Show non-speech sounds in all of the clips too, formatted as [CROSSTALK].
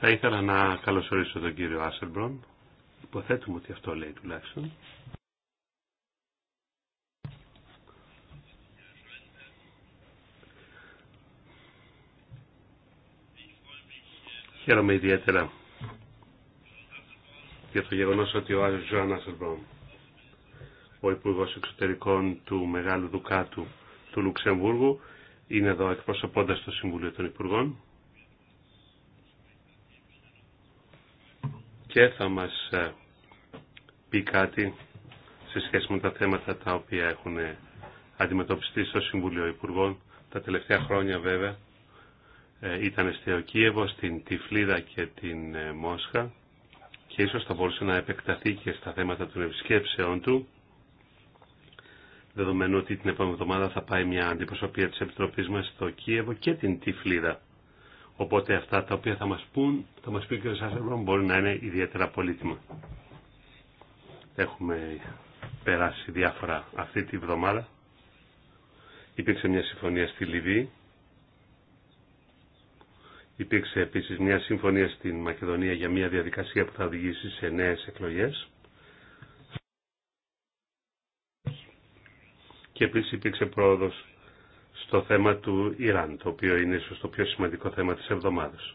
Θα ήθελα να καλωσορίσω τον κύριο Άσελμπρον. Υποθέτουμε ότι αυτό λέει τουλάχιστον. Χαίρομαι ιδιαίτερα για το γεγονός ότι ο Ζωάν Άσελμπρον, ο υπουργό Εξωτερικών του Μεγάλου Δουκάτου του Λουξεμβούργου, είναι εδώ εκπροσωπώντας το Συμβούλιο των Υπουργών. και θα μας ε, πει κάτι σε σχέση με τα θέματα τα οποία έχουν ε, αντιμετωπιστεί στο Συμβουλίο Υπουργών τα τελευταία χρόνια βέβαια. Ε, ήταν στο Κίεβο, στην Τυφλίδα και την Μόσχα και ίσως θα μπορούσε να επεκταθεί και στα θέματα των επισκέψεών του δεδομένου ότι την επόμενη εβδομάδα θα πάει μια αντιπροσωπεία της Επιτροπής μας στο Κίεβο και την Τυφλίδα. Οπότε αυτά τα οποία θα μας πούν, θα μας πει ο κ. μπορεί να είναι ιδιαίτερα πολύτιμα. Έχουμε περάσει διάφορα αυτή τη βδομάδα. Υπήρξε μια συμφωνία στη Λιβύη. Υπήρξε επίσης μια συμφωνία στην Μακεδονία για μια διαδικασία που θα οδηγήσει σε νέες εκλογές. Και επίσης υπήρξε πρόοδος στο θέμα του Ιράν, το οποίο είναι ίσως το πιο σημαντικό θέμα της εβδομάδας.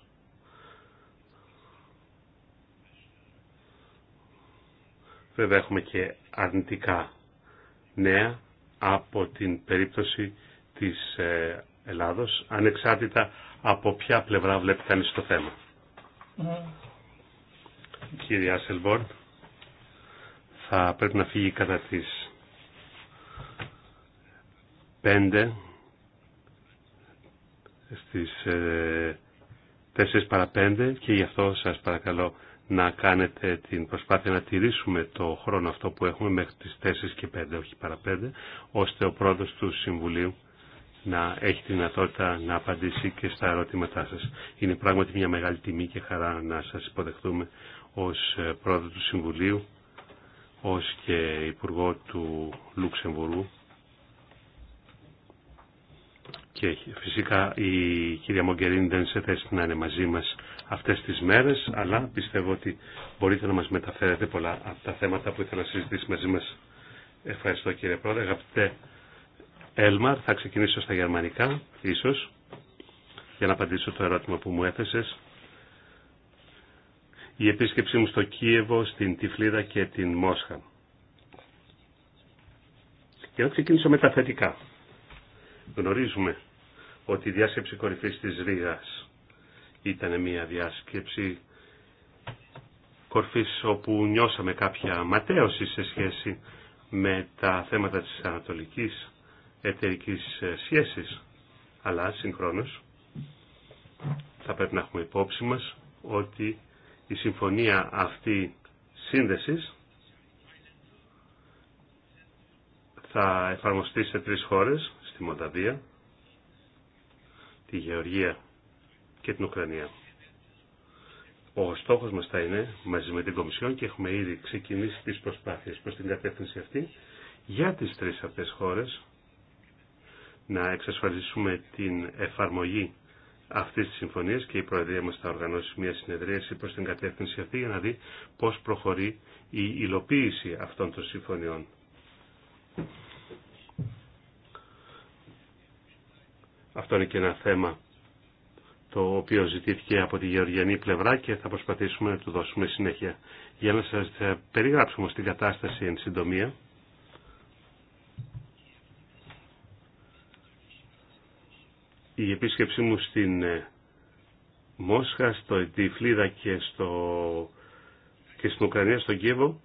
Βέβαια έχουμε και αρνητικά νέα από την περίπτωση της ε, Ελλάδος, ανεξάρτητα από ποια πλευρά βλέπει κανείς το θέμα. Mm. Κύριε Άσελμπορν, θα πρέπει να φύγει κατά τις 5 στις 4 ε, παρα 5 και γι' αυτό σας παρακαλώ να κάνετε την προσπάθεια να τηρήσουμε το χρόνο αυτό που έχουμε μέχρι τις 4 και 5, όχι παρα 5, ώστε ο πρόεδρος του Συμβουλίου να έχει τη δυνατότητα να απαντήσει και στα ερωτήματά σας. Είναι πράγματι μια μεγάλη τιμή και χαρά να σας υποδεχτούμε ως ε, πρόεδρο του Συμβουλίου, ως και Υπουργό του Λουξεμβουργού και φυσικά η κυρία Μογκερίνη δεν σε θέση να είναι μαζί μας αυτές τις μέρες, αλλά πιστεύω ότι μπορείτε να μας μεταφέρετε πολλά από τα θέματα που ήθελα να συζητήσει μαζί μας. Ευχαριστώ κύριε Πρόεδρε. Αγαπητέ Έλμαρ, θα ξεκινήσω στα γερμανικά, ίσως, για να απαντήσω το ερώτημα που μου έθεσες. Η επίσκεψή μου στο Κίεβο, στην Τυφλίδα και την Μόσχα. Και να ξεκινήσω με Γνωρίζουμε ότι η διάσκεψη κορυφής της Ρήγας ήταν μια διάσκεψη κορφής όπου νιώσαμε κάποια ματέωση σε σχέση με τα θέματα της ανατολικής εταιρικής σχέσης. Αλλά συγχρόνως θα πρέπει να έχουμε υπόψη μας ότι η συμφωνία αυτή σύνδεσης θα εφαρμοστεί σε τρεις χώρες τη Μολδαβία, τη Γεωργία και την Ουκρανία. Ο στόχος μας θα είναι, μαζί με την Κομισιόν και έχουμε ήδη ξεκινήσει τις προσπάθειες προς την κατεύθυνση αυτή, για τις τρεις αυτές χώρες να εξασφαλίσουμε την εφαρμογή αυτής της συμφωνίας και η Προεδρία μας θα οργανώσει μια συνεδρίαση προς την κατεύθυνση αυτή για να δει πώς προχωρεί η υλοποίηση αυτών των συμφωνιών. Αυτό είναι και ένα θέμα το οποίο ζητήθηκε από τη γεωργιανή πλευρά και θα προσπαθήσουμε να του δώσουμε συνέχεια. Για να σας ε, περιγράψουμε στην κατάσταση εν συντομία. Η επίσκεψή μου στην ε, Μόσχα, στο Τιφλίδα και, στο... και στην Ουκρανία, στο Κίεβο,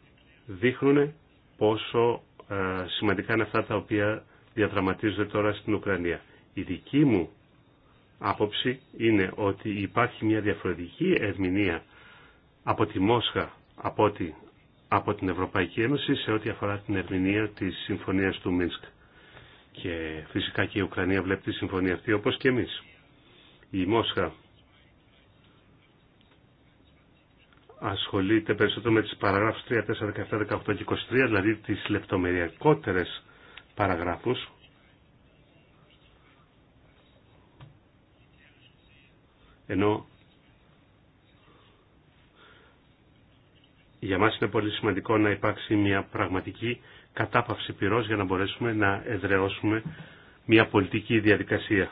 δείχνουν πόσο ε, σημαντικά είναι αυτά τα οποία διαδραματίζονται τώρα στην Ουκρανία. Η δική μου άποψη είναι ότι υπάρχει μια διαφορετική ερμηνεία από τη Μόσχα, από, από την Ευρωπαϊκή Ένωση σε ό,τι αφορά την ερμηνεία της Συμφωνίας του Μίνσκ. Και φυσικά και η Ουκρανία βλέπει τη συμφωνία αυτή όπως και εμείς. Η Μόσχα ασχολείται περισσότερο με τις παραγράφους 3, 4, 17, 18 και 23, δηλαδή τις λεπτομεριακότερες παραγράφους Ενώ για μας είναι πολύ σημαντικό να υπάρξει μια πραγματική κατάπαυση πυρός για να μπορέσουμε να εδραιώσουμε μια πολιτική διαδικασία.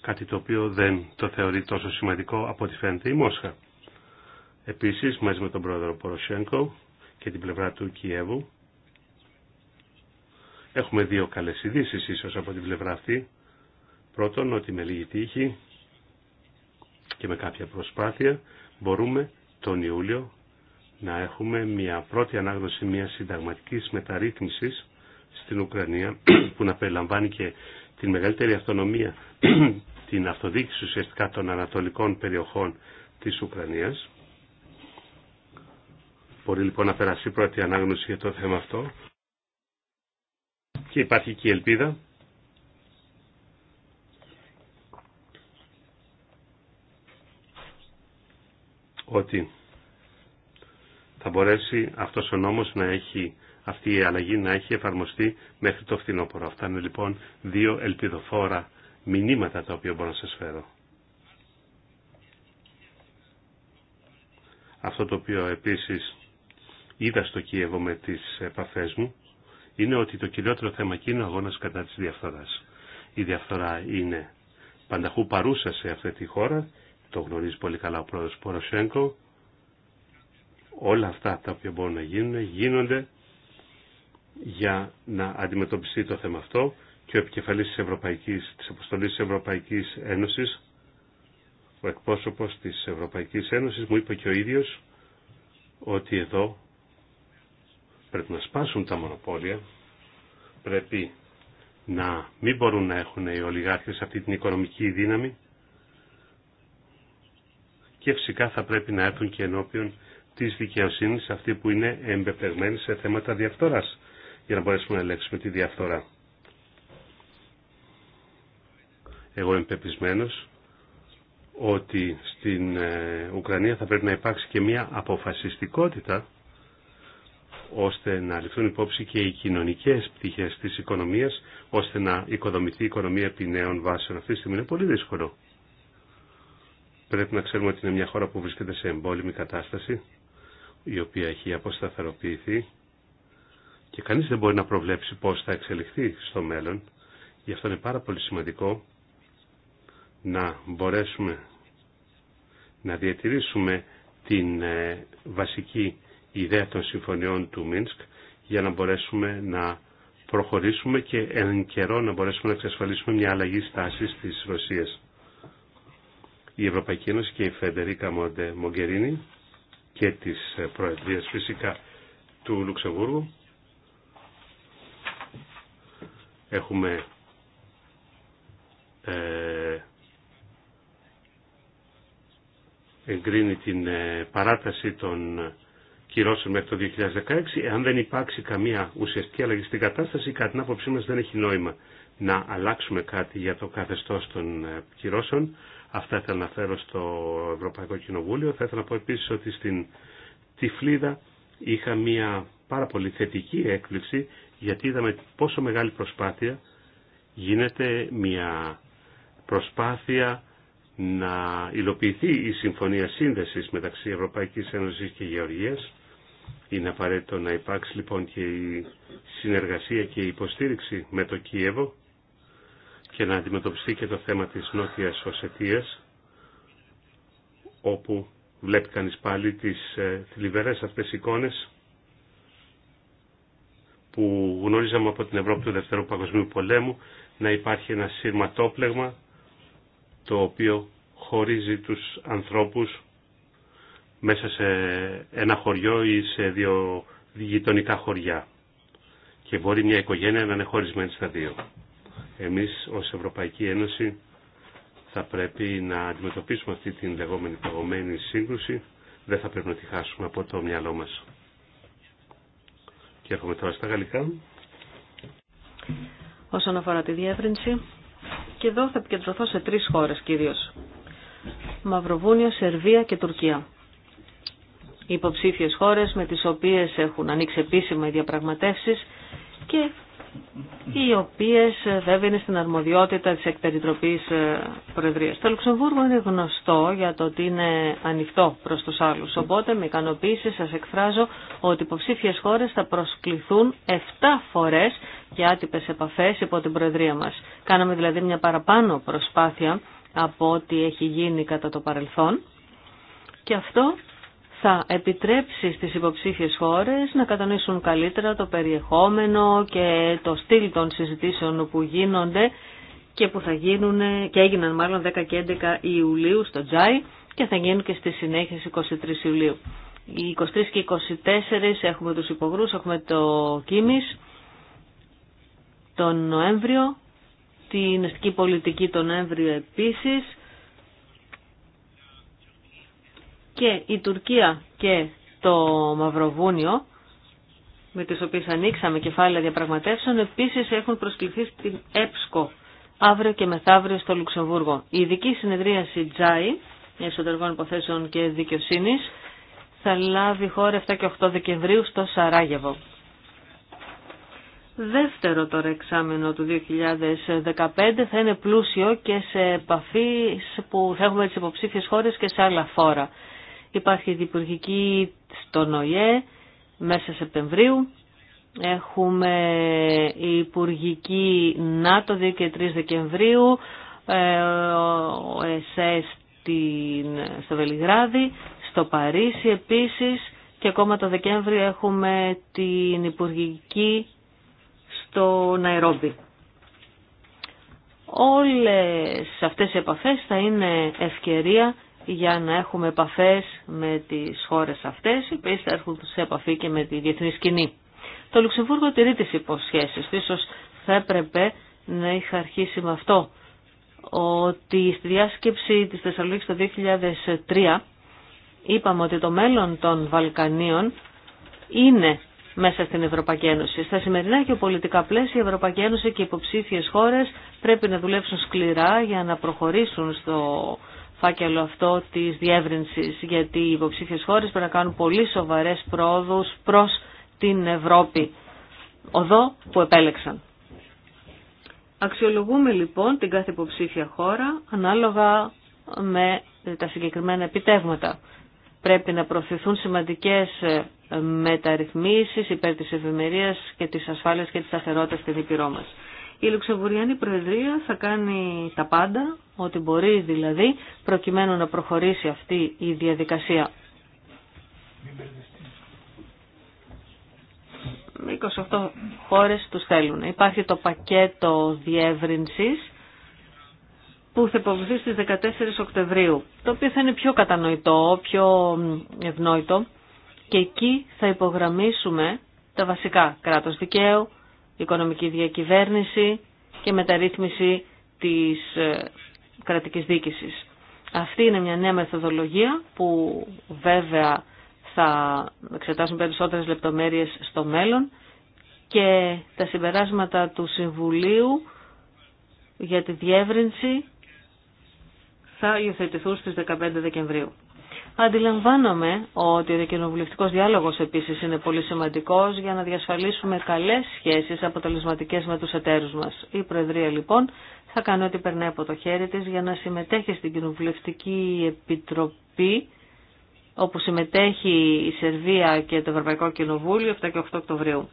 Κάτι το οποίο δεν το θεωρεί τόσο σημαντικό από ό,τι φαίνεται η Μόσχα. Επίσης, μαζί με τον πρόεδρο Ποροσέγκο και την πλευρά του Κιέβου, έχουμε δύο καλές ειδήσει ίσως από την πλευρά αυτή. Πρώτον, ότι με λίγη τύχη και με κάποια προσπάθεια μπορούμε τον Ιούλιο να έχουμε μια πρώτη ανάγνωση μιας συνταγματικής μεταρρύθμισης στην Ουκρανία που να περιλαμβάνει και την μεγαλύτερη αυτονομία, την αυτοδίκηση ουσιαστικά των ανατολικών περιοχών της Ουκρανίας. Μπορεί λοιπόν να περάσει η πρώτη ανάγνωση για το θέμα αυτό. Και υπάρχει και η ελπίδα ότι θα μπορέσει αυτός ο νόμος να έχει, αυτή η αλλαγή να έχει εφαρμοστεί μέχρι το φθινόπωρο. Αυτά είναι λοιπόν δύο ελπιδοφόρα μηνύματα τα οποία μπορώ να σας φέρω. Αυτό το οποίο επίσης είδα στο Κίεβο με τις επαφές μου είναι ότι το κυριότερο θέμα εκεί είναι ο αγώνας κατά της διαφθοράς. Η διαφθορά είναι πανταχού παρούσα σε αυτή τη χώρα το γνωρίζει πολύ καλά ο πρόεδρος Ποροσέγκο, όλα αυτά τα οποία μπορούν να γίνουν γίνονται για να αντιμετωπιστεί το θέμα αυτό και ο επικεφαλής της, Ευρωπαϊκής, της Αποστολής της Ευρωπαϊκής Ένωσης, ο εκπρόσωπος της Ευρωπαϊκής Ένωσης μου είπε και ο ίδιος ότι εδώ πρέπει να σπάσουν τα μονοπόλια, πρέπει να μην μπορούν να έχουν οι ολιγάρχες αυτή την οικονομική δύναμη και φυσικά θα πρέπει να έρθουν και ενώπιον τη δικαιοσύνη αυτοί που είναι εμπεπλεγμένοι σε θέματα διαφθορά για να μπορέσουμε να ελέγξουμε τη διαφθορά. Εγώ είμαι ότι στην ε, Ουκρανία θα πρέπει να υπάρξει και μια αποφασιστικότητα ώστε να ληφθούν υπόψη και οι κοινωνικές πτυχές της οικονομίας ώστε να οικοδομηθεί η οικονομία επί νέων βάσεων. Αυτή τη στιγμή είναι πολύ δύσκολο πρέπει να ξέρουμε ότι είναι μια χώρα που βρίσκεται σε εμπόλεμη κατάσταση, η οποία έχει αποσταθεροποιηθεί και κανείς δεν μπορεί να προβλέψει πώς θα εξελιχθεί στο μέλλον. Γι' αυτό είναι πάρα πολύ σημαντικό να μπορέσουμε να διατηρήσουμε την ε, βασική ιδέα των συμφωνιών του Μίνσκ για να μπορέσουμε να προχωρήσουμε και εν καιρό να μπορέσουμε να εξασφαλίσουμε μια αλλαγή στάσης της Ρωσίας η Ευρωπαϊκή Ένωση και η Φεντερίκα Μοντε Μογκερίνη και της ε, Προεδρίας φυσικά του Λουξεμβούργου. Έχουμε ε, εγκρίνει την ε, παράταση των κυρώσεων μέχρι το 2016. Εάν δεν υπάρξει καμία ουσιαστική αλλαγή στην κατάσταση, κατά την άποψή μας δεν έχει νόημα να αλλάξουμε κάτι για το καθεστώς των ε, κυρώσεων. Αυτά ήθελα να φέρω στο Ευρωπαϊκό Κοινοβούλιο. Θα ήθελα να πω επίσης ότι στην Τυφλίδα είχα μια πάρα πολύ θετική έκπληξη γιατί είδαμε πόσο μεγάλη προσπάθεια γίνεται μια προσπάθεια να υλοποιηθεί η Συμφωνία Σύνδεσης μεταξύ Ευρωπαϊκής Ένωσης και Γεωργίας. Είναι απαραίτητο να υπάρξει λοιπόν και η συνεργασία και η υποστήριξη με το Κίεβο και να αντιμετωπιστεί και το θέμα της Νότιας Οσετίας, όπου βλέπει κανείς πάλι τις θλιβερές ε, αυτές εικόνες που γνώριζαμε από την Ευρώπη του Δευτέρου Παγκοσμίου Πολέμου να υπάρχει ένα σύρματόπλεγμα το οποίο χωρίζει τους ανθρώπους μέσα σε ένα χωριό ή σε δύο γειτονικά χωριά και μπορεί μια οικογένεια να είναι χωρισμένη στα δύο. Εμείς ως Ευρωπαϊκή Ένωση θα πρέπει να αντιμετωπίσουμε αυτή την λεγόμενη παγωμένη σύγκρουση. Δεν θα πρέπει να τη χάσουμε από το μυαλό μας. Και έρχομαι τώρα στα γαλλικά. Όσον αφορά τη διεύρυνση, και εδώ θα επικεντρωθώ σε τρεις χώρες κυρίως. Μαυροβούνιο, Σερβία και Τουρκία. υποψήφιες χώρες με τις οποίες έχουν ανοίξει επίσημα οι διαπραγματεύσεις και οι οποίες ε, βέβαια είναι στην αρμοδιότητα της εκπεριτροπής ε, προεδρίας. Το Λουξεμβούργο είναι γνωστό για το ότι είναι ανοιχτό προς τους άλλους. Οπότε με ικανοποίηση σας εκφράζω ότι υποψήφιες χώρες θα προσκληθούν 7 φορές για άτυπες επαφές υπό την προεδρία μας. Κάναμε δηλαδή μια παραπάνω προσπάθεια από ό,τι έχει γίνει κατά το παρελθόν και αυτό θα επιτρέψει στις υποψήφιες χώρες να κατανοήσουν καλύτερα το περιεχόμενο και το στυλ των συζητήσεων που γίνονται και που θα γίνουν και έγιναν μάλλον 10 και 11 Ιουλίου στο Τζάι και θα γίνουν και στη συνέχεια 23 Ιουλίου. Οι 23 και 24 έχουμε τους υπογρούς, έχουμε το Κίμης τον Νοέμβριο, την αστική πολιτική τον Νοέμβριο επίσης και η Τουρκία και το Μαυροβούνιο με τις οποίες ανοίξαμε κεφάλαια διαπραγματεύσεων, επίσης έχουν προσκληθεί στην ΕΠΣΚΟ αύριο και μεθαύριο στο Λουξεμβούργο. Η ειδική συνεδρίαση Τζάι, εσωτερικών υποθέσεων και δικαιοσύνης, θα λάβει χώρα 7 και 8 Δεκεμβρίου στο Σαράγεβο. Δεύτερο τώρα εξάμενο του 2015 θα είναι πλούσιο και σε επαφή που θα έχουμε τις υποψήφιες χώρες και σε άλλα φόρα. Υπάρχει διπουργική στο ΝΟΙΕ μέσα Σεπτεμβρίου. Έχουμε υπουργική ΝΑΤΟ 2 και 3 Δεκεμβρίου, ε, ο ΕΣΕ στο Βελιγράδι, στο Παρίσι επίσης και ακόμα το Δεκέμβριο έχουμε την υπουργική στο Ναϊρόμπι. Όλες αυτές οι επαφές θα είναι ευκαιρία για να έχουμε επαφές με τις χώρες αυτές, οι οποίες θα έρχονται σε επαφή και με τη διεθνή σκηνή. Το Λουξεμβούργο τηρεί τις υποσχέσεις. Ίσως θα έπρεπε να είχα αρχίσει με αυτό, ότι στη διάσκεψη της Θεσσαλονίκης το 2003 είπαμε ότι το μέλλον των Βαλκανίων είναι μέσα στην Ευρωπαϊκή Ένωση. Στα σημερινά και πολιτικά πλαίσια, η Ευρωπαϊκή Ένωση και οι υποψήφιε χώρε πρέπει να δουλέψουν σκληρά για να προχωρήσουν στο φάκελο αυτό της διεύρυνσης, γιατί οι υποψήφιες χώρες πρέπει να κάνουν πολύ σοβαρές πρόοδους προς την Ευρώπη, οδό που επέλεξαν. Αξιολογούμε λοιπόν την κάθε υποψήφια χώρα ανάλογα με τα συγκεκριμένα επιτεύγματα. Πρέπει να προωθηθούν σημαντικές μεταρρυθμίσεις υπέρ της ευημερίας και της ασφάλειας και της σταθερότητας στην Ήπειρό η Λουξεμβουριανή Προεδρία θα κάνει τα πάντα, ό,τι μπορεί δηλαδή, προκειμένου να προχωρήσει αυτή η διαδικασία. 28 χώρες τους θέλουν. Υπάρχει το πακέτο διεύρυνσης που θα υποβληθεί στις 14 Οκτωβρίου, το οποίο θα είναι πιο κατανοητό, πιο ευνόητο και εκεί θα υπογραμμίσουμε τα βασικά κράτος δικαίου, οικονομική διακυβέρνηση και μεταρρύθμιση της ε, κρατικής δίκησης. Αυτή είναι μια νέα μεθοδολογία που βέβαια θα εξετάσουν περισσότερες λεπτομέρειες στο μέλλον και τα συμπεράσματα του Συμβουλίου για τη διεύρυνση θα υιοθετηθούν στις 15 Δεκεμβρίου. Αντιλαμβάνομαι ότι ο κοινοβουλευτικός διάλογος επίσης είναι πολύ σημαντικός για να διασφαλίσουμε καλές σχέσεις αποτελεσματικές με τους εταίρους μας. Η Προεδρία λοιπόν θα κάνει ό,τι περνάει από το χέρι της για να συμμετέχει στην Κοινοβουλευτική Επιτροπή όπου συμμετέχει η Σερβία και το Ευρωπαϊκό Κοινοβούλιο 7 και 8 Οκτωβρίου.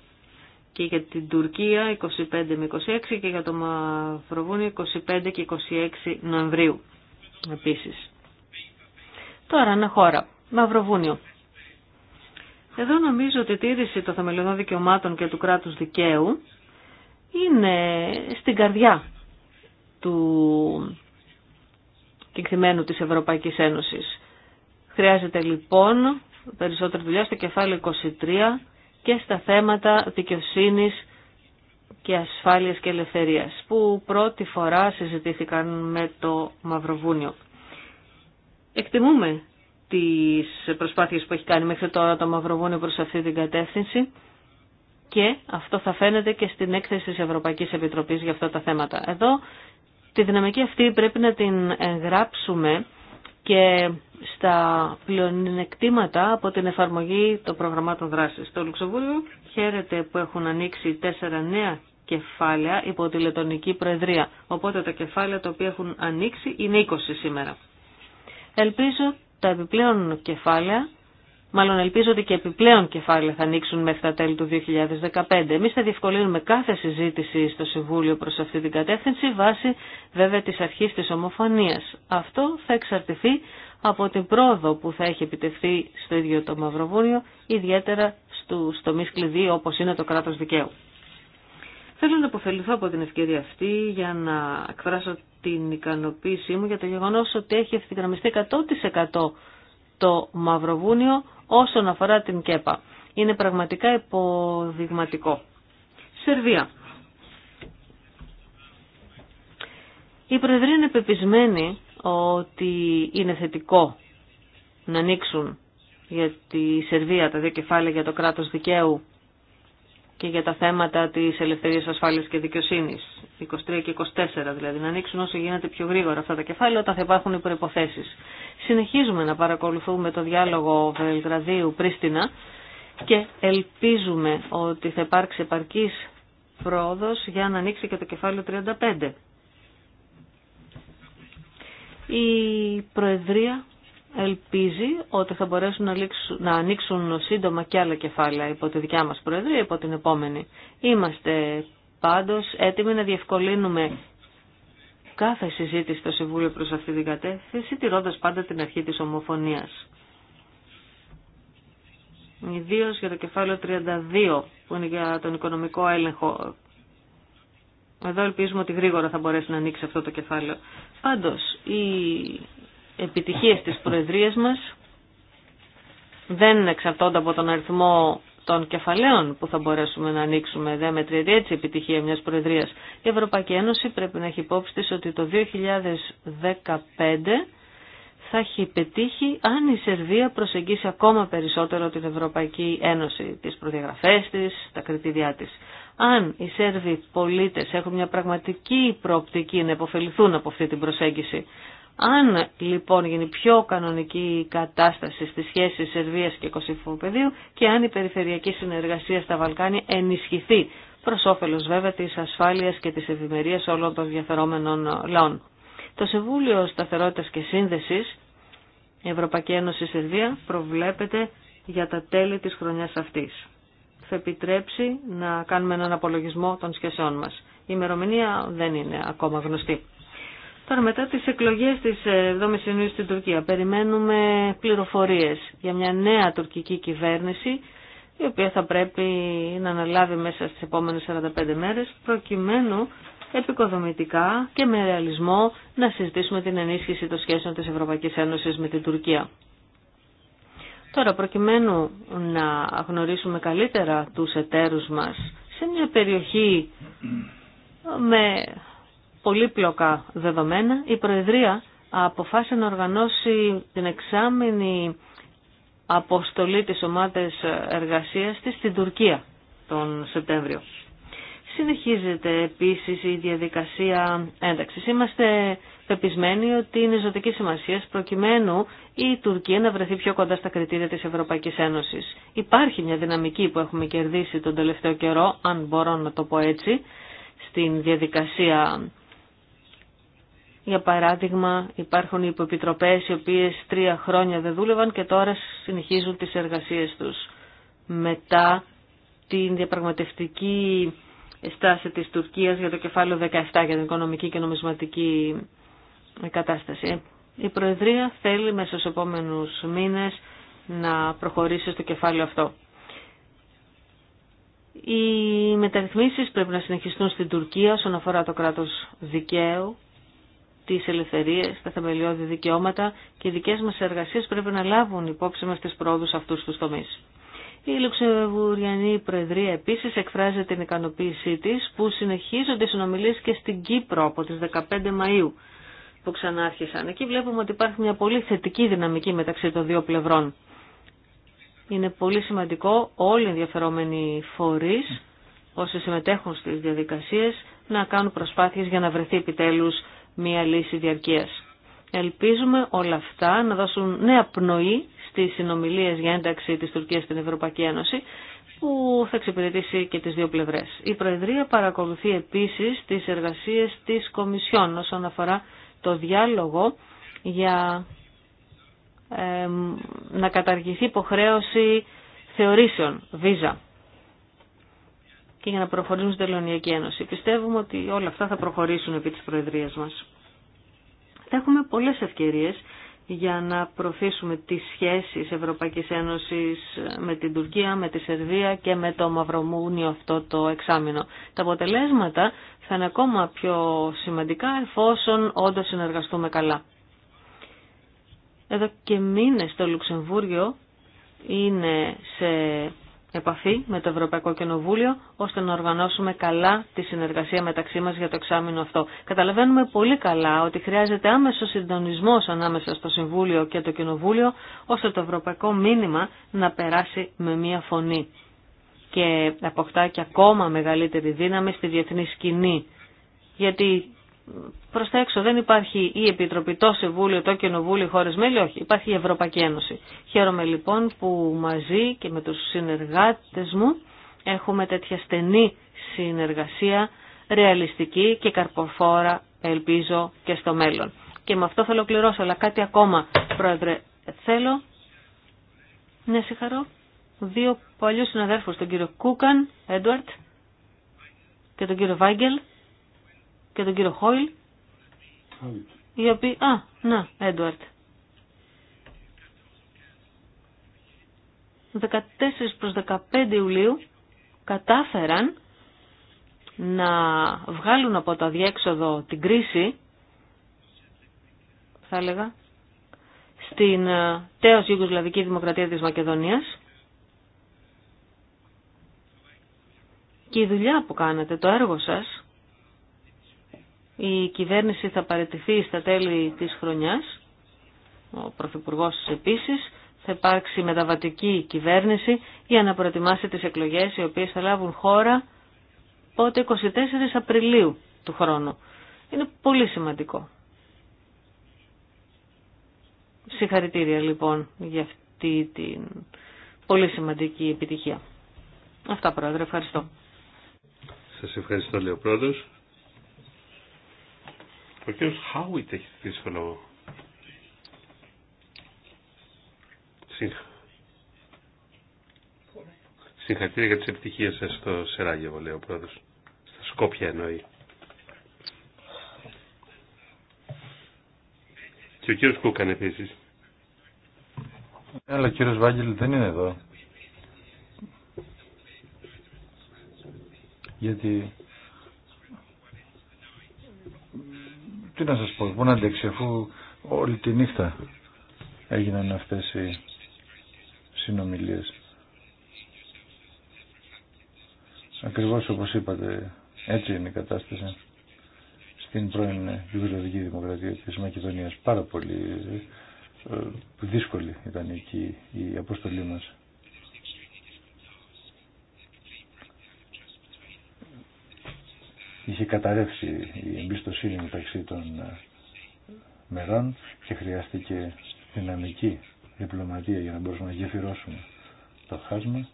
Και για την Τουρκία 25 με 26 και για το Μαυροβούνιο 25 και 26 Νοεμβρίου επίσης. Τώρα ένα χώρα, Μαυροβούνιο. Εδώ νομίζω ότι η τήρηση των θεμελιωδών δικαιωμάτων και του κράτους δικαίου είναι στην καρδιά του κεκτημένου της Ευρωπαϊκής Ένωσης. Χρειάζεται λοιπόν περισσότερη δουλειά στο κεφάλαιο 23 και στα θέματα δικαιοσύνης και ασφάλειας και ελευθερίας που πρώτη φορά συζητήθηκαν με το Μαυροβούνιο εκτιμούμε τις προσπάθειες που έχει κάνει μέχρι τώρα το Μαυροβούνιο προς αυτή την κατεύθυνση και αυτό θα φαίνεται και στην έκθεση της Ευρωπαϊκής Επιτροπής για αυτά τα θέματα. Εδώ τη δυναμική αυτή πρέπει να την εγγράψουμε και στα πλεονεκτήματα από την εφαρμογή των προγραμμάτων δράσης. Το Λουξεμβούργο χαίρεται που έχουν ανοίξει τέσσερα νέα κεφάλαια υπό τη Λετωνική Προεδρία. Οπότε τα κεφάλαια τα οποία έχουν ανοίξει είναι 20 σήμερα. Ελπίζω τα επιπλέον κεφάλαια, μάλλον ελπίζω ότι και επιπλέον κεφάλαια θα ανοίξουν μέχρι τα τέλη του 2015. Εμείς θα διευκολύνουμε κάθε συζήτηση στο Συμβούλιο προς αυτή την κατεύθυνση βάσει βέβαια της αρχής της ομοφωνίας. Αυτό θα εξαρτηθεί από την πρόοδο που θα έχει επιτευχθεί στο ίδιο το Μαυροβούνιο, ιδιαίτερα στο τομείς κλειδί όπως είναι το κράτος δικαίου. Θέλω να αποφεληθώ από την ευκαιρία αυτή για να εκφράσω την ικανοποίησή μου για το γεγονός ότι έχει ευθυγραμμιστεί 100% το Μαυροβούνιο όσον αφορά την ΚΕΠΑ. Είναι πραγματικά υποδειγματικό. Σερβία. Η Προεδρία είναι πεπισμένη ότι είναι θετικό να ανοίξουν για τη Σερβία τα δύο κεφάλαια για το κράτος δικαίου και για τα θέματα της ελευθερίας ασφάλειας και δικαιοσύνης, 23 και 24 δηλαδή, να ανοίξουν όσο γίνεται πιο γρήγορα αυτά τα κεφάλαια όταν θα υπάρχουν οι προϋποθέσεις. Συνεχίζουμε να παρακολουθούμε το διάλογο Βελγραδίου-Πρίστινα και ελπίζουμε ότι θα υπάρξει επαρκής πρόοδος για να ανοίξει και το κεφάλαιο 35. Η Προεδρία ελπίζει ότι θα μπορέσουν να, λήξουν, να ανοίξουν σύντομα και άλλα κεφάλαια υπό τη δικιά μας Προεδρία, υπό την επόμενη. Είμαστε πάντως έτοιμοι να διευκολύνουμε κάθε συζήτηση στο Συμβούλιο προς αυτή την κατεύθυνση, τηρώντας πάντα την αρχή της ομοφωνίας. Ιδίω για το κεφάλαιο 32, που είναι για τον οικονομικό έλεγχο. Εδώ ελπίζουμε ότι γρήγορα θα μπορέσει να ανοίξει αυτό το κεφάλαιο. Πάντως, η επιτυχίες της Προεδρίας μας δεν εξαρτώνται από τον αριθμό των κεφαλαίων που θα μπορέσουμε να ανοίξουμε. Δεν μετριέται έτσι η επιτυχία μιας Προεδρίας. Η Ευρωπαϊκή Ένωση πρέπει να έχει υπόψη της ότι το 2015 θα έχει πετύχει αν η Σερβία προσεγγίσει ακόμα περισσότερο την Ευρωπαϊκή Ένωση, τις προδιαγραφές της, τα κριτήριά της. Αν οι Σέρβοι πολίτες έχουν μια πραγματική προοπτική να υποφεληθούν από αυτή την προσέγγιση, αν λοιπόν γίνει πιο κανονική η κατάσταση στις σχέσεις Σερβίας και Κωσυφοπεδίου και αν η περιφερειακή συνεργασία στα Βαλκάνια ενισχυθεί προς όφελος βέβαια της ασφάλειας και της ευημερίας όλων των διαφερόμενων λαών. Το Συμβούλιο Σταθερότητας και Σύνδεσης Ευρωπαϊκή Ένωση Σερβία προβλέπεται για τα τέλη της χρονιάς αυτής. Θα επιτρέψει να κάνουμε έναν απολογισμό των σχέσεών μας. Η ημερομηνία δεν είναι ακόμα γνωστή. Τώρα μετά τις εκλογές της 7ης ε, Ιουνίου στην Τουρκία περιμένουμε πληροφορίες για μια νέα τουρκική κυβέρνηση η οποία θα πρέπει να αναλάβει μέσα στις επόμενες 45 μέρες προκειμένου επικοδομητικά και με ρεαλισμό να συζητήσουμε την ενίσχυση των σχέσεων της Ευρωπαϊκής Ένωσης με την Τουρκία. Τώρα προκειμένου να γνωρίσουμε καλύτερα τους εταίρους μας σε μια περιοχή με πολύπλοκα δεδομένα, η Προεδρία αποφάσισε να οργανώσει την εξάμεινη αποστολή της ομάδας εργασίας της στην Τουρκία τον Σεπτέμβριο. Συνεχίζεται επίσης η διαδικασία ένταξης. Είμαστε πεπισμένοι ότι είναι ζωτική σημασία προκειμένου η Τουρκία να βρεθεί πιο κοντά στα κριτήρια της Ευρωπαϊκής Ένωσης. Υπάρχει μια δυναμική που έχουμε κερδίσει τον τελευταίο καιρό, αν μπορώ να το πω έτσι, στην διαδικασία για παράδειγμα, υπάρχουν οι υποπιτροπές οι οποίες τρία χρόνια δεν δούλευαν και τώρα συνεχίζουν τις εργασίες τους. Μετά την διαπραγματευτική στάση της Τουρκίας για το κεφάλαιο 17 για την οικονομική και νομισματική κατάσταση. Η Προεδρία θέλει μέσα στους επόμενους μήνες να προχωρήσει στο κεφάλαιο αυτό. Οι μεταρρυθμίσεις πρέπει να συνεχιστούν στην Τουρκία όσον αφορά το κράτος δικαίου, τις ελευθερίες, τα θεμελιώδη δικαιώματα και οι δικές μας εργασίες πρέπει να λάβουν υπόψη μας τις πρόοδους αυτούς τους τομείς. Η Λουξεβουριανή Προεδρία επίσης εκφράζει την ικανοποίησή της που συνεχίζονται οι συνομιλίες και στην Κύπρο από τις 15 Μαΐου που ξανάρχισαν. Εκεί βλέπουμε ότι υπάρχει μια πολύ θετική δυναμική μεταξύ των δύο πλευρών. Είναι πολύ σημαντικό όλοι οι ενδιαφερόμενοι φορείς, όσοι συμμετέχουν στις διαδικασίες, να κάνουν προσπάθειες για να βρεθεί επιτέλου μια λύση διαρκείας. Ελπίζουμε όλα αυτά να δώσουν νέα πνοή στις συνομιλίες για ένταξη της Τουρκίας στην Ευρωπαϊκή Ένωση που θα εξυπηρετήσει και τις δύο πλευρές. Η Προεδρία παρακολουθεί επίσης τις εργασίες της Κομισιόν όσον αφορά το διάλογο για να καταργηθεί υποχρέωση θεωρήσεων, βίζα και για να προχωρήσουν στην Τελωνιακή Ένωση. Πιστεύουμε ότι όλα αυτά θα προχωρήσουν επί της Προεδρίας μας. Θα έχουμε πολλές ευκαιρίες για να προωθήσουμε τις σχέσεις Ευρωπαϊκής Ένωσης με την Τουρκία, με τη Σερβία και με το Μαυρομούνιο αυτό το εξάμεινο. Τα αποτελέσματα θα είναι ακόμα πιο σημαντικά εφόσον όντως συνεργαστούμε καλά. Εδώ και μήνες το Λουξεμβούργιο είναι σε επαφή με το Ευρωπαϊκό Κοινοβούλιο ώστε να οργανώσουμε καλά τη συνεργασία μεταξύ μας για το εξάμεινο αυτό. Καταλαβαίνουμε πολύ καλά ότι χρειάζεται άμεσο συντονισμό ανάμεσα στο Συμβούλιο και το Κοινοβούλιο ώστε το ευρωπαϊκό μήνυμα να περάσει με μία φωνή και αποκτά και ακόμα μεγαλύτερη δύναμη στη διεθνή σκηνή. Γιατί προς τα έξω. Δεν υπάρχει η Επιτροπή, το Συμβούλιο, το Κοινοβούλιο, οι μέλη, όχι. Υπάρχει η Ευρωπαϊκή Ένωση. Χαίρομαι λοιπόν που μαζί και με τους συνεργάτες μου έχουμε τέτοια στενή συνεργασία, ρεαλιστική και καρποφόρα, ελπίζω, και στο μέλλον. Και με αυτό θα ολοκληρώσω, αλλά κάτι ακόμα, Πρόεδρε, θέλω να συγχαρώ δύο παλιούς συναδέρφους, τον κύριο Κούκαν, Έντουαρτ, και τον κύριο Βάγγελ, και τον κύριο Χόιλ. Οι οποίοι... Α, να, Έντουαρτ. 14 προς 15 Ιουλίου κατάφεραν να βγάλουν από το αδιέξοδο την κρίση, θα έλεγα, στην ε, τέως Ιουγκοσλαβική Δημοκρατία της Μακεδονίας και η δουλειά που κάνατε, το έργο σας, η κυβέρνηση θα παραιτηθεί στα τέλη της χρονιάς, ο Πρωθυπουργό επίσης, θα υπάρξει μεταβατική κυβέρνηση για να προετοιμάσει τις εκλογές οι οποίες θα λάβουν χώρα πότε 24 Απριλίου του χρόνου. Είναι πολύ σημαντικό. Συγχαρητήρια λοιπόν για αυτή την πολύ σημαντική επιτυχία. Αυτά πρόεδρε, ευχαριστώ. Σας ευχαριστώ λέει ο ο κ. Χάουιτ έχει δύσκολο Συγχαρητήρια για τις επιτυχίες σας στο Σεράγεβο, λέει ο πρόεδρος. Στα Σκόπια εννοεί. Και ο κύριος Κούκαν επίσης. Αλλά ο κύριος Βάγγελ δεν είναι εδώ. Γιατί τι να σας πω, πού να αντέξει αφού όλη τη νύχτα έγιναν αυτές οι συνομιλίες. Ακριβώς όπως είπατε, έτσι είναι η κατάσταση στην πρώην Ιουγκοσλαβική Δημοκρατία της Μακεδονίας. Πάρα πολύ ε, δύσκολη ήταν εκεί η αποστολή μας. είχε καταρρεύσει η εμπιστοσύνη μεταξύ των ε, μερών και χρειάστηκε δυναμική διπλωματία για να μπορούμε να γεφυρώσουμε το χάσμα.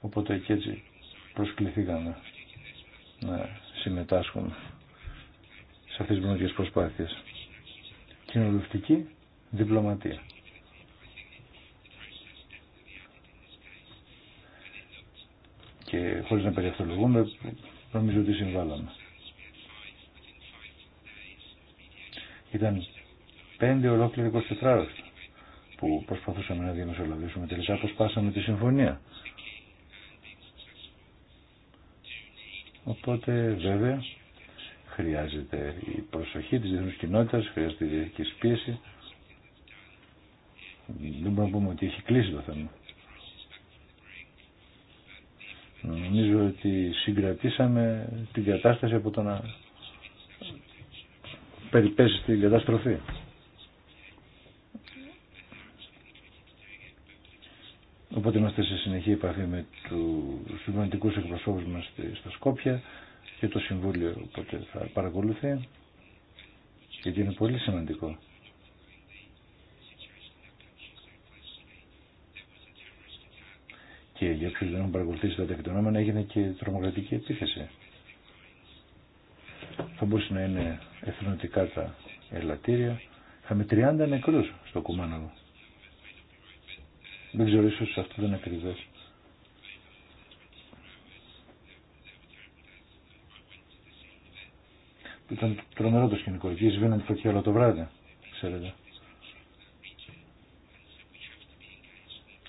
Οπότε και έτσι προσκληθήκαμε να συμμετάσχουμε σε αυτές τις προσπάθειες. Κοινοβουλευτική διπλωματία. και χωρίς να περιευθολογούμε νομίζω ότι συμβάλαμε. Ήταν πέντε ολόκληρη 24 ώρες που προσπαθούσαμε να διαμεσολαβήσουμε τελικά πάσαμε τη συμφωνία. Οπότε βέβαια χρειάζεται η προσοχή της διεθνούς κοινότητας, χρειάζεται η διεθνική πίεση. Δεν μπορούμε να πούμε ότι έχει κλείσει το θέμα. Νομίζω ότι συγκρατήσαμε την κατάσταση από το να περιπέσει την καταστροφή. Οπότε είμαστε σε συνεχή επαφή με του δημοτικού εκπροσώπους μας στα Σκόπια και το Συμβούλιο οπότε θα παρακολουθεί γιατί είναι πολύ σημαντικό. και για όποιους δεν έχουν παρακολουθήσει τα τεκτονόμενα έγινε και τρομοκρατική επίθεση. Θα μπορούσε να είναι εθνοτικά τα ελαττήρια. Είχαμε 30 νεκρούς στο μου. Δεν ξέρω ίσως αυτό δεν είναι ακριβές. Ήταν τρομερό το σκηνικό. Εκεί σβήναν τη φωτιά όλο το βράδυ, ξέρετε.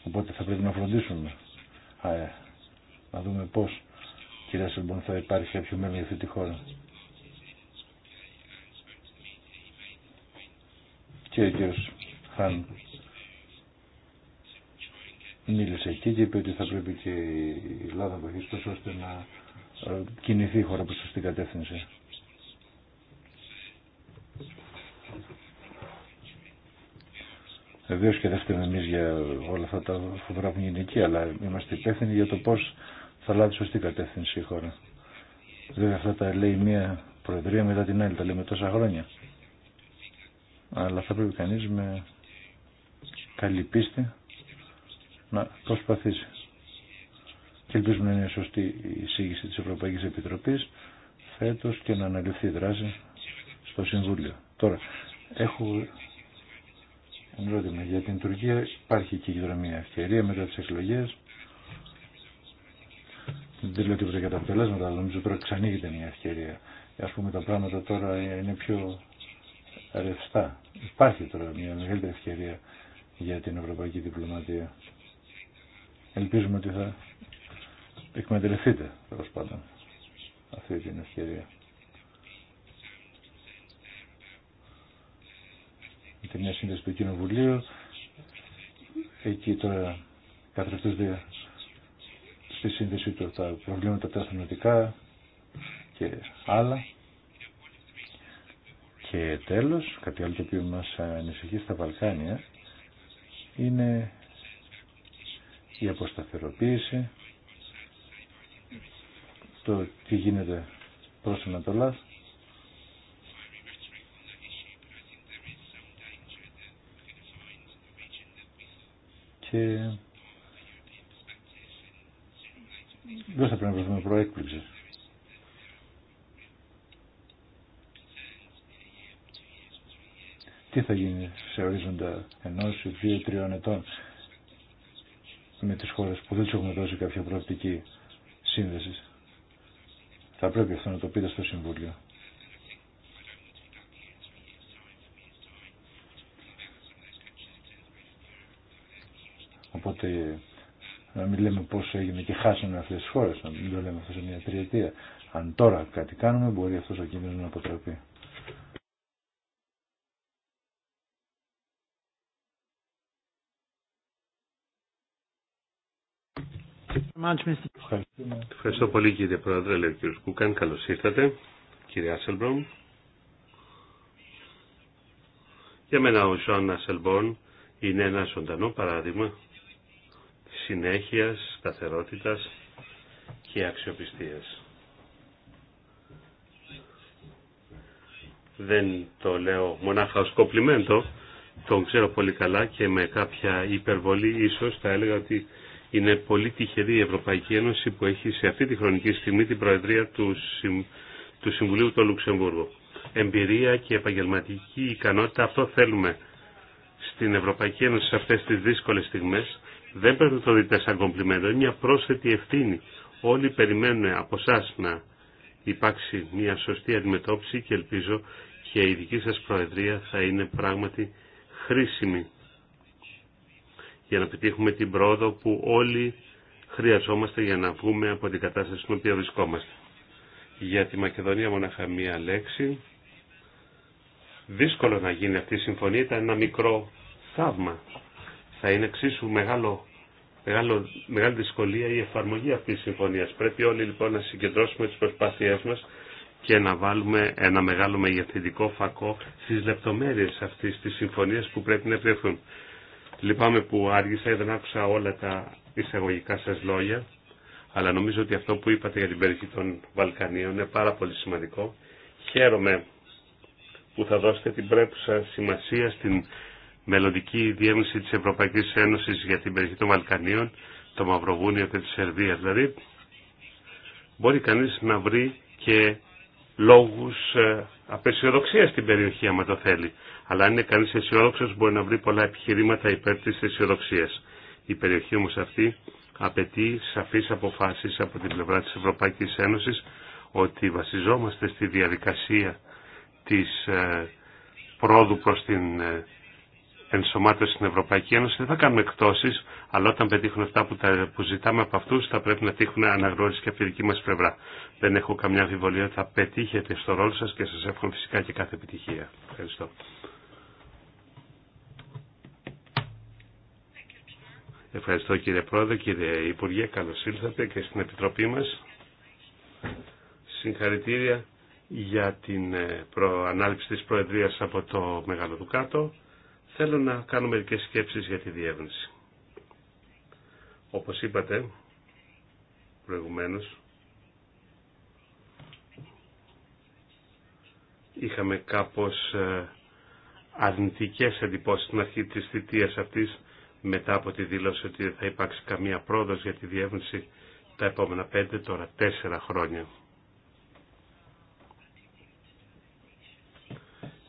Οπότε θα πρέπει να φροντίσουμε ε, να δούμε πώς κυρία Σελμπον θα υπάρχει κάποιο μέλλον για αυτή τη χώρα. Και ο κύριος Χάν μίλησε εκεί και είπε ότι θα πρέπει και η Ελλάδα να βοηθήσει ώστε να ε, κινηθεί η χώρα προς αυτήν την κατεύθυνση. Βεβαίω και δεν φταίμε εμεί για όλα αυτά τα φοβερά που είναι εκεί, αλλά είμαστε υπεύθυνοι για το πώ θα λάβει σωστή κατεύθυνση η χώρα. Βέβαια αυτά τα λέει μία προεδρία μετά την άλλη, τα λέμε τόσα χρόνια. Αλλά θα πρέπει κανεί με καλή πίστη να προσπαθήσει. Και ελπίζουμε να είναι σωστή η εισήγηση τη Ευρωπαϊκή Επιτροπή φέτο και να αναλυθεί η δράση στο Συμβούλιο. Τώρα, έχω ερώτημα για την Τουρκία υπάρχει και τώρα μια ευκαιρία μετά τις εκλογές δεν λέω τίποτα για τα αποτελέσματα αλλά νομίζω τώρα ξανοίγεται μια ευκαιρία Α πούμε τα πράγματα τώρα είναι πιο ρευστά υπάρχει τώρα μια μεγαλύτερη ευκαιρία για την ευρωπαϊκή διπλωματία ελπίζουμε ότι θα εκμετρηθείτε, τέλο πάντων αυτή την ευκαιρία και μια σύνδεση του Κοινοβουλίου. Εκεί τώρα καθρεφτούνται στη σύνδεση του τα προβλήματα τα αστυνομικά και άλλα. Και τέλος, κάτι άλλο το οποίο μας ανησυχεί στα Βαλκάνια, είναι η αποσταθεροποίηση, το τι γίνεται προς Ανατολάς και δεν θα πρέπει να βρεθούμε προέκπληξη. Τι θα γίνει σε ορίζοντα ενός ή δύο τριών ετών με τις χώρες που δεν τους έχουμε δώσει κάποια προοπτική σύνδεση Θα πρέπει αυτό να το πείτε στο Συμβούλιο. Οπότε να μην λέμε πώς έγινε και χάσαμε αυτές τις χώρες, να μην το λέμε αυτό σε μια τριετία. Αν τώρα κάτι κάνουμε μπορεί αυτός ο κίνδυνος να αποτραπεί. Ευχαριστώ πολύ κύριε Πρόεδρε, λέει ο κύριος Κούκαν. Καλώς ήρθατε, κύριε Άσελμπρομ. Για μένα ο Ζαν Ασελμπρόμ είναι ένα ζωντανό παράδειγμα συνέχειας, σταθερότητας και αξιοπιστίας. Δεν το λέω μονάχα ως κοπλιμέντο, τον ξέρω πολύ καλά και με κάποια υπερβολή ίσως θα έλεγα ότι είναι πολύ τυχερή η Ευρωπαϊκή Ένωση που έχει σε αυτή τη χρονική στιγμή την Προεδρία του, του Συμβουλίου του Λουξεμβούργου. Εμπειρία και επαγγελματική ικανότητα, αυτό θέλουμε στην Ευρωπαϊκή Ένωση σε αυτές τις δύσκολες στιγμές δεν πρέπει να το δείτε σαν κομπλιμέντο, είναι μια πρόσθετη ευθύνη. Όλοι περιμένουν από εσά να υπάρξει μια σωστή αντιμετώπιση και ελπίζω και η δική σας προεδρία θα είναι πράγματι χρήσιμη για να πετύχουμε την πρόοδο που όλοι χρειαζόμαστε για να βγούμε από την κατάσταση στην οποία βρισκόμαστε. Για τη Μακεδονία μοναχα μία λέξη. Δύσκολο να γίνει αυτή η συμφωνία, ήταν ένα μικρό θαύμα θα είναι εξίσου μεγάλο, μεγάλο, μεγάλη δυσκολία η εφαρμογή αυτής της συμφωνίας. Πρέπει όλοι λοιπόν να συγκεντρώσουμε τις προσπάθειές μας και να βάλουμε ένα μεγάλο μεγεθυντικό φακό στις λεπτομέρειες αυτής της συμφωνίας που πρέπει να επιτευχθούν. Λυπάμαι που άργησα, δεν άκουσα όλα τα εισαγωγικά σας λόγια, αλλά νομίζω ότι αυτό που είπατε για την περιοχή των Βαλκανίων είναι πάρα πολύ σημαντικό. Χαίρομαι που θα δώσετε την πρέπουσα σημασία στην μελλοντική διεύνηση της Ευρωπαϊκής Ένωσης για την περιοχή των Βαλκανίων, το Μαυροβούνιο και τη Σερβία δηλαδή, μπορεί κανείς να βρει και λόγους ε, απεσιοδοξία στην περιοχή άμα το θέλει. Αλλά αν είναι κανείς αισιόδοξο μπορεί να βρει πολλά επιχειρήματα υπέρ της αισιοδοξία. Η περιοχή όμως αυτή απαιτεί σαφείς αποφάσεις από την πλευρά της Ευρωπαϊκής Ένωσης ότι βασιζόμαστε στη διαδικασία της ε, πρόοδου προς την ε, ενσωμάτωση στην Ευρωπαϊκή Ένωση. Δεν θα κάνουμε εκτόσει, αλλά όταν πετύχουν αυτά που, τα, που ζητάμε από αυτού, θα πρέπει να τύχουν αναγνώριση και από τη δική μα πλευρά. Δεν έχω καμιά αμφιβολία ότι θα πετύχετε στο ρόλο σα και σα εύχομαι φυσικά και κάθε επιτυχία. Ευχαριστώ. Ευχαριστώ κύριε Πρόεδρε, κύριε Υπουργέ, Καλώ ήλθατε και στην Επιτροπή μα. Συγχαρητήρια για την ε, προανάληψη της Προεδρίας από το Μεγάλο Δουκάτο. Θέλω να κάνω μερικές σκέψεις για τη διεύρυνση. Όπως είπατε προηγουμένως, είχαμε κάπως ε, αρνητικές εντυπώσεις στην αρχή της θητείας αυτής μετά από τη δήλωση ότι δεν θα υπάρξει καμία πρόοδος για τη διεύρυνση τα επόμενα πέντε, τώρα τέσσερα χρόνια.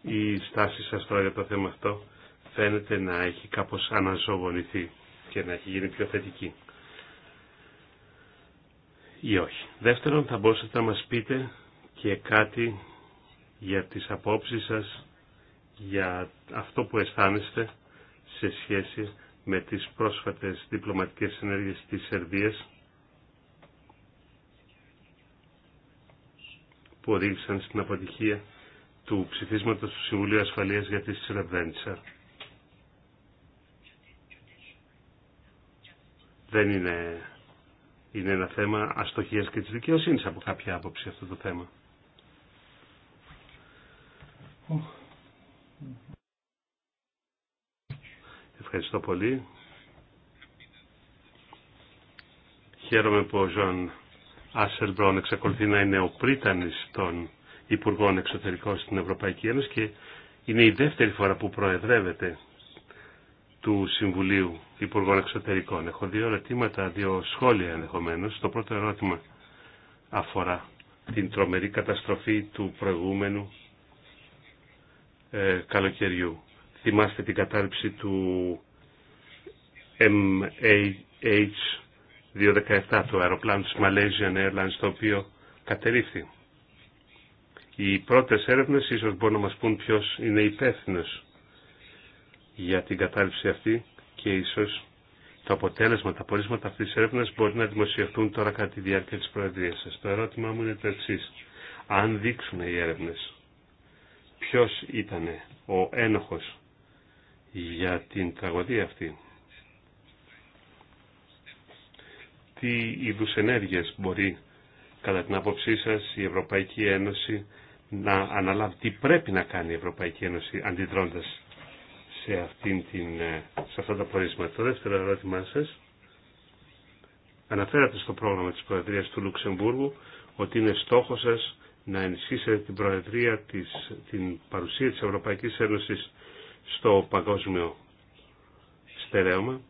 Η στάση σας τώρα για το θέμα αυτό φαίνεται να έχει κάπως αναζωογονηθεί και να έχει γίνει πιο θετική ή όχι. Δεύτερον, θα μπορούσατε να μας πείτε και κάτι για τις απόψεις σας, για αυτό που αισθάνεστε σε σχέση με τις πρόσφατες διπλωματικές ενέργειες της Σερβίας που οδήγησαν στην αποτυχία του ψηφίσματος του Συμβουλίου Ασφαλείας για τη Σρεβέντσα. δεν είναι, είναι ένα θέμα αστοχίας και της δικαιοσύνης από κάποια άποψη αυτό το θέμα. Ευχαριστώ πολύ. Χαίρομαι που ο Ζων Άσελμπρον εξακολουθεί να είναι ο πρίτανης των Υπουργών Εξωτερικών στην Ευρωπαϊκή Ένωση και είναι η δεύτερη φορά που προεδρεύεται του Συμβουλίου Υπουργών Εξωτερικών. Έχω δύο ερωτήματα, δύο σχόλια ενδεχομένω. Το πρώτο ερώτημα αφορά την τρομερή καταστροφή του προηγούμενου ε, καλοκαιριού. Θυμάστε την κατάρριψη του mah 217 του αεροπλάνου της Malaysian Airlines, το οποίο κατερρίφθη. Οι πρώτες έρευνες ίσως μπορούν να μας πούν ποιος είναι υπεύθυνος για την κατάληψη αυτή και ίσως το αποτέλεσμα, τα πορίσματα αυτής της έρευνας μπορεί να δημοσιευτούν τώρα κατά τη διάρκεια της Προεδρίας σας. Το ερώτημά μου είναι το εξή. Αν δείξουν οι έρευνες ποιος ήταν ο ένοχος για την τραγωδία αυτή, τι είδους ενέργειες μπορεί κατά την άποψή σας η Ευρωπαϊκή Ένωση να αναλάβει τι πρέπει να κάνει η Ευρωπαϊκή Ένωση αντιδρώντας σε, αυτήν την, ε, σε αυτά τα πορίσματα. Το δεύτερο ερώτημά σα. Αναφέρατε στο πρόγραμμα της Προεδρίας του Λουξεμβούργου ότι είναι στόχο σας να ενισχύσετε την Προεδρία, της, την παρουσία της Ευρωπαϊκής Ένωσης στο παγκόσμιο στερέωμα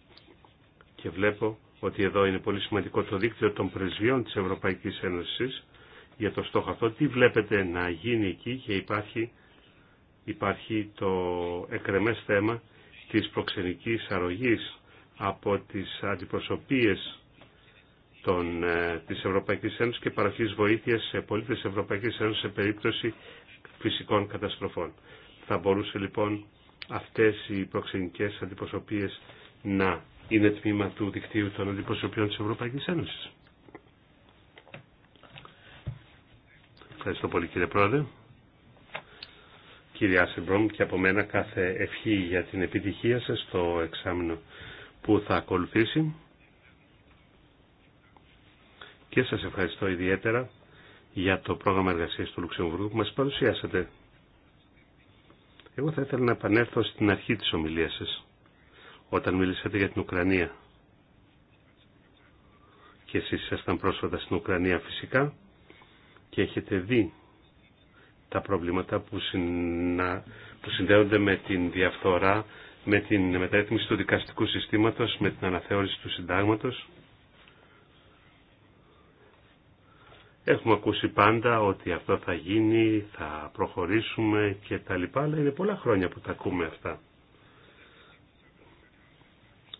και βλέπω ότι εδώ είναι πολύ σημαντικό το δίκτυο των πρεσβειών της Ευρωπαϊκής Ένωσης για το στόχο αυτό. Τι βλέπετε να γίνει εκεί και υπάρχει υπάρχει το εκρεμές θέμα της προξενικής αρρωγής από τις αντιπροσωπείες των, ε, της Ευρωπαϊκής Ένωσης και παροχής βοήθειας σε πολίτες της Ευρωπαϊκής Ένωσης σε περίπτωση φυσικών καταστροφών. Θα μπορούσε λοιπόν αυτές οι προξενικές αντιπροσωπείες να είναι τμήμα του δικτύου των αντιπροσωπείων της Ευρωπαϊκής Ένωσης. Ευχαριστώ πολύ κύριε Πρόεδρε. Κυρία Άσεμπρομ και από μένα κάθε ευχή για την επιτυχία σας στο εξάμεινο που θα ακολουθήσει και σας ευχαριστώ ιδιαίτερα για το πρόγραμμα εργασίας του Λουξεμβούργου που μας παρουσιάσατε. Εγώ θα ήθελα να επανέλθω στην αρχή της ομιλίας σας, όταν μιλήσατε για την Ουκρανία. Και εσείς ήσασταν πρόσφατα στην Ουκρανία φυσικά και έχετε δει τα προβλήματα που, που συνδέονται με την διαφθορά, με την μεταρρύθμιση του δικαστικού συστήματος, με την αναθεώρηση του συντάγματος. Έχουμε ακούσει πάντα ότι αυτό θα γίνει, θα προχωρήσουμε και τα λοιπά, αλλά είναι πολλά χρόνια που τα ακούμε αυτά.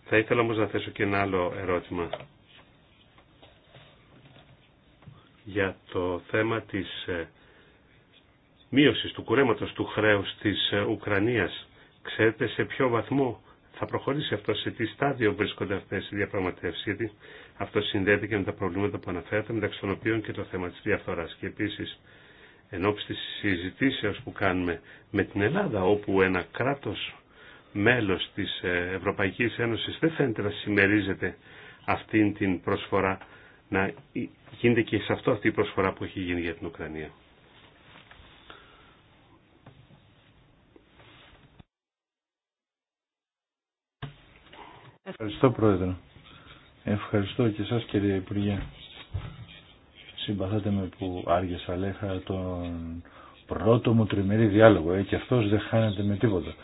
Θα ήθελα όμως να θέσω και ένα άλλο ερώτημα για το θέμα της ε, μείωσης του κουρέματος του χρέου της ε, Ουκρανίας. Ξέρετε σε ποιο βαθμό θα προχωρήσει αυτό, σε τι στάδιο βρίσκονται αυτέ οι διαπραγματεύσει γιατί αυτό συνδέεται και με τα προβλήματα που αναφέρατε, μεταξύ των οποίων και το θέμα της διαφθοράς. Και επίσης, εν ώψη της συζητήσεως που κάνουμε με την Ελλάδα, όπου ένα κράτος μέλος της ε, Ευρωπαϊκής Ένωσης δεν φαίνεται να συμμερίζεται αυτήν την προσφορά, να γίνεται και σε αυτό αυτή η προσφορά που έχει γίνει για την Ουκρανία. Ευχαριστώ Πρόεδρε. Ευχαριστώ και εσάς κύριε Υπουργέ. Συμπαθάτε με που άργησα, λέχα τον πρώτο μου τριμερή διάλογο ε, και αυτός δεν χάνεται με τίποτα.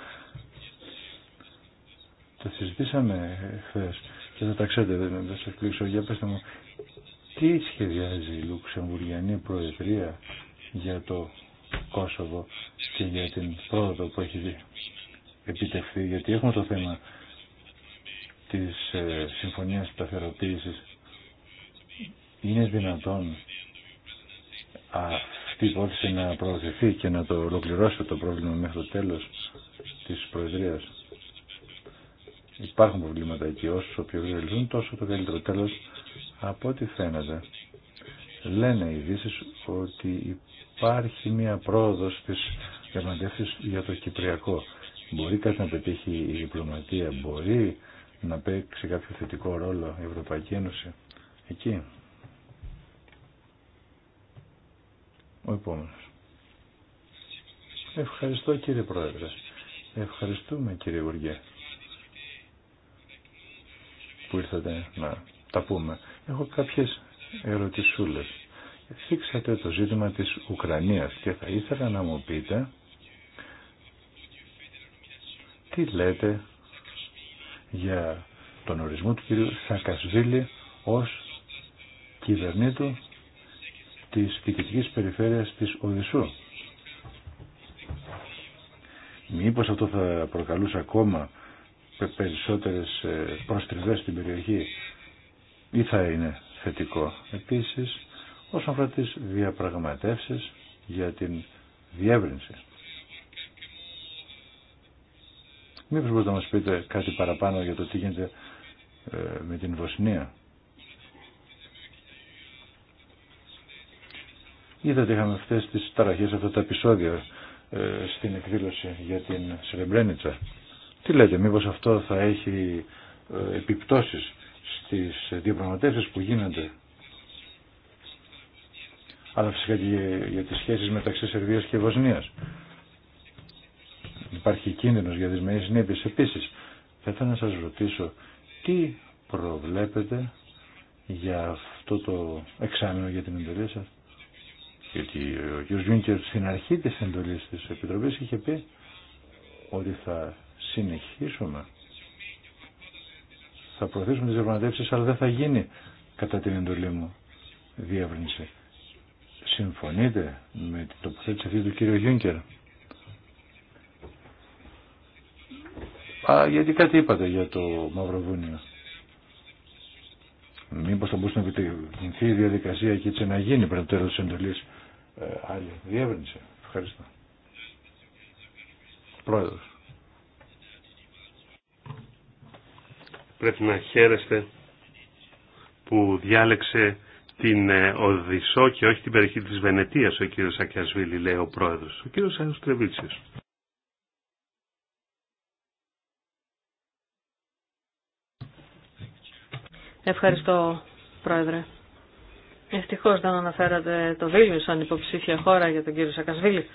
Τα συζητήσαμε χθε και θα τα ξέρετε, δεν, θα σας κλείξω. Για πέστε μου, τι σχεδιάζει η Λουξεμβουργιανή Προεδρία για το Κόσοβο και για την πρόοδο που έχει επιτευχθεί, γιατί έχουμε το θέμα της ε, Συμφωνίας Σταθεροποίησης. Είναι δυνατόν αυτή η υπόθεση να προωθηθεί και να το ολοκληρώσει το πρόβλημα μέχρι το τέλος της Προεδρίας. Υπάρχουν προβλήματα εκεί. Όσο πιο γρήγορα τόσο το καλύτερο τέλος από ό,τι φαίνεται. Λένε οι ειδήσει ότι υπάρχει μια πρόοδος της διαμαντεύσης για το Κυπριακό. Μπορεί κάτι να πετύχει η διπλωματία, μπορεί να παίξει κάποιο θετικό ρόλο η Ευρωπαϊκή Ένωση εκεί. Ο επόμενο. Ευχαριστώ κύριε Πρόεδρε. Ευχαριστούμε κύριε Υπουργέ που ήρθατε να τα πούμε. Έχω κάποιες ερωτησούλες. Θίξατε το ζήτημα της Ουκρανίας και θα ήθελα να μου πείτε τι λέτε για τον ορισμό του κ. Σακασβίλη ως κυβερνήτου της διοικητικής περιφέρειας της Οδυσσού. Μήπως αυτό θα προκαλούσε ακόμα περισσότερες ε, προστριβές στην περιοχή ή θα είναι θετικό. Επίσης, όσον αφορά τις διαπραγματεύσεις για την διεύρυνση Μήπως μπορείτε να μας πείτε κάτι παραπάνω για το τι γίνεται ε, με την Βοσνία. Είδατε είχαμε αυτές τις ταραχές, αυτά τα επεισόδια ε, στην εκδήλωση για την Σρεμπρένιτσα. Τι λέτε, μήπως αυτό θα έχει ε, επιπτώσεις στις διαπραγματεύσεις που γίνονται. Αλλά φυσικά και για τις σχέσεις μεταξύ Σερβίας και Βοσνίας υπάρχει κίνδυνος για δυσμενή συνέπειες. Επίσης, θα ήθελα να σας ρωτήσω τι προβλέπετε για αυτό το εξάμεινο για την εντολή σας. Γιατί ο κ. Γιούνκερ στην αρχή της εντολής της Επιτροπής είχε πει ότι θα συνεχίσουμε, θα προωθήσουμε τις διαπραγματεύσεις, αλλά δεν θα γίνει κατά την εντολή μου διεύρυνση. Συμφωνείτε με την τοποθέτηση αυτή του κ. Γιούνκερ. Α, γιατί κάτι είπατε για το Μαυροβούνιο. Μήπως θα μπορούσε να επιτευχθεί η διαδικασία και έτσι να γίνει πριν το τέλος της εντολής ε, άλλη διεύρυνση. Ευχαριστώ. Πρόεδρος. Πρέπει να χαίρεστε που διάλεξε την ε, Οδυσσό και όχι την περιοχή της Βενετίας ο κύριος Ακιασβίλη λέει ο πρόεδρος. Ο κύριος Άγιος Ευχαριστώ, Πρόεδρε. Ευτυχώ δεν αναφέρατε το Βίλνιου σαν υποψήφια χώρα για τον κύριο Σακασβίλη.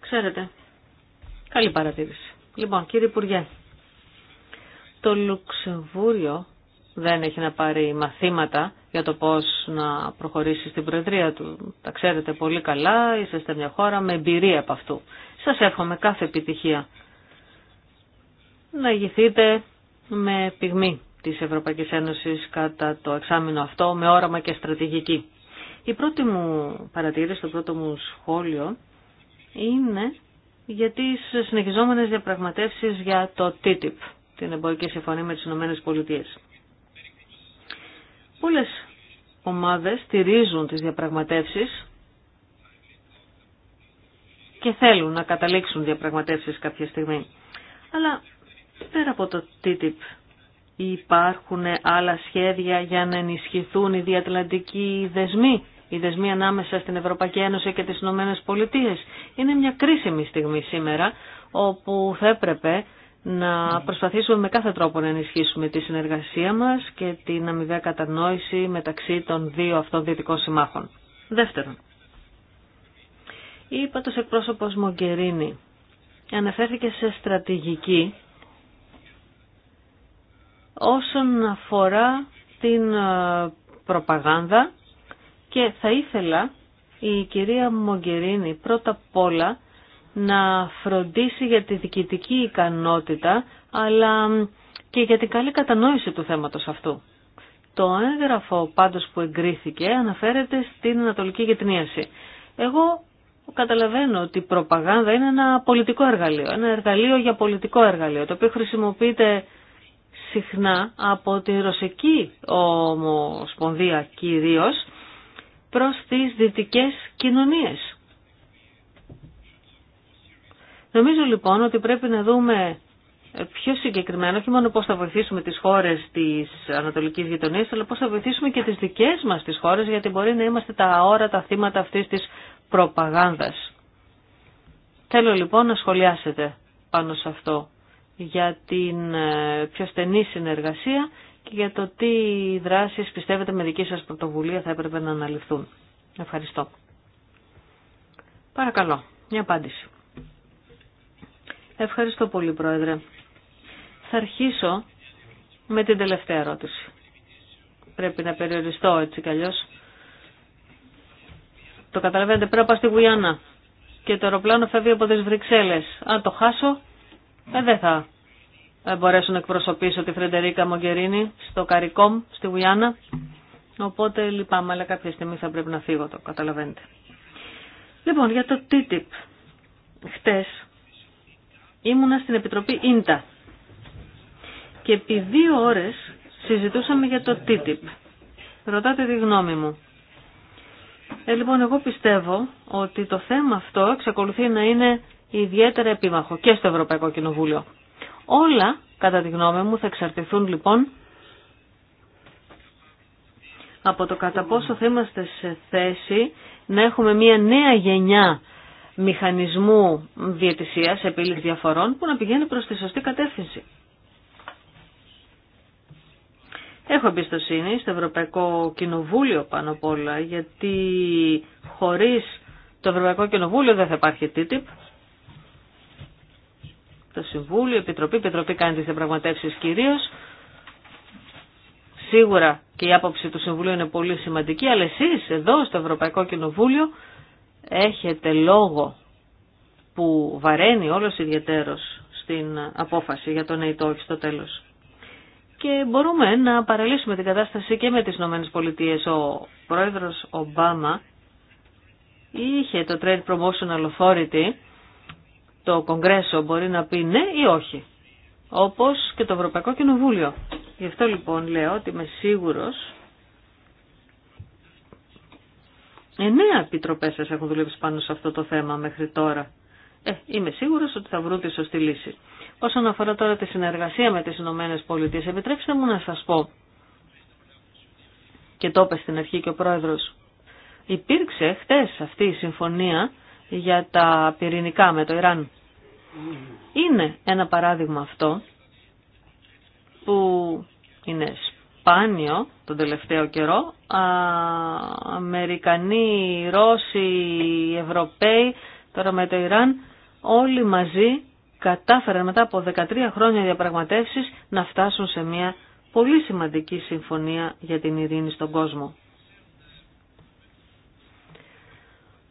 Ξέρετε. Καλή παρατήρηση. Λοιπόν, κύριε Υπουργέ, το Λουξεμβούριο δεν έχει να πάρει μαθήματα για το πώς να προχωρήσει στην Προεδρία του. Τα ξέρετε πολύ καλά, είσαστε μια χώρα με εμπειρία από αυτού. Σας εύχομαι κάθε επιτυχία. Να ηγηθείτε με πυγμή της Ευρωπαϊκής Ένωσης κατά το εξάμεινο αυτό με όραμα και στρατηγική. Η πρώτη μου παρατήρηση, το πρώτο μου σχόλιο είναι για τις συνεχιζόμενες διαπραγματεύσεις για το TTIP, την εμπορική συμφωνία με τις Ηνωμένες Πολιτείες. Πολλές ομάδες στηρίζουν τις διαπραγματεύσεις και θέλουν να καταλήξουν διαπραγματεύσεις κάποια στιγμή. Αλλά Πέρα από το TTIP υπάρχουν άλλα σχέδια για να ενισχυθούν οι διατλαντικοί δεσμοί, οι δεσμοί ανάμεσα στην Ευρωπαϊκή Ένωση και τις Ηνωμένες Πολιτείες. Είναι μια κρίσιμη στιγμή σήμερα όπου θα έπρεπε να προσπαθήσουμε με κάθε τρόπο να ενισχύσουμε τη συνεργασία μας και την αμοιβαία κατανόηση μεταξύ των δύο αυτών δυτικών συμμάχων. Δεύτερον, είπα τους εκπρόσωπος Μογκερίνη αναφέρθηκε σε στρατηγική όσον αφορά την ε, προπαγάνδα και θα ήθελα η κυρία Μογκερίνη πρώτα απ' όλα να φροντίσει για τη διοικητική ικανότητα αλλά και για την καλή κατανόηση του θέματος αυτού. Το έγγραφο πάντως που εγκρίθηκε αναφέρεται στην Ανατολική Γετνίαση. Εγώ καταλαβαίνω ότι η προπαγάνδα είναι ένα πολιτικό εργαλείο, ένα εργαλείο για πολιτικό εργαλείο, το οποίο χρησιμοποιείται συχνά από τη Ρωσική Ομοσπονδία κυρίως προς τις δυτικές κοινωνίες. Νομίζω λοιπόν ότι πρέπει να δούμε πιο συγκεκριμένα, όχι μόνο πώς θα βοηθήσουμε τις χώρες της Ανατολικής Γειτονίας, αλλά πώς θα βοηθήσουμε και τις δικές μας τις χώρες, γιατί μπορεί να είμαστε τα αόρατα θύματα αυτής της προπαγάνδας. Θέλω λοιπόν να σχολιάσετε πάνω σε αυτό για την ε, πιο στενή συνεργασία και για το τι δράσεις πιστεύετε με δική σας πρωτοβουλία θα έπρεπε να αναλυφθούν. Ευχαριστώ. Παρακαλώ, μια απάντηση. Ευχαριστώ πολύ, Πρόεδρε. Θα αρχίσω με την τελευταία ερώτηση. Πρέπει να περιοριστώ έτσι κι αλλιώς. Το καταλαβαίνετε, πρέπει να πάω στη Γουιάννα. Και το αεροπλάνο φεύγει από τις Βρυξέλλες. Αν το χάσω, ε, δεν θα ε, μπορέσω να εκπροσωπήσω τη Φρεντερίκα Μογκερίνη στο Καρικόμ, στη Γουιάννα. Οπότε λυπάμαι, αλλά κάποια στιγμή θα πρέπει να φύγω, το καταλαβαίνετε. Λοιπόν, για το TTIP. Χτες ήμουνα στην Επιτροπή Ίντα και επί δύο ώρες συζητούσαμε για το TTIP. Ρωτάτε τη γνώμη μου. Ε, λοιπόν, εγώ πιστεύω ότι το θέμα αυτό εξακολουθεί να είναι ιδιαίτερα επίμαχο και στο Ευρωπαϊκό Κοινοβούλιο. Όλα, κατά τη γνώμη μου, θα εξαρτηθούν λοιπόν από το κατά πόσο θα είμαστε σε θέση να έχουμε μια νέα γενιά μηχανισμού διαιτησίας, επίλυξης διαφορών, που να πηγαίνει προς τη σωστή κατεύθυνση. Έχω εμπιστοσύνη στο Ευρωπαϊκό Κοινοβούλιο πάνω απ' όλα, γιατί χωρίς το Ευρωπαϊκό Κοινοβούλιο δεν θα υπάρχει TTIP, το Συμβούλιο, η Επιτροπή, η Επιτροπή κάνει τις διαπραγματεύσεις κυρίως. Σίγουρα και η άποψη του Συμβουλίου είναι πολύ σημαντική, αλλά εσείς εδώ στο Ευρωπαϊκό Κοινοβούλιο έχετε λόγο που βαραίνει όλος ιδιαίτερος στην απόφαση για τον ΕΙΤΟ στο τέλος. Και μπορούμε να παραλύσουμε την κατάσταση και με τις ΗΠΑ. Ο πρόεδρος Ομπάμα είχε το Trade Promotional Authority το Κογκρέσο μπορεί να πει ναι ή όχι. Όπως και το Ευρωπαϊκό Κοινοβούλιο. Γι' αυτό λοιπόν λέω ότι είμαι σίγουρος Εννέα επιτροπές σας έχουν δουλέψει πάνω σε αυτό το θέμα μέχρι τώρα. Ε, είμαι σίγουρος ότι θα βρουν τη σωστή λύση. Όσον αφορά τώρα τη συνεργασία με τις Ηνωμένε Πολιτείε, επιτρέψτε μου να σας πω. Και το είπε στην αρχή και ο πρόεδρο. Υπήρξε χτες αυτή η συμφωνία για τα πυρηνικά με το Ιράν. Είναι ένα παράδειγμα αυτό που είναι σπάνιο τον τελευταίο καιρό. Α, Αμερικανοί, Ρώσοι, Ευρωπαίοι, τώρα με το Ιράν, όλοι μαζί κατάφεραν μετά από 13 χρόνια διαπραγματεύσεις να φτάσουν σε μια πολύ σημαντική συμφωνία για την ειρήνη στον κόσμο.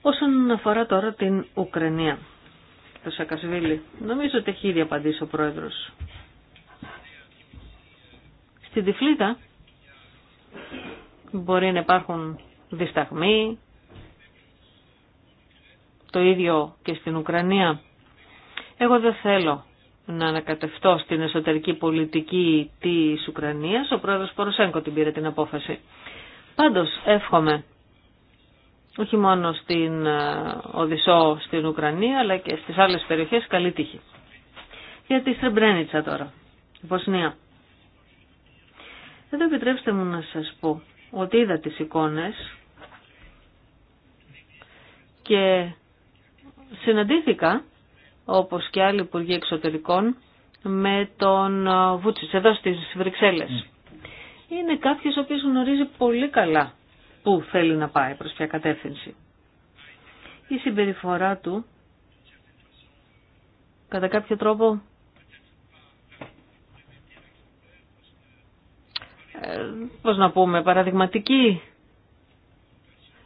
Όσον αφορά τώρα την Ουκρανία το Σακασβίλη. Νομίζω ότι έχει ήδη απαντήσει ο πρόεδρος. Στην Τυφλίδα μπορεί να υπάρχουν δισταγμοί, το ίδιο και στην Ουκρανία. Εγώ δεν θέλω να ανακατευτώ στην εσωτερική πολιτική της Ουκρανίας. Ο πρόεδρος Ποροσέγκο την πήρε την απόφαση. Πάντως εύχομαι όχι μόνο στην ε, Οδυσσό στην Ουκρανία, αλλά και στις άλλες περιοχές καλή τύχη. Για τη Στρεμπρένιτσα τώρα, η Βοσνία. Εδώ επιτρέψτε μου να σας πω ότι είδα τις εικόνες και συναντήθηκα, όπως και άλλοι υπουργοί εξωτερικών, με τον ε, Βούτσιτς εδώ στις Βρυξέλλες. Mm. Είναι κάποιος ο οποίος γνωρίζει πολύ καλά πού θέλει να πάει, προς ποια κατεύθυνση. Η συμπεριφορά του κατά κάποιο τρόπο ε, πώς να πούμε, παραδειγματική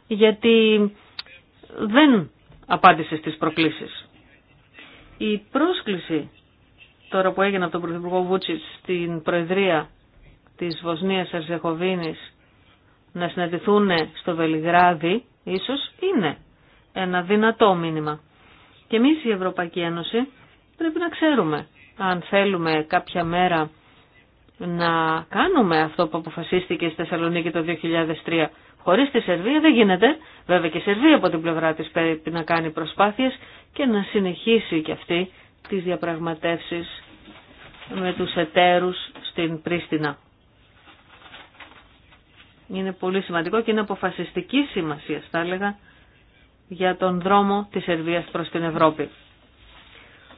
γιατί δεν απάντησε στις προκλήσεις. Η πρόσκληση τώρα που έγινε από τον Πρωθυπουργό Βούτσιτ στην Προεδρία της Βοσνίας Αρζεχοβίνης, να συναντηθούν στο Βελιγράδι, ίσως είναι ένα δυνατό μήνυμα. Και εμείς η Ευρωπαϊκή Ένωση πρέπει να ξέρουμε αν θέλουμε κάποια μέρα να κάνουμε αυτό που αποφασίστηκε στη Θεσσαλονίκη το 2003. Χωρίς τη Σερβία δεν γίνεται. Βέβαια και η Σερβία από την πλευρά της πρέπει να κάνει προσπάθειες και να συνεχίσει και αυτή τις διαπραγματεύσεις με τους εταίρους στην Πρίστινα είναι πολύ σημαντικό και είναι αποφασιστική σημασία, θα έλεγα, για τον δρόμο της Σερβίας προς την Ευρώπη.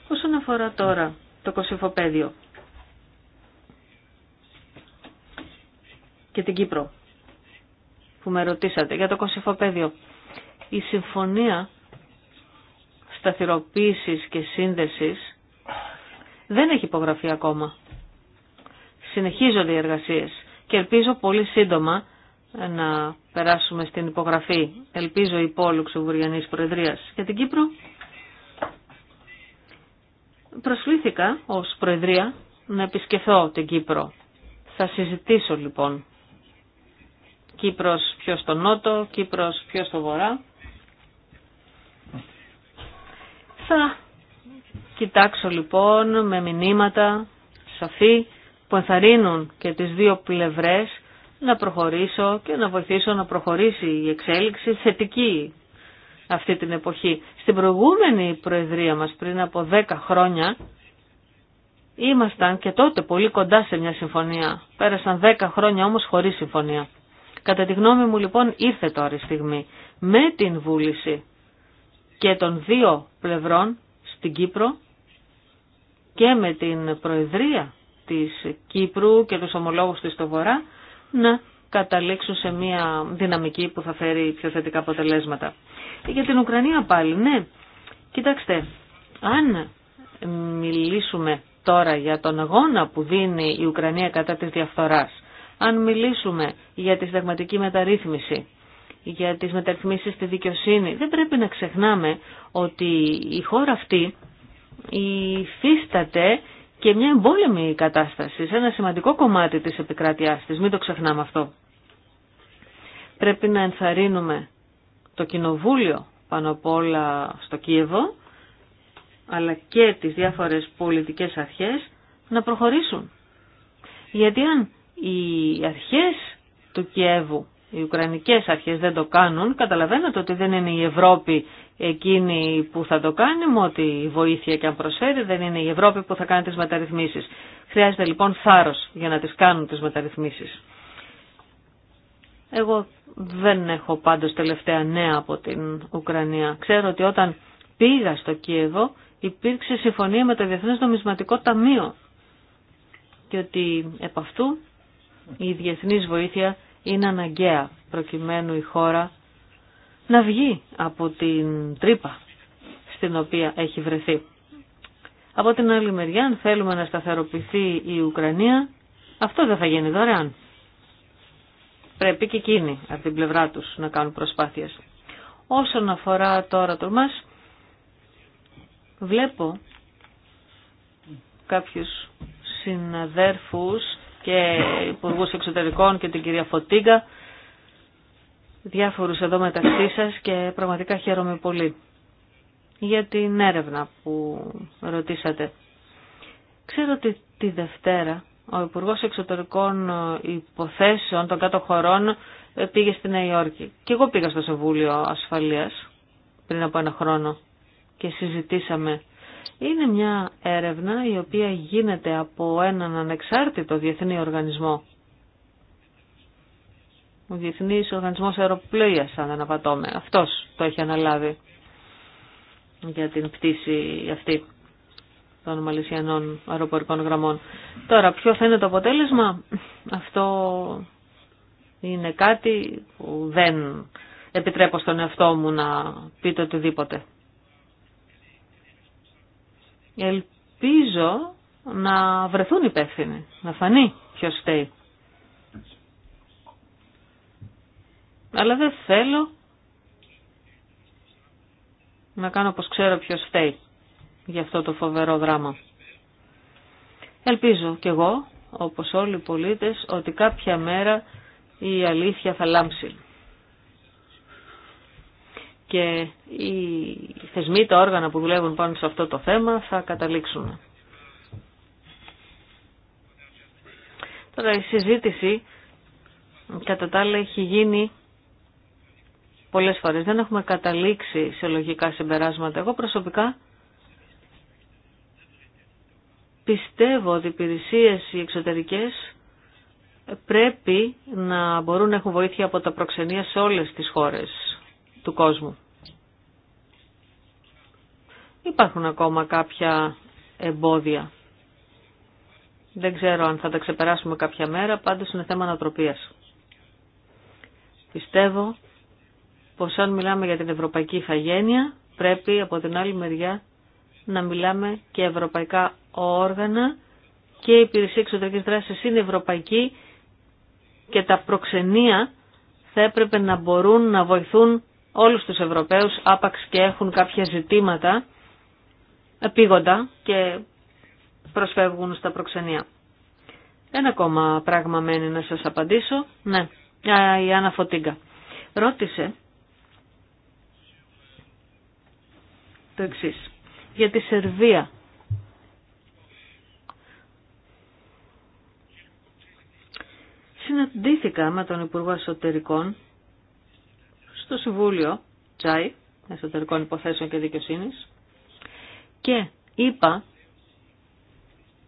Όσον αφορά τώρα το Κωσυφοπαίδιο και την Κύπρο που με ρωτήσατε για το Κωσυφοπαίδιο, η συμφωνία σταθεροποίησης και σύνδεσης δεν έχει υπογραφεί ακόμα. Συνεχίζονται οι εργασίες και ελπίζω πολύ σύντομα να περάσουμε στην υπογραφή, ελπίζω, πόλου Λουξεμβουργιανής Προεδρίας για την Κύπρο. προσλήθηκα ως Προεδρία να επισκεφθώ την Κύπρο. Θα συζητήσω λοιπόν. Κύπρος πιο στο νότο, Κύπρος πιο στο βορρά. Θα κοιτάξω λοιπόν με μηνύματα σαφή που ενθαρρύνουν και τις δύο πλευρές να προχωρήσω και να βοηθήσω να προχωρήσει η εξέλιξη θετική αυτή την εποχή. Στην προηγούμενη προεδρία μας πριν από 10 χρόνια ήμασταν και τότε πολύ κοντά σε μια συμφωνία. Πέρασαν 10 χρόνια όμως χωρίς συμφωνία. Κατά τη γνώμη μου λοιπόν ήρθε τώρα η στιγμή με την βούληση και των δύο πλευρών στην Κύπρο και με την Προεδρία της Κύπρου και τους ομολόγους της στο Βορρά να καταλήξουν σε μια δυναμική που θα φέρει πιο θετικά αποτελέσματα. Για την Ουκρανία πάλι, ναι. Κοιτάξτε, αν μιλήσουμε τώρα για τον αγώνα που δίνει η Ουκρανία κατά της διαφθοράς, αν μιλήσουμε για τη συνταγματική μεταρρύθμιση, για τις μεταρρυθμίσεις στη δικαιοσύνη, δεν πρέπει να ξεχνάμε ότι η χώρα αυτή υφίσταται και μια εμπόλεμη κατάσταση σε ένα σημαντικό κομμάτι της επικράτειάς της. Μην το ξεχνάμε αυτό. Πρέπει να ενθαρρύνουμε το κοινοβούλιο πάνω απ' όλα στο Κίεβο, αλλά και τις διάφορες πολιτικές αρχές να προχωρήσουν. Γιατί αν οι αρχές του Κιέβου οι Ουκρανικές αρχές δεν το κάνουν, καταλαβαίνετε ότι δεν είναι η Ευρώπη εκείνη που θα το κάνει, με ό,τι βοήθεια και αν προσφέρει, δεν είναι η Ευρώπη που θα κάνει τις μεταρρυθμίσεις. Χρειάζεται λοιπόν θάρρος για να τις κάνουν τις μεταρρυθμίσεις. Εγώ δεν έχω πάντως τελευταία νέα από την Ουκρανία. Ξέρω ότι όταν πήγα στο Κίεβο υπήρξε συμφωνία με το Διεθνές Νομισματικό Ταμείο και ότι επ' αυτού η διεθνής βοήθεια είναι αναγκαία προκειμένου η χώρα να βγει από την τρύπα στην οποία έχει βρεθεί. Από την άλλη μεριά, αν θέλουμε να σταθεροποιηθεί η Ουκρανία, αυτό δεν θα γίνει δωρεάν. Πρέπει και εκείνοι από την πλευρά τους να κάνουν προσπάθειες. Όσον αφορά τώρα το μας, βλέπω κάποιους συναδέρφους και υπουργού Εξωτερικών και την κυρία Φωτίγκα, διάφορους εδώ μεταξύ σας και πραγματικά χαίρομαι πολύ για την έρευνα που ρωτήσατε. Ξέρω ότι τη Δευτέρα ο Υπουργό Εξωτερικών Υποθέσεων των Κάτω Χωρών πήγε στη Νέα Υόρκη. Και εγώ πήγα στο Σεβούλιο Ασφαλείας πριν από ένα χρόνο και συζητήσαμε είναι μια έρευνα η οποία γίνεται από έναν ανεξάρτητο διεθνή οργανισμό. Ο Διεθνής Οργανισμός Αεροπλοίας, αν αναπατώμε. Αυτός το έχει αναλάβει για την πτήση αυτή των μαλισιανών αεροπορικών γραμμών. Τώρα, ποιο θα είναι το αποτέλεσμα, αυτό είναι κάτι που δεν επιτρέπω στον εαυτό μου να πείτε οτιδήποτε. Ελπίζω να βρεθούν υπεύθυνοι, να φανεί ποιο φταίει. Αλλά δεν θέλω να κάνω πως ξέρω ποιος φταίει για αυτό το φοβερό δράμα. Ελπίζω κι εγώ, όπως όλοι οι πολίτες, ότι κάποια μέρα η αλήθεια θα λάμψει και οι θεσμοί, τα όργανα που δουλεύουν πάνω σε αυτό το θέμα θα καταλήξουν. Τώρα η συζήτηση κατά τα άλλα έχει γίνει πολλές φορές. Δεν έχουμε καταλήξει σε λογικά συμπεράσματα. Εγώ προσωπικά πιστεύω ότι οι υπηρεσίε οι εξωτερικές πρέπει να μπορούν να έχουν βοήθεια από τα προξενία σε όλες τις χώρες κόσμου. Υπάρχουν ακόμα κάποια εμπόδια. Δεν ξέρω αν θα τα ξεπεράσουμε κάποια μέρα, πάντως είναι θέμα ανατροπίας. Πιστεύω πως αν μιλάμε για την ευρωπαϊκή ηθαγένεια, πρέπει από την άλλη μεριά να μιλάμε και ευρωπαϊκά όργανα και η υπηρεσία εξωτερικής δράσης είναι ευρωπαϊκή και τα προξενία θα έπρεπε να μπορούν να βοηθούν όλους τους Ευρωπαίους άπαξ και έχουν κάποια ζητήματα επίγοντα και προσφεύγουν στα προξενία. Ένα ακόμα πράγμα μένει να σας απαντήσω. Ναι, η Άννα Φωτίγκα. Ρώτησε το εξή. Για τη Σερβία. Συναντήθηκα με τον Υπουργό Εσωτερικών στο Συμβούλιο Τσάι, Εσωτερικών Υποθέσεων και δικαιοσύνη και είπα,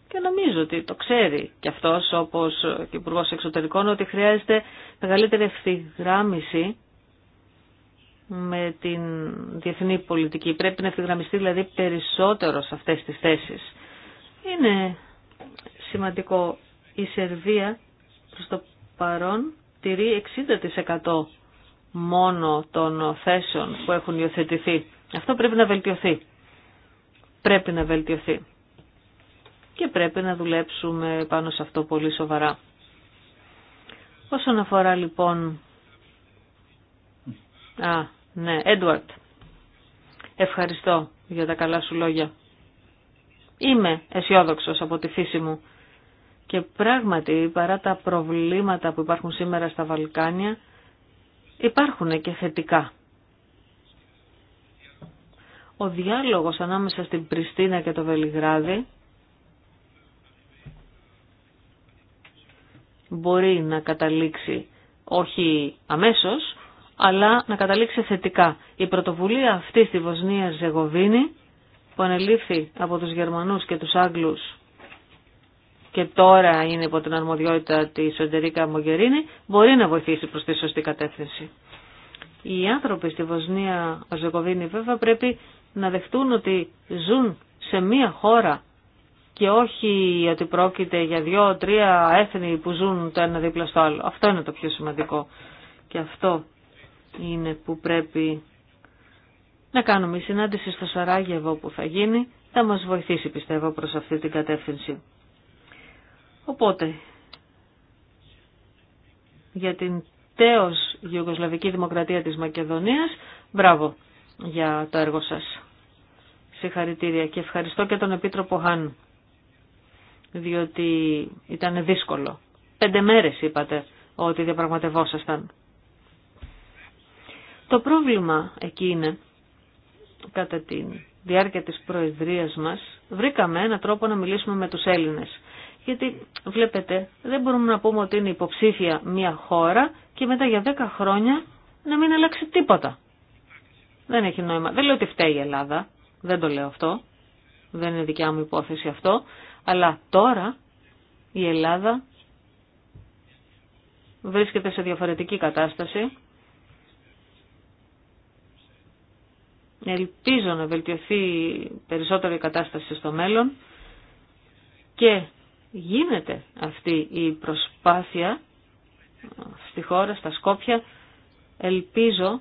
και νομίζω ότι το ξέρει και αυτός όπως και ο υπουργό Εξωτερικών, ότι χρειάζεται μεγαλύτερη ευθυγράμμιση με την διεθνή πολιτική. Πρέπει να ευθυγραμμιστεί δηλαδή περισσότερο σε αυτές τις θέσεις. Είναι σημαντικό. Η Σερβία προς το παρόν τηρεί 60% μόνο των θέσεων που έχουν υιοθετηθεί. Αυτό πρέπει να βελτιωθεί. Πρέπει να βελτιωθεί. Και πρέπει να δουλέψουμε πάνω σε αυτό πολύ σοβαρά. Όσον αφορά λοιπόν... Α, ναι, Έντουαρτ. Ευχαριστώ για τα καλά σου λόγια. Είμαι αισιόδοξο από τη φύση μου. Και πράγματι, παρά τα προβλήματα που υπάρχουν σήμερα στα Βαλκάνια, υπάρχουν και θετικά. Ο διάλογος ανάμεσα στην Πριστίνα και το Βελιγράδι μπορεί να καταλήξει όχι αμέσως, αλλά να καταλήξει θετικά. Η πρωτοβουλία αυτή στη Βοσνία Ζεγοβίνη που ανελήφθη από τους Γερμανούς και τους Άγγλους και τώρα είναι υπό την αρμοδιότητα τη Σοντερίκα Μογκερίνη, μπορεί να βοηθήσει προ τη σωστή κατεύθυνση. Οι άνθρωποι στη Βοσνία Αζεκοβίνη βέβαια πρέπει να δεχτούν ότι ζουν σε μία χώρα και όχι ότι πρόκειται για δύο-τρία έθνη που ζουν το ένα δίπλα στο άλλο. Αυτό είναι το πιο σημαντικό. Και αυτό είναι που πρέπει να κάνουμε. Η συνάντηση στο Σαράγεβο που θα γίνει θα μας βοηθήσει πιστεύω προς αυτή την κατεύθυνση. Οπότε, για την τέως γιουγκοσλαβική Δημοκρατία της Μακεδονίας, μπράβο για το έργο σας. Συγχαρητήρια και ευχαριστώ και τον Επίτροπο Χάν, διότι ήταν δύσκολο. Πέντε μέρες είπατε ότι διαπραγματευόσασταν. Το πρόβλημα εκεί είναι, κατά τη διάρκεια της Προεδρίας μας, βρήκαμε έναν τρόπο να μιλήσουμε με τους Έλληνες. Γιατί βλέπετε, δεν μπορούμε να πούμε ότι είναι υποψήφια μια χώρα και μετά για δέκα χρόνια να μην αλλάξει τίποτα. Δεν έχει νόημα. Δεν λέω ότι φταίει η Ελλάδα. Δεν το λέω αυτό. Δεν είναι δικιά μου υπόθεση αυτό. Αλλά τώρα η Ελλάδα βρίσκεται σε διαφορετική κατάσταση. Ελπίζω να βελτιωθεί περισσότερο η κατάσταση στο μέλλον και γίνεται αυτή η προσπάθεια στη χώρα, στα Σκόπια. Ελπίζω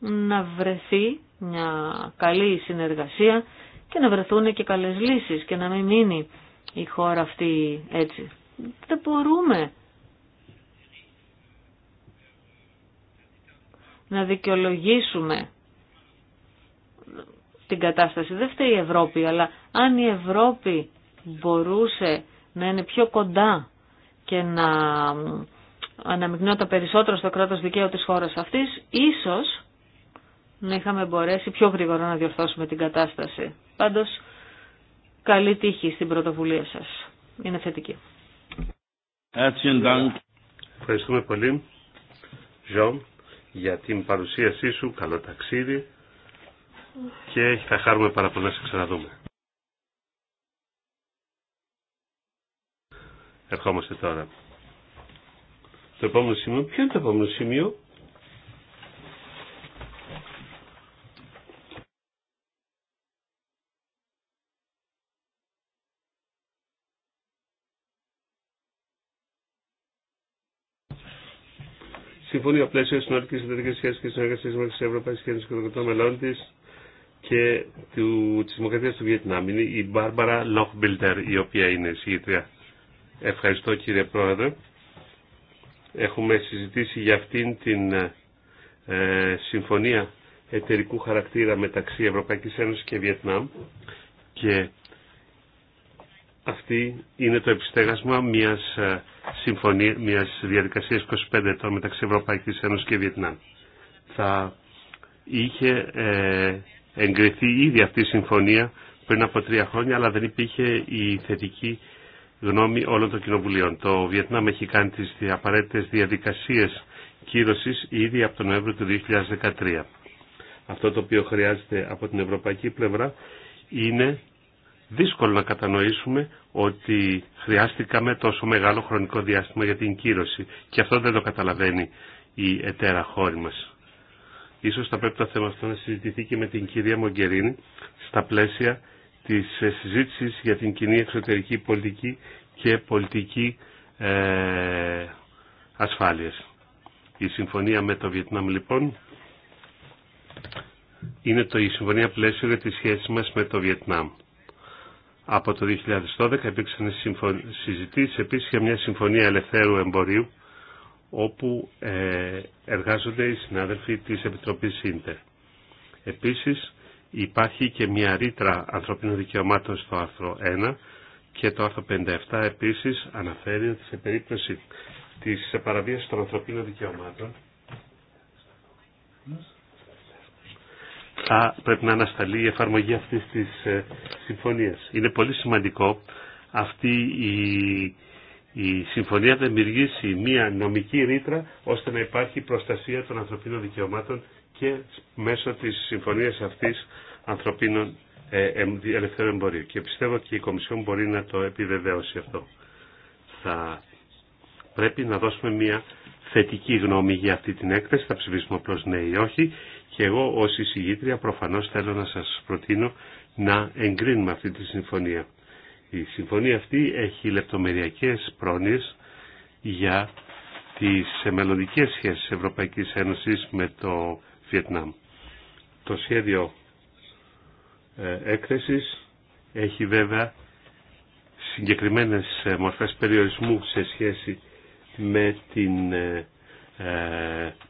να βρεθεί μια καλή συνεργασία και να βρεθούν και καλές λύσεις και να μην μείνει η χώρα αυτή έτσι. Δεν μπορούμε να δικαιολογήσουμε την κατάσταση. Δεν φταίει η Ευρώπη, αλλά αν η Ευρώπη μπορούσε να είναι πιο κοντά και να αναμειγνώταν περισσότερο στο κράτος δικαίου της χώρας αυτής, ίσως να είχαμε μπορέσει πιο γρήγορα να διορθώσουμε την κατάσταση. Πάντως, καλή τύχη στην πρωτοβουλία σας. Είναι θετική. Ευχαριστούμε πολύ, Ζω, για την παρουσίασή σου. Καλό ταξίδι και θα χαρούμε πάρα πολύ να σε ξαναδούμε. Ερχόμαστε τώρα. Το επόμενο σημείο, ποιο είναι το επόμενο σημείο? Συμφωνία πλαίσιο συνολική εταιρική σχέση και συνεργασία μεταξύ Ευρωπαϊκή Ένωση και των κρατών μελών τη και του, της Δημοκρατίας του Βιετνάμ. Είναι η Μπάρμπαρα Λοχμπιλτερ η οποία είναι συγγήτρια. Ευχαριστώ κύριε Πρόεδρε. Έχουμε συζητήσει για αυτήν την ε, συμφωνία εταιρικού χαρακτήρα μεταξύ Ευρωπαϊκής Ένωσης και Βιετνάμ και αυτή είναι το επιστέγασμα μιας, ε, συμφωνία, μιας διαδικασίας 25 ετών μεταξύ Ευρωπαϊκής Ένωσης και Βιετνάμ. Θα είχε ε, εγκριθεί ήδη αυτή η συμφωνία πριν από τρία χρόνια, αλλά δεν υπήρχε η θετική γνώμη όλων των κοινοβουλίων. Το Βιετνάμ έχει κάνει τις απαραίτητες διαδικασίες κύρωσης ήδη από τον Νοέμβριο του 2013. Αυτό το οποίο χρειάζεται από την ευρωπαϊκή πλευρά είναι δύσκολο να κατανοήσουμε ότι χρειάστηκαμε τόσο μεγάλο χρονικό διάστημα για την κύρωση και αυτό δεν το καταλαβαίνει η εταίρα χώρη μας. Ίσως θα πρέπει το θέμα αυτό να συζητηθεί και με την κυρία Μογκερίνη στα πλαίσια της ε, συζήτησης για την κοινή εξωτερική πολιτική και πολιτική ε, ασφάλειας. Η συμφωνία με το Βιετνάμ λοιπόν είναι το, η συμφωνία πλαίσιο για τις σχέσεις μας με το Βιετνάμ. Από το 2012 υπήρξαν συζητήσεις επίσης για μια συμφωνία ελευθέρου εμπορίου όπου ε, εργάζονται οι συνάδελφοι της Επιτροπής ΣΥΝΤΕ. Επίσης υπάρχει και μια ρήτρα ανθρωπίνων δικαιωμάτων στο άρθρο 1 και το άρθρο 57 επίσης αναφέρει ότι σε περίπτωση της παραβίασης των ανθρωπίνων δικαιωμάτων θα πρέπει να ανασταλεί η εφαρμογή αυτής της ε, συμφωνίας. Είναι πολύ σημαντικό αυτή η η συμφωνία θα δημιουργήσει μια νομική ρήτρα ώστε να υπάρχει προστασία των ανθρωπίνων δικαιωμάτων και μέσω της συμφωνίας αυτής ανθρωπίνων ε, ελευθερών εμπορίου. Και πιστεύω ότι η Κομισιόν μπορεί να το επιβεβαίωσει αυτό. Θα πρέπει να δώσουμε μια θετική γνώμη για αυτή την έκθεση. Θα ψηφίσουμε απλώ ναι ή όχι. Και εγώ ως εισηγήτρια προφανώς θέλω να σας προτείνω να εγκρίνουμε αυτή τη συμφωνία. Η συμφωνία αυτή έχει λεπτομεριακές πρόνοιες για τις μελλοντικέ σχέσεις Ευρωπαϊκής Ένωσης με το Βιετνάμ. Το σχέδιο ε, έκθεσης έχει βέβαια συγκεκριμένες ε, μορφές περιορισμού σε σχέση με, την, ε,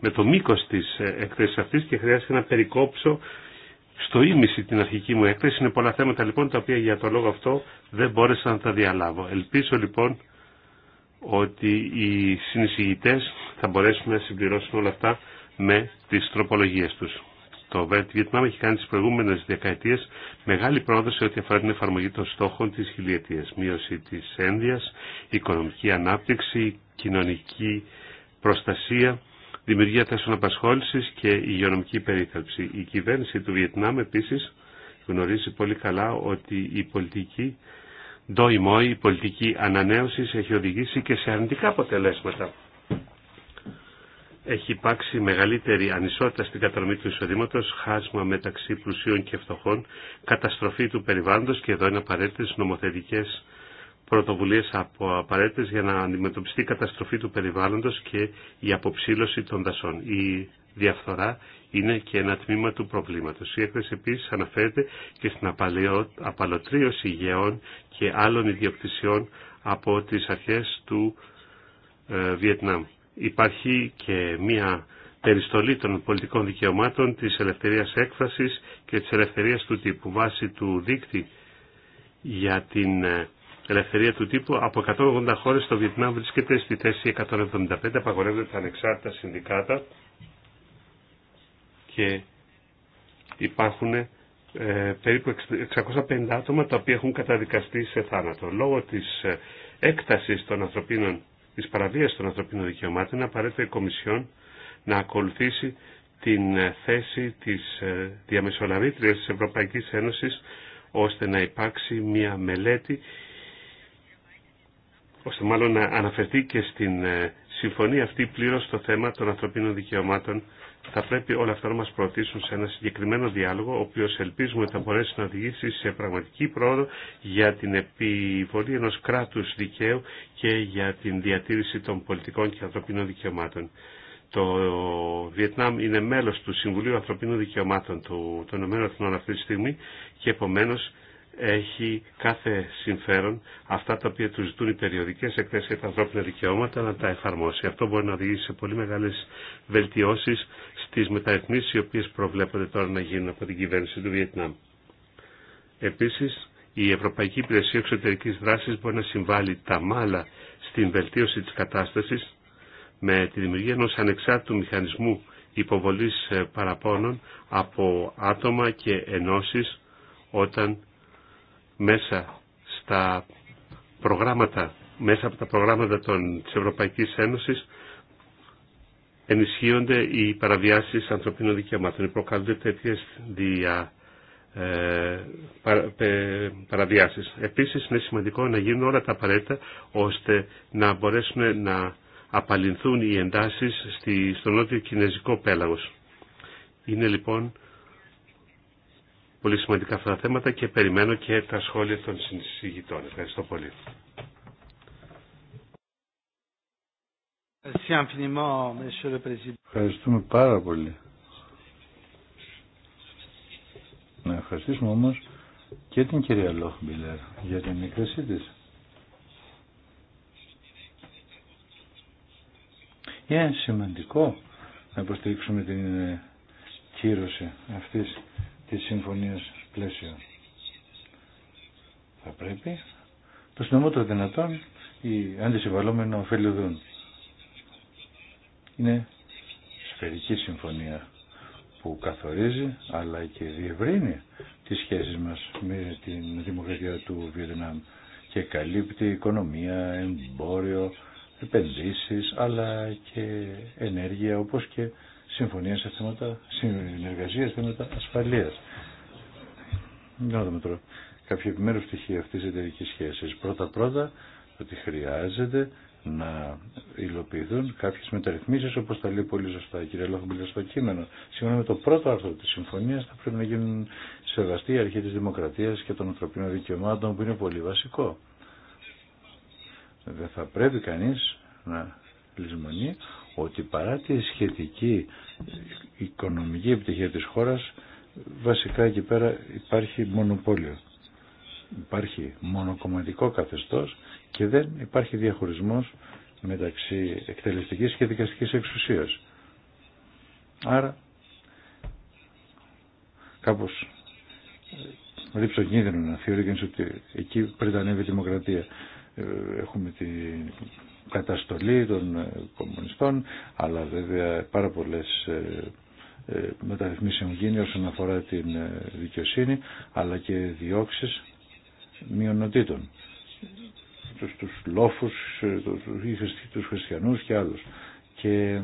με το μήκος της έκθεσης αυτής και χρειάζεται να περικόψω στο ίμιση την αρχική μου έκθεση. Είναι πολλά θέματα λοιπόν τα οποία για το λόγο αυτό δεν μπόρεσα να τα διαλάβω. Ελπίζω λοιπόν ότι οι συνεισηγητές θα μπορέσουν να συμπληρώσουν όλα αυτά με τις τροπολογίες τους. Το Βιετνάμ έχει κάνει τις προηγούμενες δεκαετίες μεγάλη πρόοδο σε ό,τι αφορά την εφαρμογή των στόχων της χιλιετίας. Μείωση της ένδυας, οικονομική ανάπτυξη, κοινωνική προστασία δημιουργία θέσεων απασχόληση και υγειονομική περίθαλψη. Η κυβέρνηση του Βιετνάμ επίσης γνωρίζει πολύ καλά ότι η πολιτική ντόιμόη, η πολιτική ανανέωσης έχει οδηγήσει και σε αρνητικά αποτελέσματα. Έχει υπάρξει μεγαλύτερη ανισότητα στην κατανομή του εισοδήματο, χάσμα μεταξύ πλουσίων και φτωχών, καταστροφή του περιβάλλοντο και εδώ είναι απαραίτητε νομοθετικέ από απαραίτητε για να αντιμετωπιστεί η καταστροφή του περιβάλλοντος και η αποψήλωση των δασών. Η διαφθορά είναι και ένα τμήμα του προβλήματος. Η έκθεση επίσης αναφέρεται και στην απαλωτρίωση γεών και άλλων ιδιοκτησιών από τις αρχές του ε, Βιετνάμ. Υπάρχει και μία περιστολή των πολιτικών δικαιωμάτων, της ελευθερίας έκφρασης και της ελευθερίας του τύπου. Βάσει του δίκτυ για την ε, ελευθερία του τύπου από 180 χώρες στο Βιετνάμ βρίσκεται στη θέση 175, απαγορεύεται τα ανεξάρτητα συνδικάτα και υπάρχουν ε, περίπου 650 άτομα τα οποία έχουν καταδικαστεί σε θάνατο. Λόγω της ε, έκτασης των ανθρωπίνων, της παραβίας των ανθρωπίνων δικαιωμάτων είναι η Κομισιόν να ακολουθήσει την ε, θέση της ε, διαμεσολαβήτριας της Ευρωπαϊκής Ένωσης ώστε να υπάρξει μια μελέτη ώστε μάλλον να αναφερθεί και στην ε, συμφωνία αυτή πλήρως στο θέμα των ανθρωπίνων δικαιωμάτων. Θα πρέπει όλα αυτά να μας προωθήσουν σε ένα συγκεκριμένο διάλογο, ο οποίος ελπίζουμε ότι θα μπορέσει να οδηγήσει σε πραγματική πρόοδο για την επιβολή ενός κράτους δικαίου και για την διατήρηση των πολιτικών και ανθρωπίνων δικαιωμάτων. Το Βιετνάμ είναι μέλος του Συμβουλίου Ανθρωπίνων Δικαιωμάτων του, των ΗΕ αυτή τη στιγμή και επομένως έχει κάθε συμφέρον αυτά τα οποία του ζητούν οι περιοδικές εκθέσεις για τα ανθρώπινα δικαιώματα να τα εφαρμόσει. Αυτό μπορεί να οδηγήσει σε πολύ μεγάλες βελτιώσεις στις μεταρρυθμίσεις οι οποίες προβλέπονται τώρα να γίνουν από την κυβέρνηση του Βιετνάμ. Επίσης, η Ευρωπαϊκή Υπηρεσία Εξωτερικής Δράσης μπορεί να συμβάλλει τα μάλα στην βελτίωση της κατάστασης με τη δημιουργία ενός ανεξάρτητου μηχανισμού υποβολής ε, παραπώνων από άτομα και ενώσεις όταν μέσα στα προγράμματα, μέσα από τα προγράμματα των, της Ευρωπαϊκής Ένωσης ενισχύονται οι παραβιάσεις ανθρωπίνων δικαιωμάτων ή προκαλούνται τέτοιες δια, ε, παραβιάσεις. Επίσης είναι σημαντικό να γίνουν όλα τα απαραίτητα ώστε να μπορέσουν να απαλληλθούν οι εντάσεις στη, στο νότιο κινέζικο πέλαγος. Είναι λοιπόν πολύ σημαντικά αυτά τα θέματα και περιμένω και τα σχόλια των συνεισηγητών. Ευχαριστώ πολύ. Ευχαριστούμε πάρα πολύ. Να ευχαριστήσουμε όμως και την κυρία Λόχμπιλερ για την έκθεσή της. Είναι σημαντικό να υποστηρίξουμε την κύρωση αυτής τη συμφωνίας πλαίσιο. Θα πρέπει το συντομότερο δυνατόν οι αντισυμβαλόμενοι να Είναι σφαιρική συμφωνία που καθορίζει αλλά και διευρύνει τις σχέσεις μας με την δημοκρατία του Βιετνάμ και καλύπτει οικονομία, εμπόριο, επενδύσεις αλλά και ενέργεια όπως και συμφωνία σε θέματα συνεργασία, θέματα ασφαλεία. Να δούμε τώρα κάποια επιμέρου στοιχεία αυτή τη εταιρική σχέση. Πρώτα-πρώτα ότι χρειάζεται να υλοποιηθούν κάποιε μεταρρυθμίσει όπω τα λέει πολύ σωστά η κυρία Λόχομπλη στο κείμενο. Σύμφωνα με το πρώτο άρθρο τη συμφωνία θα πρέπει να γίνουν σεβαστή η αρχή τη δημοκρατία και των ανθρωπίνων δικαιωμάτων που είναι πολύ βασικό. Δεν θα πρέπει κανεί να λησμονεί ότι παρά τη σχετική οικονομική επιτυχία της χώρας βασικά εκεί πέρα υπάρχει μονοπόλιο. Υπάρχει μονοκομματικό καθεστώς και δεν υπάρχει διαχωρισμός μεταξύ εκτελεστικής και δικαστικής εξουσίας. Άρα κάπως ρίψω ε, κίνδυνο να θεωρεί ότι εκεί πριν ανέβει η δημοκρατία. Ε, έχουμε την καταστολή των ε, κομμουνιστών, αλλά βέβαια πάρα πολλές ε, μεταρρυθμίσεις έχουν γίνει όσον αφορά την δικαιοσύνη, αλλά και διώξεις μειονοτήτων τους, τους λόφους, τους, τους χριστιανούς και άλλους. Και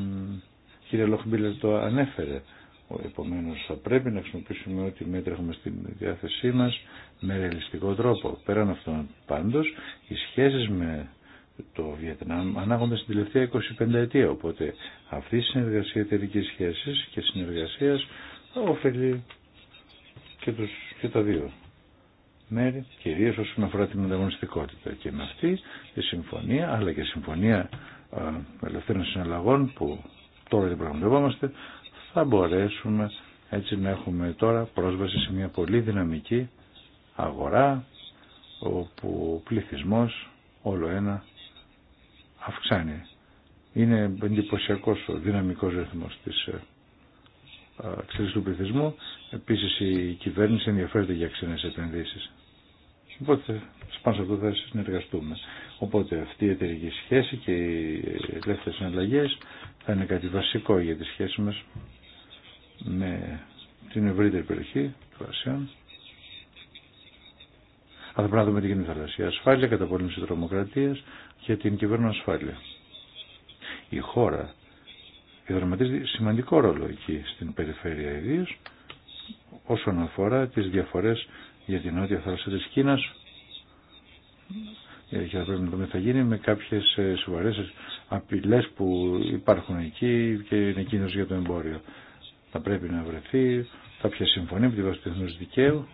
κύριε Λόχμπιλερ το ανέφερε Επομένως θα πρέπει να χρησιμοποιήσουμε ό,τι μέτρα έχουμε στην διάθεσή μας με ρεαλιστικό τρόπο. Πέραν αυτών πάντως οι σχέσεις με το Βιετνάμ ανάγονται στην τελευταία 25 ετία οπότε αυτή η συνεργασία εταιρική σχέση και συνεργασίας ωφελεί και, τους, και τα δύο μέρη κυρίως όσον αφορά την ανταγωνιστικότητα και με αυτή τη συμφωνία αλλά και συμφωνία ε, ελευθέρων συναλλαγών που τώρα την πραγματευόμαστε θα μπορέσουμε έτσι να έχουμε τώρα πρόσβαση σε μια πολύ δυναμική αγορά όπου ο πληθυσμός όλο ένα αυξάνει. Είναι εντυπωσιακό ο δυναμικός ρυθμός της εξέλιξης ε, του πληθυσμού. Επίσης η κυβέρνηση ενδιαφέρεται για ξένες επενδύσεις. Οπότε πάνω σε αυτό θα συνεργαστούμε. Οπότε αυτή η εταιρική σχέση και οι ελεύθερες συναλλαγές θα είναι κάτι βασικό για τη σχέση μας με ναι, την ευρύτερη περιοχή του ΑΣΕΑΝ. Αλλά πρέπει να δούμε τι γίνεται θαλασσία ασφάλεια, τρομοκρατία και την κυβέρνηση ασφάλεια. Η χώρα δραματίζει σημαντικό ρόλο εκεί στην περιφέρεια ιδίω όσον αφορά τι διαφορέ για την νότια θάλασσα τη Κίνα ε, και θα πρέπει να δούμε τι θα γίνει με κάποιε σοβαρέ απειλέ που υπάρχουν εκεί και είναι κίνδυνο για το εμπόριο. Θα πρέπει να βρεθεί κάποια συμφωνία με τη βάση του εθνού δικαίου.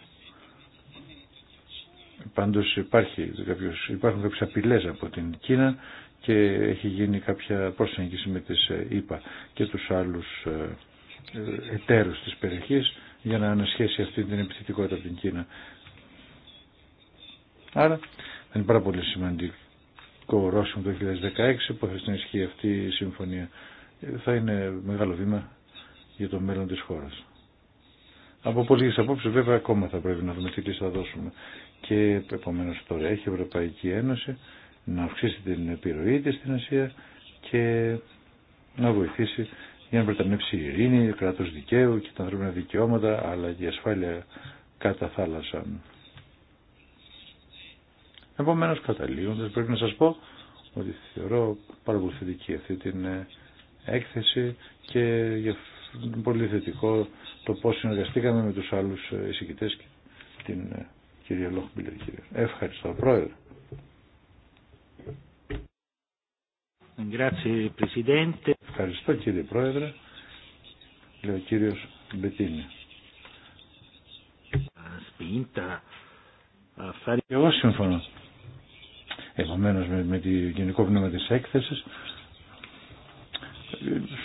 Πάντως υπάρχουν κάποιε απειλέ από την Κίνα και έχει γίνει κάποια προσέγγιση με τι ε, ΗΠΑ και τους άλλους ε, ε, εταίρους τη περιοχή για να ανασχέσει αυτή την επιθετικότητα από την Κίνα. Άρα είναι πάρα πολύ σημαντικό ο Ρώσιμο το 2016 που θα στην αυτή η συμφωνία. Θα είναι μεγάλο βήμα για το μέλλον της χώρας. Από πολλές απόψεις βέβαια ακόμα θα πρέπει να δούμε τι λύση θα δώσουμε. Και επομένως τώρα έχει η Ευρωπαϊκή Ένωση να αυξήσει την επιρροή της στην Ασία και να βοηθήσει για να πρετανεύσει η ειρήνη, κράτος δικαίου και τα ανθρώπινα δικαιώματα αλλά και η ασφάλεια κατά θάλασσα. Επομένω, καταλήγοντα, πρέπει να σα πω ότι θεωρώ παρακολουθητική αυτή την ε, έκθεση και είναι πολύ θετικό το πώς συνεργαστήκαμε με τους άλλους ε, εισηγητές και την ε, κυρία Λόχμπιλερ. Ευχαριστώ, Πρόεδρε. Ευχαριστώ κύριε Πρόεδρε. Λέω κύριος Μπετίνη. Εγώ συμφωνώ. Επομένως με, με τη γενικό πνεύμα της έκθεσης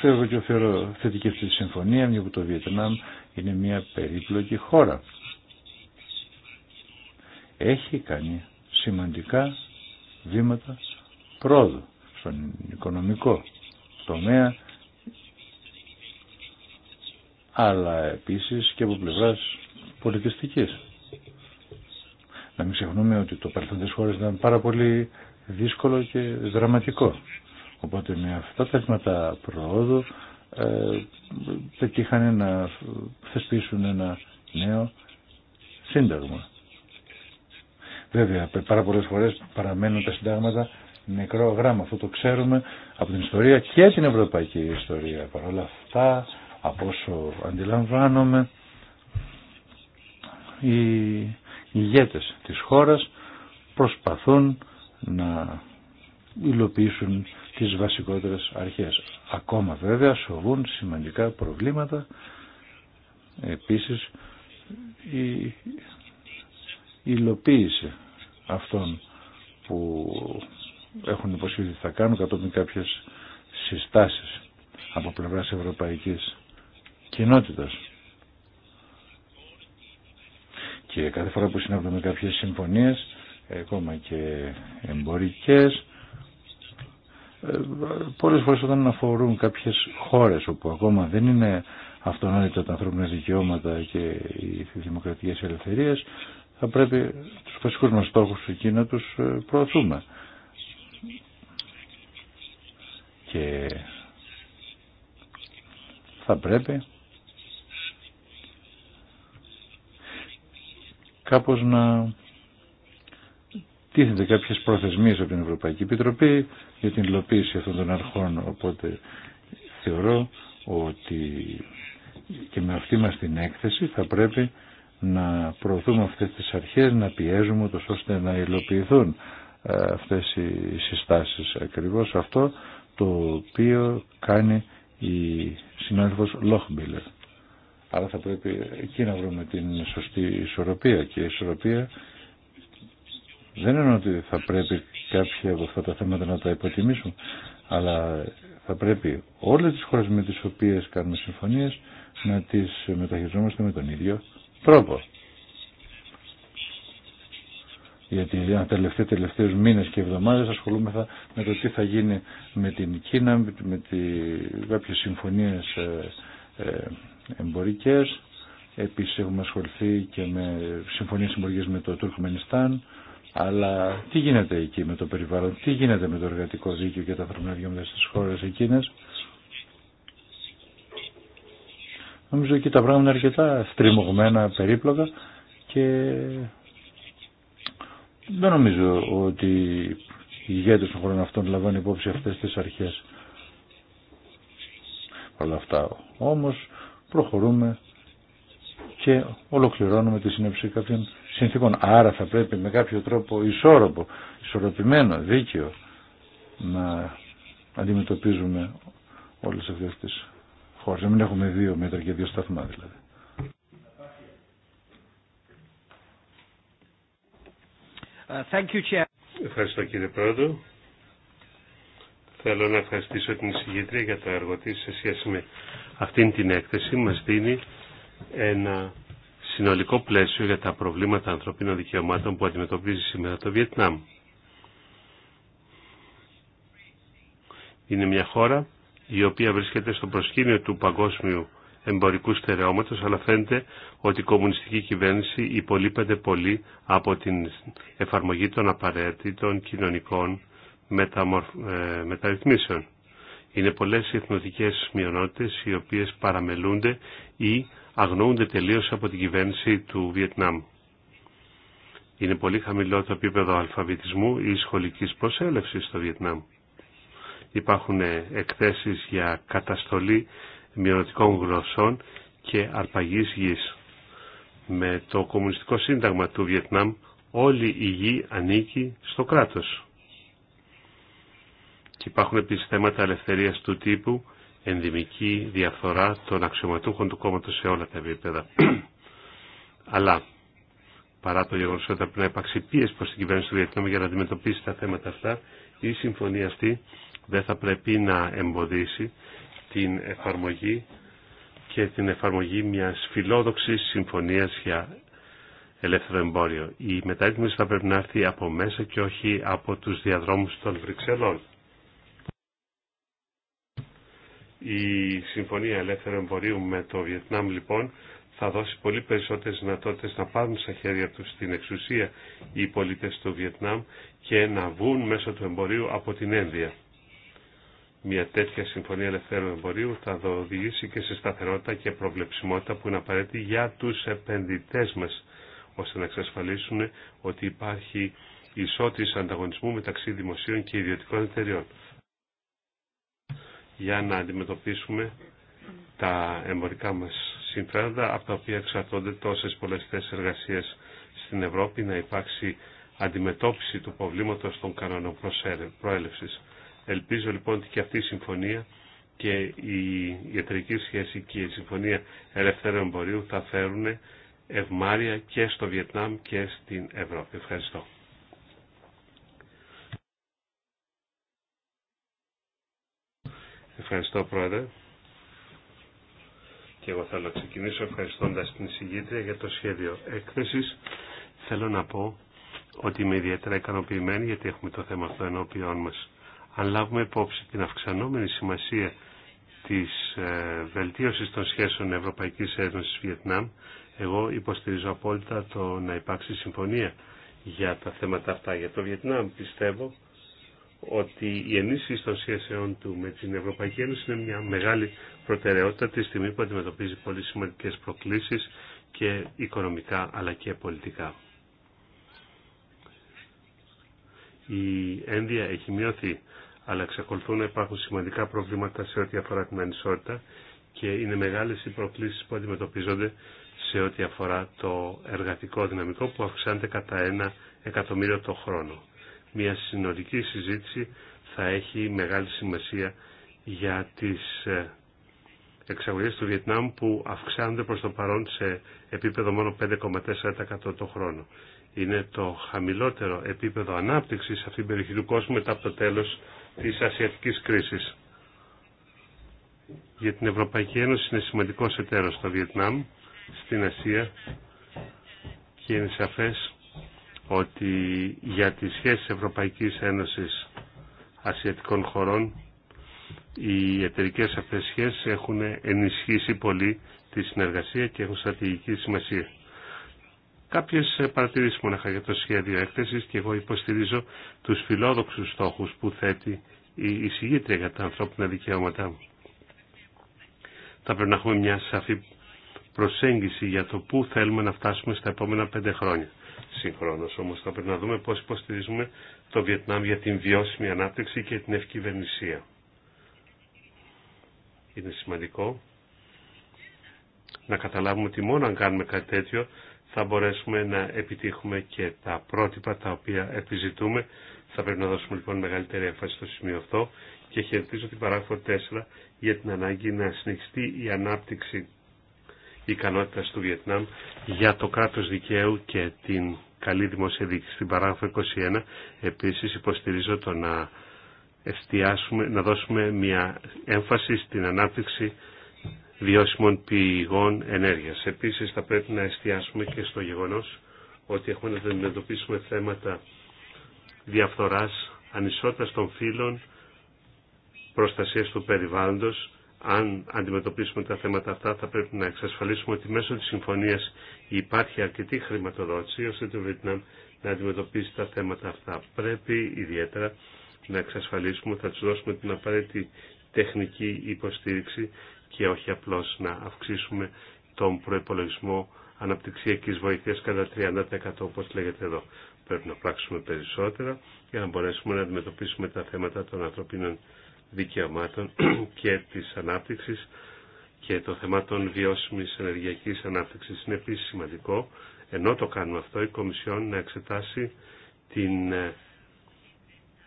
Φεύγω και θεωρώ θετική αυτή τη συμφωνία, μια που το Βιετνάμ είναι μια περίπλοκη χώρα. Έχει κάνει σημαντικά βήματα πρόοδου στον οικονομικό τομέα, αλλά επίσης και από πλευράς πολιτιστικής. Να μην ξεχνούμε ότι το παρελθόν της χώρας ήταν πάρα πολύ δύσκολο και δραματικό. Οπότε με αυτά τα βήματα προόδου ε, πετύχανε να θεσπίσουν ένα νέο σύνταγμα. Βέβαια, πάρα πολλέ φορέ παραμένουν τα συντάγματα νεκρό γράμμα. Αυτό το ξέρουμε από την ιστορία και την ευρωπαϊκή ιστορία. Παρ' όλα αυτά, από όσο αντιλαμβάνομαι, οι ηγέτες της χώρας προσπαθούν να υλοποιήσουν τις βασικότερες αρχές. Ακόμα βέβαια σοβούν σημαντικά προβλήματα. Επίσης η υλοποίηση αυτών που έχουν υποσχεθεί θα κάνουν κατόπιν κάποιες συστάσεις από πλευράς ευρωπαϊκής κοινότητας. Και κάθε φορά που συναντούμε κάποιες συμφωνίες, ακόμα και εμπορικές, πολλές φορές όταν αφορούν κάποιες χώρες όπου ακόμα δεν είναι αυτονόητα τα ανθρώπινα δικαιώματα και οι δημοκρατικές ελευθερίες θα πρέπει τους βασικούς μας στόχους εκεί να τους ε, προωθούμε. Και θα πρέπει κάπως να τίθενται κάποιες προθεσμίες από την Ευρωπαϊκή Επιτροπή για την υλοποίηση αυτών των αρχών. Οπότε θεωρώ ότι και με αυτή μας την έκθεση θα πρέπει να προωθούμε αυτές τις αρχές, να πιέζουμε το ώστε να υλοποιηθούν ε, αυτές οι συστάσεις. Ακριβώς αυτό το οποίο κάνει η συνάδελφος Λόχμπιλερ. Άρα θα πρέπει εκεί να βρούμε την σωστή ισορροπία και η ισορροπία δεν εννοώ ότι θα πρέπει κάποια από αυτά τα θέματα να τα υποτιμήσουν αλλά θα πρέπει όλες τις χώρες με τις οποίες κάνουμε συμφωνίες να τις μεταχειριζόμαστε με τον ίδιο τρόπο. Γιατί για τελευταίου τελευταίο μήνες και εβδομάδες ασχολούμεθα με το τι θα γίνει με την Κίνα, με τη, κάποιες συμφωνίες ε, ε, εμπορικές. Επίσης έχουμε ασχοληθεί και με συμφωνίες εμπορικές με το Τουρκμενιστάν αλλά τι γίνεται εκεί με το περιβάλλον, τι γίνεται με το εργατικό δίκαιο και τα ανθρώπινα μέσα στις χώρες εκείνες. Νομίζω εκεί τα πράγματα είναι αρκετά στριμωγμένα, περίπλοκα και δεν νομίζω ότι η ηγέτες των χωρών αυτών λαμβάνει υπόψη αυτές τις αρχές. Όλα αυτά όμως προχωρούμε και ολοκληρώνουμε τη συνέψη κάποιων συνθήκων. Άρα θα πρέπει με κάποιο τρόπο ισόρροπο, ισορροπημένο, δίκαιο να αντιμετωπίζουμε όλες αυτές τις χώρες. Να μην έχουμε δύο μέτρα και δύο σταθμά δηλαδή. Uh, thank you, Ευχαριστώ κύριε Πρόεδρο. Θέλω να ευχαριστήσω την εισηγήτρια για το έργο της σε σχέση με αυτήν την έκθεση. Μας δίνει ένα συνολικό πλαίσιο για τα προβλήματα ανθρωπίνων δικαιωμάτων που αντιμετωπίζει σήμερα το Βιετνάμ. Είναι μια χώρα η οποία βρίσκεται στο προσκήνιο του παγκόσμιου εμπορικού στερεώματος, αλλά φαίνεται ότι η κομμουνιστική κυβέρνηση υπολείπεται πολύ από την εφαρμογή των απαραίτητων κοινωνικών μεταμορφ... Ε, μεταρρυθμίσεων. Είναι πολλές οι εθνοτικές μειονότητες οι οποίες παραμελούνται ή αγνοούνται τελείως από την κυβέρνηση του Βιετνάμ. Είναι πολύ χαμηλό το επίπεδο αλφαβητισμού ή σχολικής προσέλευσης στο Βιετνάμ. Υπάρχουν ε, εκθέσεις για καταστολή μειωτικών γλωσσών και αρπαγής γης. Με το Κομμουνιστικό Σύνταγμα του Βιετνάμ όλη η γη ανήκει στο κράτος. υπάρχουν επίσης θέματα ελευθερίας του τύπου ενδημική διαφθορά των αξιωματούχων του κόμματος σε όλα τα επίπεδα. Αλλά παρά το γεγονό ότι θα πρέπει να υπάρξει πίεση προ την κυβέρνηση του Βιετνάμ για να αντιμετωπίσει τα θέματα αυτά, η συμφωνία αυτή δεν θα πρέπει να εμποδίσει την εφαρμογή και την εφαρμογή μια φιλόδοξή συμφωνία για ελεύθερο εμπόριο. Η μεταρρύθμιση θα πρέπει να έρθει από μέσα και όχι από του διαδρόμου των Βρυξελών. Η Συμφωνία Ελεύθερου Εμπορίου με το Βιετνάμ λοιπόν θα δώσει πολύ περισσότερες δυνατότητε να πάρουν στα χέρια τους την εξουσία οι πολίτες του Βιετνάμ και να βγουν μέσω του εμπορίου από την ένδια. Μια τέτοια συμφωνία ελευθέρου εμπορίου θα οδηγήσει και σε σταθερότητα και προβλεψιμότητα που είναι απαραίτητη για τους επενδυτές μας, ώστε να εξασφαλίσουν ότι υπάρχει ισότης ανταγωνισμού μεταξύ δημοσίων και ιδιωτικών εταιριών για να αντιμετωπίσουμε τα εμπορικά μας συμφέροντα από τα οποία εξαρτώνται τόσες πολλές θέσεις εργασίας στην Ευρώπη να υπάρξει αντιμετώπιση του προβλήματος των κανόνων προέλευσης. Ελπίζω λοιπόν ότι και αυτή η συμφωνία και η ιατρική σχέση και η συμφωνία ελευθερών εμπορίου θα φέρουν ευμάρια και στο Βιετνάμ και στην Ευρώπη. Ευχαριστώ. Ευχαριστώ Πρόεδρε. Και εγώ θέλω να ξεκινήσω ευχαριστώντας την συγκίτρια για το σχέδιο έκθεσης. Θέλω να πω ότι είμαι ιδιαίτερα ικανοποιημένη γιατί έχουμε το θέμα αυτό ενώπιόν μας. Αν λάβουμε υπόψη την αυξανόμενη σημασία της ε, βελτίωσης των σχέσεων Ευρωπαϊκής Ένωσης Βιετνάμ, εγώ υποστηρίζω απόλυτα το να υπάρξει συμφωνία για τα θέματα αυτά. Για το Βιετνάμ πιστεύω ότι η ενίσχυση των σχέσεων του με την Ευρωπαϊκή Ένωση είναι μια μεγάλη προτεραιότητα τη στιγμή που αντιμετωπίζει πολύ σημαντικέ προκλήσει και οικονομικά αλλά και πολιτικά. Η ένδια έχει μειωθεί, αλλά εξακολουθούν να υπάρχουν σημαντικά προβλήματα σε ό,τι αφορά την ανισότητα και είναι μεγάλες οι προκλήσεις που αντιμετωπίζονται σε ό,τι αφορά το εργατικό δυναμικό που αυξάνεται κατά ένα εκατομμύριο το χρόνο μια συνολική συζήτηση θα έχει μεγάλη σημασία για τις ε, εξαγωγές του Βιετνάμ που αυξάνονται προς το παρόν σε επίπεδο μόνο 5,4% το χρόνο. Είναι το χαμηλότερο επίπεδο ανάπτυξης σε αυτήν την περιοχή του κόσμου μετά από το τέλος της ασιατικής κρίσης. Για την Ευρωπαϊκή Ένωση είναι σημαντικός εταίρος στο Βιετνάμ, στην Ασία και είναι σαφές ότι για τις σχέσεις Ευρωπαϊκής Ένωσης Ασιατικών χωρών οι εταιρικές αυτές σχέσεις έχουν ενισχύσει πολύ τη συνεργασία και έχουν στρατηγική σημασία. Κάποιες παρατηρήσεις μοναχα για το σχέδιο έκθεση και εγώ υποστηρίζω τους φιλόδοξους στόχους που θέτει η εισηγήτρια για τα ανθρώπινα δικαιώματα. Θα πρέπει να έχουμε μια σαφή προσέγγιση για το πού θέλουμε να φτάσουμε στα επόμενα πέντε χρόνια σύγχρονο όμω. θα πρέπει να δούμε πώ υποστηρίζουμε το Βιετνάμ για την βιώσιμη ανάπτυξη και την ευκυβερνησία. Είναι σημαντικό να καταλάβουμε ότι μόνο αν κάνουμε κάτι τέτοιο θα μπορέσουμε να επιτύχουμε και τα πρότυπα τα οποία επιζητούμε. Θα πρέπει να δώσουμε λοιπόν μεγαλύτερη έμφαση στο σημείο αυτό και χαιρετίζω την παράγραφο 4 για την ανάγκη να συνεχιστεί η ανάπτυξη ικανότητα του Βιετνάμ για το κράτος δικαίου και την καλή δημόσια διοίκηση. Στην παράγραφο 21 επίσης υποστηρίζω το να εστιάσουμε, να δώσουμε μια έμφαση στην ανάπτυξη βιώσιμων πηγών ενέργειας. Επίσης θα πρέπει να εστιάσουμε και στο γεγονός ότι έχουμε να αντιμετωπίσουμε θέματα διαφθοράς, ανισότητας των φύλων, προστασίας του περιβάλλοντος αν αντιμετωπίσουμε τα θέματα αυτά θα πρέπει να εξασφαλίσουμε ότι μέσω της συμφωνίας υπάρχει αρκετή χρηματοδότηση ώστε το Βιετνάμ να αντιμετωπίσει τα θέματα αυτά. Πρέπει ιδιαίτερα να εξασφαλίσουμε ότι θα τους δώσουμε την απαραίτητη τεχνική υποστήριξη και όχι απλώς να αυξήσουμε τον προϋπολογισμό αναπτυξιακής βοήθειας κατά 30% όπως λέγεται εδώ. Πρέπει να πράξουμε περισσότερα για να μπορέσουμε να αντιμετωπίσουμε τα θέματα των ανθρωπίνων δικαιωμάτων [CLEARS THROAT] και της ανάπτυξης και το θέμα των βιώσιμης ενεργειακής ανάπτυξης είναι επίσης σημαντικό. Ενώ το κάνουμε αυτό, η Κομισιόν να εξετάσει την ε,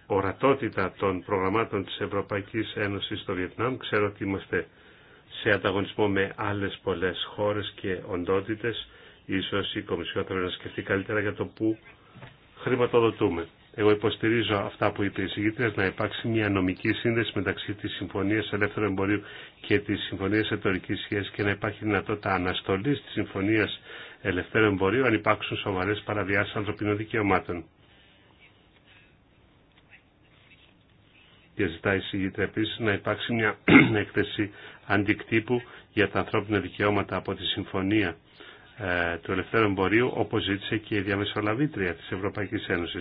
ορατότητα των προγραμμάτων της Ευρωπαϊκής Ένωσης στο Βιετνάμ. Ξέρω ότι είμαστε σε ανταγωνισμό με άλλες πολλές χώρες και οντότητες. Ίσως η Κομισιόν θα πρέπει να σκεφτεί καλύτερα για το πού χρηματοδοτούμε. Εγώ υποστηρίζω αυτά που είπε η συγκήτρια να υπάρξει μια νομική σύνδεση μεταξύ τη Συμφωνία Ελεύθερου Εμπορίου και τη Συμφωνία Εταιρική Σχέση και να υπάρχει δυνατότητα αναστολή τη Συμφωνία Ελευθέρου Εμπορίου αν υπάρξουν σοβαρέ παραβιάσει ανθρωπίνων δικαιωμάτων. Και ζητάει η συγκήτρια επίση να υπάρξει μια [CLEARS THROAT] έκθεση αντικτύπου για τα ανθρώπινα δικαιώματα από τη Συμφωνία ε, του Ελευθέρου Εμπορίου, όπω ζήτησε και η διαμεσολαβήτρια τη Ευρωπαϊκή Ένωση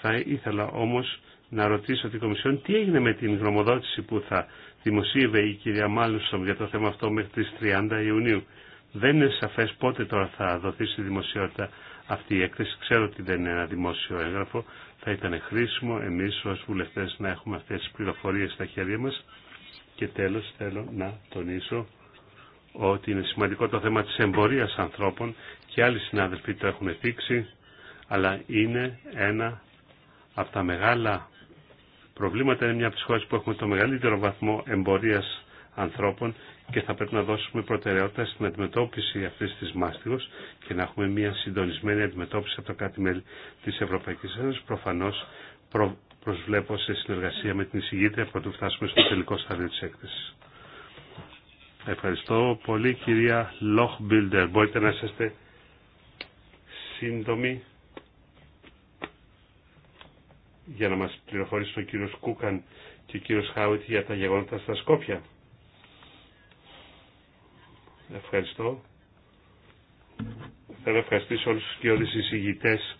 θα ήθελα όμως να ρωτήσω την Κομισιόν τι έγινε με την γνωμοδότηση που θα δημοσίευε η κυρία Μάλουσον για το θέμα αυτό μέχρι τις 30 Ιουνίου. Δεν είναι σαφές πότε τώρα θα δοθεί στη δημοσιότητα αυτή η έκθεση. Ξέρω ότι δεν είναι ένα δημόσιο έγγραφο. Θα ήταν χρήσιμο εμείς ως βουλευτές να έχουμε αυτές τις πληροφορίες στα χέρια μας. Και τέλος θέλω να τονίσω ότι είναι σημαντικό το θέμα της εμπορίας ανθρώπων και άλλοι συνάδελφοι το έχουν θίξει, αλλά είναι ένα από τα μεγάλα προβλήματα είναι μια από τις χώρες που έχουμε το μεγαλύτερο βαθμό εμπορίας ανθρώπων και θα πρέπει να δώσουμε προτεραιότητα στην αντιμετώπιση αυτή τη μάστιγος και να έχουμε μια συντονισμένη αντιμετώπιση από τα κάτι μελη τη Ευρωπαϊκή Ένωση. Προφανώ προ, προσβλέπω σε συνεργασία με την εισηγήτρια πρωτού φτάσουμε στο τελικό στάδιο τη έκθεση. Ευχαριστώ πολύ κυρία Μπίλντερ. Μπορείτε να είστε σύντομοι για να μας πληροφορήσουν ο κύριος Κούκαν και ο κύριος Χάουιτ για τα γεγονότα στα Σκόπια. Ευχαριστώ. Θέλω να ευχαριστήσω όλους τους κύριους συζητητές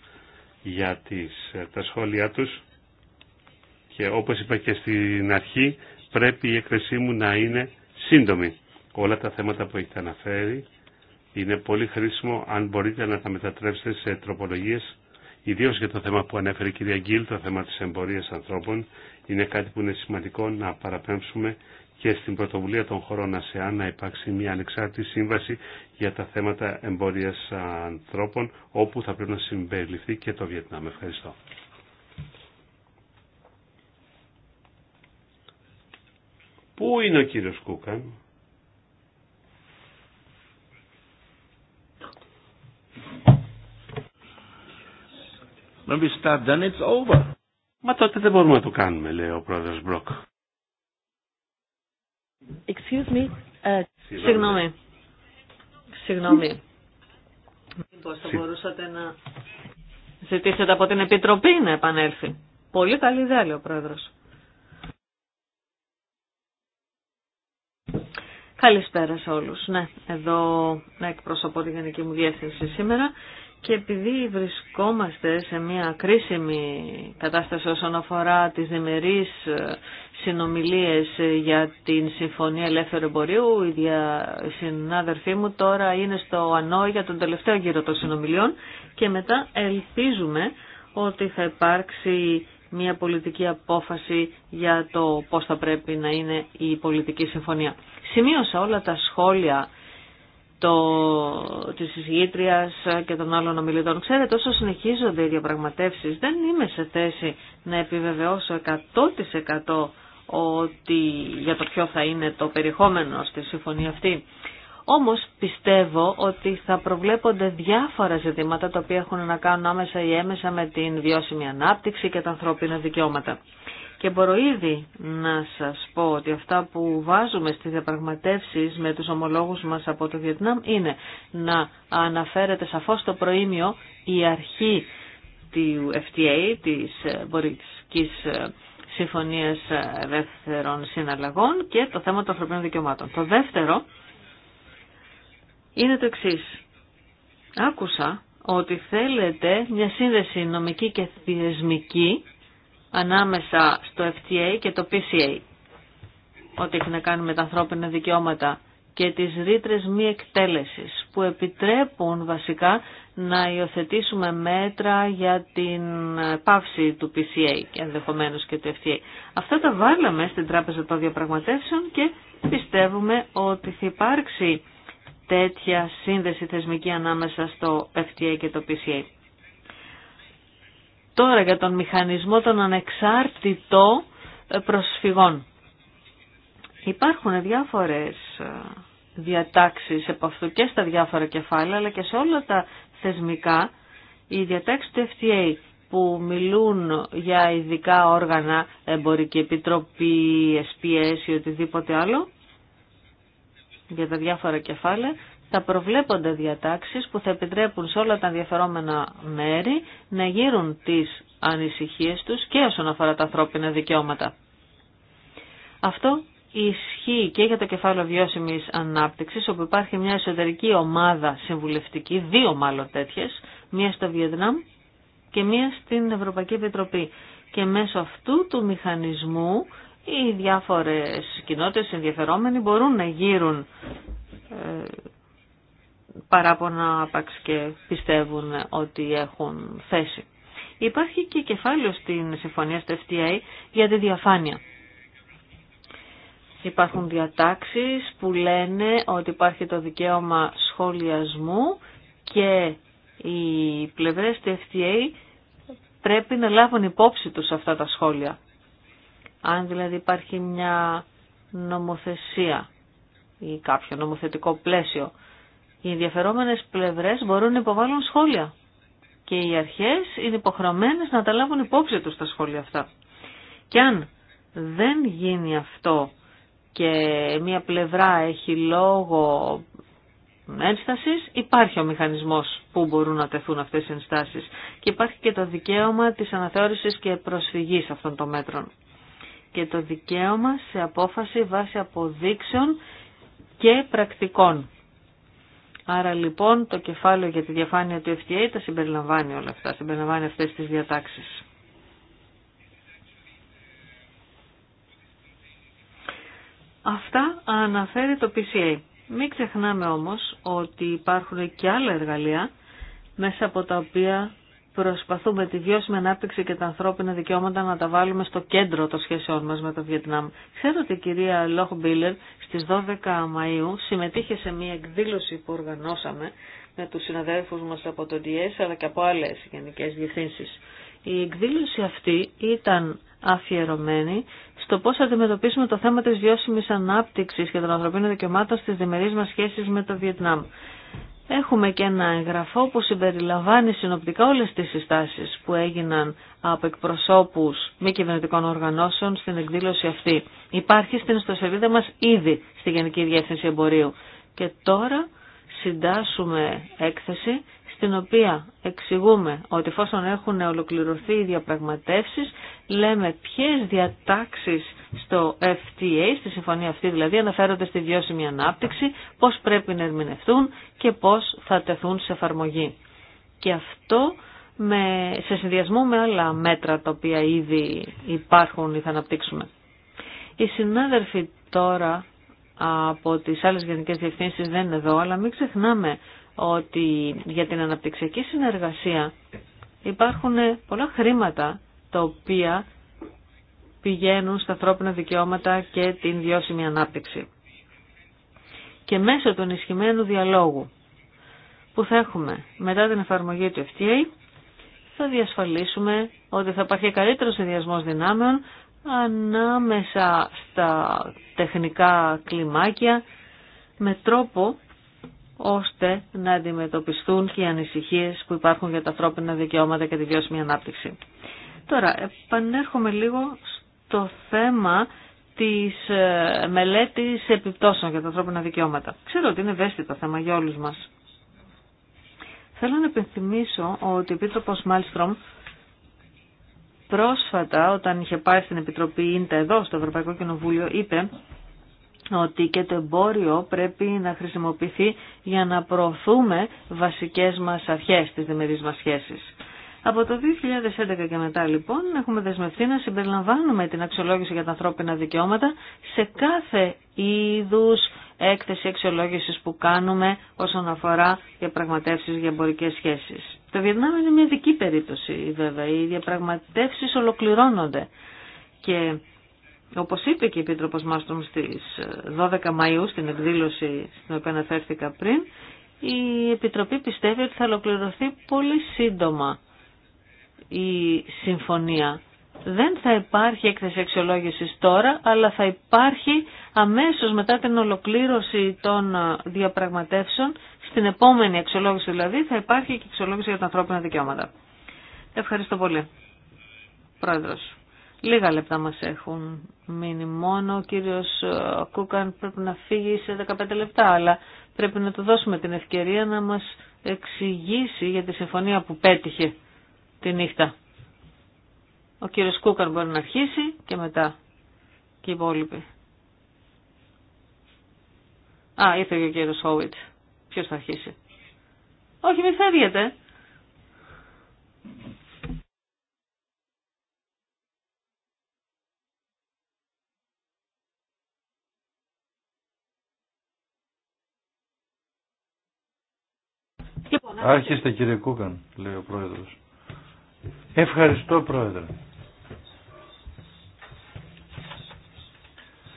για τις, ε, τα σχόλιά τους και όπως είπα και στην αρχή πρέπει η έκθεσή μου να είναι σύντομη. Όλα τα θέματα που έχετε αναφέρει είναι πολύ χρήσιμο αν μπορείτε να τα μετατρέψετε σε τροπολογίες Ιδίω για το θέμα που ανέφερε η κυρία Γκίλ, το θέμα της εμπορίας ανθρώπων, είναι κάτι που είναι σημαντικό να παραπέμψουμε και στην πρωτοβουλία των χωρών ΑΣΕΑΝ να υπάρξει μια ανεξάρτητη σύμβαση για τα θέματα εμπορίας ανθρώπων, όπου θα πρέπει να συμπεριληφθεί και το Βιετνάμ. Ευχαριστώ. Πού είναι ο κύριος Κούκαν? When we start then it's over. Μα τότε δεν μπορούμε να το κάνουμε, λέει ο πρόεδρος Μπροκ. Excuse me. Ε, συγγνώμη. Συγγνώμη. Μήπως θα μπορούσατε να ζητήσετε από την Επιτροπή να επανέλθει. Πολύ καλή ιδέα, λέει ο πρόεδρος. Καλησπέρα σε όλους. Ναι, εδώ εκπροσωπώ τη Γενική μου Διεύθυνση σήμερα και επειδή βρισκόμαστε σε μια κρίσιμη κατάσταση όσον αφορά τις διμερείς ε, συνομιλίες ε, για την Συμφωνία Ελεύθερου Εμπορίου, δια συνάδελφοί μου τώρα είναι στο ανώ για τον τελευταίο γύρο των συνομιλιών και μετά ελπίζουμε ότι θα υπάρξει μια πολιτική απόφαση για το πώς θα πρέπει να είναι η πολιτική συμφωνία. Σημείωσα όλα τα σχόλια το, της εισηγήτριας και των άλλων ομιλητών. Ξέρετε, όσο συνεχίζονται οι διαπραγματεύσεις, δεν είμαι σε θέση να επιβεβαιώσω 100% ότι για το ποιο θα είναι το περιεχόμενο στη συμφωνία αυτή. Όμως πιστεύω ότι θα προβλέπονται διάφορα ζητήματα τα οποία έχουν να κάνουν άμεσα ή έμεσα με την βιώσιμη ανάπτυξη και τα ανθρώπινα δικαιώματα. Και μπορώ ήδη να σας πω ότι αυτά που βάζουμε στις διαπραγματεύσεις με τους ομολόγους μας από το Βιετνάμ είναι να αναφέρεται σαφώς το προήμιο η αρχή του FTA, της ε, Μπορικής ε, Συμφωνίας Ελεύθερων Συναλλαγών και το θέμα των ανθρωπίνων δικαιωμάτων. Το δεύτερο είναι το εξή. Άκουσα ότι θέλετε μια σύνδεση νομική και θεσμική ανάμεσα στο FTA και το PCA, ό,τι έχει να κάνει με τα ανθρώπινα δικαιώματα και τις ρήτρε μη εκτέλεσης που επιτρέπουν βασικά να υιοθετήσουμε μέτρα για την πάυση του PCA και ενδεχομένως και του FTA. Αυτά τα βάλαμε στην Τράπεζα των Διαπραγματεύσεων και πιστεύουμε ότι θα υπάρξει τέτοια σύνδεση θεσμική ανάμεσα στο FTA και το PCA. Τώρα για τον μηχανισμό των ανεξάρτητων ε, προσφυγών. Υπάρχουν διάφορες ε, διατάξεις από αυτού και στα διάφορα κεφάλαια αλλά και σε όλα τα θεσμικά οι διατάξεις του FTA που μιλούν για ειδικά όργανα, εμπορική επιτροπή, SPS ή οτιδήποτε άλλο για τα διάφορα κεφάλαια τα προβλέπονται διατάξεις που θα επιτρέπουν σε όλα τα ενδιαφερόμενα μέρη να γύρουν τις ανησυχίες τους και όσον αφορά τα ανθρώπινα δικαιώματα. Αυτό ισχύει και για το κεφάλαιο βιώσιμη ανάπτυξης, όπου υπάρχει μια εσωτερική ομάδα συμβουλευτική, δύο μάλλον τέτοιες, μία στο Βιετνάμ και μία στην Ευρωπαϊκή Επιτροπή. Και μέσω αυτού του μηχανισμού οι διάφορες κοινότητες ενδιαφερόμενοι μπορούν να γύρουν ε, παράπονα άπαξ και πιστεύουν ότι έχουν θέση. Υπάρχει και κεφάλαιο στην συμφωνία στο FTA για τη διαφάνεια. Υπάρχουν διατάξεις που λένε ότι υπάρχει το δικαίωμα σχολιασμού και οι πλευρές του FTA πρέπει να λάβουν υπόψη τους αυτά τα σχόλια. Αν δηλαδή υπάρχει μια νομοθεσία ή κάποιο νομοθετικό πλαίσιο οι ενδιαφερόμενες πλευρές μπορούν να υποβάλουν σχόλια και οι αρχές είναι υποχρεωμένες να τα λάβουν υπόψη τους τα σχόλια αυτά. Και αν δεν γίνει αυτό και μια πλευρά έχει λόγο ένστασης, υπάρχει ο μηχανισμός που μπορούν να τεθούν αυτές οι ενστάσεις και υπάρχει και το δικαίωμα της αναθεώρησης και προσφυγής αυτών των μέτρων και το δικαίωμα σε απόφαση βάσει αποδείξεων και πρακτικών. Άρα λοιπόν το κεφάλαιο για τη διαφάνεια του FTA τα συμπεριλαμβάνει όλα αυτά, συμπεριλαμβάνει αυτές τις διατάξεις. Αυτά αναφέρει το PCA. Μην ξεχνάμε όμως ότι υπάρχουν και άλλα εργαλεία μέσα από τα οποία προσπαθούμε τη βιώσιμη ανάπτυξη και τα ανθρώπινα δικαιώματα να τα βάλουμε στο κέντρο των σχέσεών μας με το Βιετνάμ. Ξέρω ότι η κυρία Λόχ Μπίλερ στις 12 Μαΐου συμμετείχε σε μια εκδήλωση που οργανώσαμε με τους συναδέλφους μας από το ΔΙΕΣ αλλά και από άλλες γενικές διευθύνσει. Η εκδήλωση αυτή ήταν αφιερωμένη στο πώς αντιμετωπίσουμε το θέμα της βιώσιμης ανάπτυξης και των ανθρωπίνων δικαιωμάτων στις διμερείς μας σχέσεις με το Βιετνάμ. Έχουμε και ένα εγγραφό που συμπεριλαμβάνει συνοπτικά όλες τις συστάσεις που έγιναν από εκπροσώπους μη κυβερνητικών οργανώσεων στην εκδήλωση αυτή. Υπάρχει στην ιστοσελίδα μας ήδη στη Γενική Διεύθυνση Εμπορίου. Και τώρα συντάσσουμε έκθεση στην οποία εξηγούμε ότι εφόσον έχουν ολοκληρωθεί οι διαπραγματεύσεις, λέμε ποιες διατάξεις στο FTA, στη συμφωνία αυτή δηλαδή, αναφέρονται στη βιώσιμη ανάπτυξη, πώς πρέπει να ερμηνευτούν και πώς θα τεθούν σε εφαρμογή. Και αυτό με, σε συνδυασμό με άλλα μέτρα τα οποία ήδη υπάρχουν ή θα αναπτύξουμε. Οι συνάδελφοι τώρα από τις άλλες γενικές διευθύνσεις δεν είναι εδώ, αλλά μην ξεχνάμε ότι για την αναπτυξιακή συνεργασία υπάρχουν πολλά χρήματα τα οποία πηγαίνουν στα ανθρώπινα δικαιώματα και την βιώσιμη ανάπτυξη. Και μέσω του ενισχυμένου διαλόγου που θα έχουμε μετά την εφαρμογή του FTA θα διασφαλίσουμε ότι θα υπάρχει καλύτερος συνδυασμό δυνάμεων ανάμεσα στα τεχνικά κλιμάκια με τρόπο ώστε να αντιμετωπιστούν και οι ανησυχίες που υπάρχουν για τα ανθρώπινα δικαιώματα και τη βιώσιμη ανάπτυξη. Τώρα, επανέρχομαι λίγο στο θέμα της ε, μελέτης επιπτώσεων για τα ανθρώπινα δικαιώματα. Ξέρω ότι είναι ευαίσθητο θέμα για όλους μας. Θέλω να επιθυμίσω ότι ο Επίτροπος Μάλστρομ πρόσφατα όταν είχε πάει στην Επιτροπή Ίντα εδώ στο Ευρωπαϊκό Κοινοβούλιο είπε ότι και το εμπόριο πρέπει να χρησιμοποιηθεί για να προωθούμε βασικές μας αρχές, τις διμερείς μας σχέσεις. Από το 2011 και μετά λοιπόν έχουμε δεσμευτεί να συμπεριλαμβάνουμε την αξιολόγηση για τα ανθρώπινα δικαιώματα σε κάθε είδους έκθεση αξιολόγησης που κάνουμε όσον αφορά διαπραγματεύσεις για εμπορικές σχέσεις. Το Βιετνάμ είναι μια δική περίπτωση βέβαια. Οι διαπραγματεύσεις ολοκληρώνονται και όπως είπε και η Επίτροπος Μάστρομ στις 12 ε, Μαΐου στην εκδήλωση στην οποία αναφέρθηκα πριν, η Επιτροπή πιστεύει ότι θα ολοκληρωθεί πολύ σύντομα η συμφωνία. Δεν θα υπάρχει έκθεση αξιολόγηση τώρα, αλλά θα υπάρχει αμέσως μετά την ολοκλήρωση των ε, διαπραγματεύσεων, στην επόμενη αξιολόγηση δηλαδή, θα υπάρχει και αξιολόγηση για τα ανθρώπινα δικαιώματα. Ευχαριστώ πολύ. Πρόεδρος. Λίγα λεπτά μας έχουν μείνει μόνο. Ο κύριος ε, Κούκαν πρέπει να φύγει σε 15 λεπτά, αλλά πρέπει να του δώσουμε την ευκαιρία να μας εξηγήσει για τη συμφωνία που πέτυχε τη νύχτα. Ο κύριος Κούκαν μπορεί να αρχίσει και μετά και οι υπόλοιποι. Α, ήρθε και ο κύριος Χόουιτ. Ποιος θα αρχίσει. Όχι, μην φεύγετε. Άρχιστε κύριε Κούκαν, λέει ο πρόεδρος. Ευχαριστώ πρόεδρε.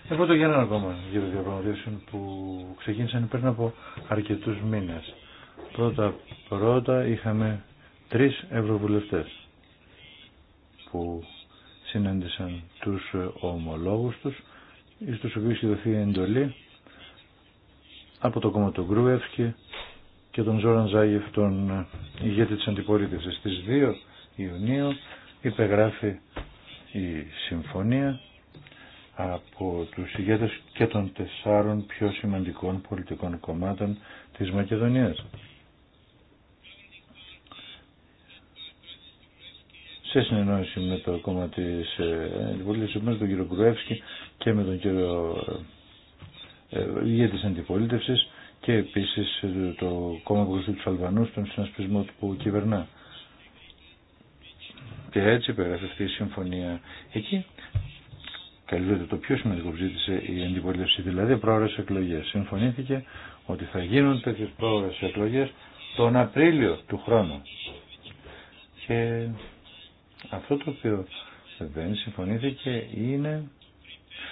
Εγώ το ένα ακόμα γύρω διαπραγματεύσεων που ξεκίνησαν πριν από αρκετούς μήνες. Πρώτα πρώτα είχαμε τρεις ευρωβουλευτές που συνάντησαν τους ομολόγους τους στους οποίους είχε δοθεί εντολή από το κόμμα του Γκρούευσκη και τον Ζόραν Ζάγεφ, τον ε, ηγέτη της αντιπολίτευσης. Στις 2 Ιουνίου υπεγράφει η συμφωνία από τους ηγέτες και των τεσσάρων πιο σημαντικών πολιτικών κομμάτων της Μακεδονίας. σε συνεννόηση με το κόμμα της ε, αντιπολίτευσης, με τον κύριο Γκρουεύσκη και με τον κύριο ε, ηγέτη της αντιπολίτευσης και επίσης ε, το κόμμα που του Αλβανού Αλβανούς στον συνασπισμό που κυβερνά. Και έτσι πέρασε αυτή η συμφωνία. Εκεί Καλύτερα το πιο σημαντικό που ζήτησε η αντιπολίτευση, δηλαδή πρόορες εκλογές. Συμφωνήθηκε ότι θα γίνουν τέτοιες πρόορες εκλογές τον Απρίλιο του χρόνου. Και αυτό το οποίο δεν συμφωνήθηκε είναι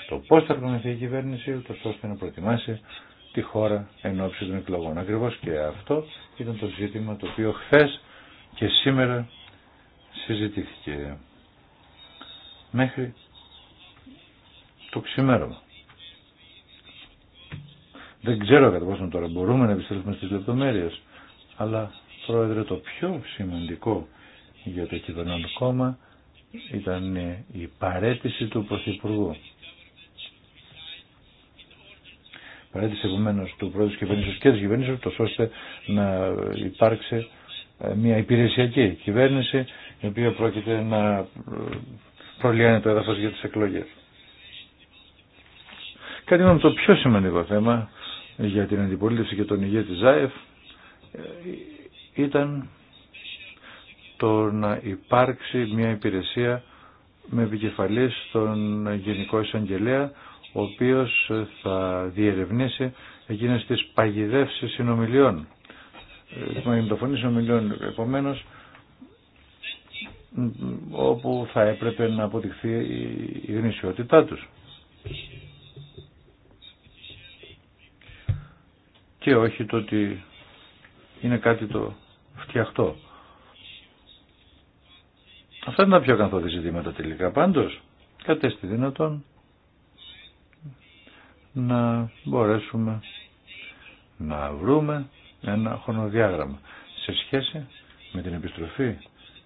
το πώς θα οργανωθεί η κυβέρνηση, ούτως ώστε να προετοιμάσει τη χώρα εν ώψη των εκλογών. ακριβώ και αυτό ήταν το ζήτημα το οποίο χθε και σήμερα συζητήθηκε μέχρι το ξημέρωμα. Δεν ξέρω κατά πόσο τώρα μπορούμε να επιστρέψουμε στις λεπτομέρειες, αλλά πρόεδρε το πιο σημαντικό για το κυβερνόν κόμμα ήταν η παρέτηση του Πρωθυπουργού. παρέτηση επομένω του πρώτου κυβέρνηση και τη κυβέρνηση, ώστε να υπάρξει ε, μια υπηρεσιακή κυβέρνηση, η οποία πρόκειται να ε, προλυάνει το έδαφο για τι εκλογέ. Κάτι με το πιο σημαντικό θέμα για την αντιπολίτευση και τον ηγέτη Ζάεφ ε, ήταν το να υπάρξει μια υπηρεσία με επικεφαλής στον Γενικό Εισαγγελέα ο οποίος θα διερευνήσει εκείνες τις παγιδεύσεις συνομιλιών, ε, μαγνητοφωνή συνομιλιών επομένως, όπου θα έπρεπε να αποδειχθεί η γνησιότητά τους. Και όχι το ότι είναι κάτι το φτιαχτό. Αυτά είναι τα πιο καθόδη ζητήματα τελικά. Πάντως, κατέστη δυνατόν να μπορέσουμε να βρούμε ένα χρονοδιάγραμμα σε σχέση με την επιστροφή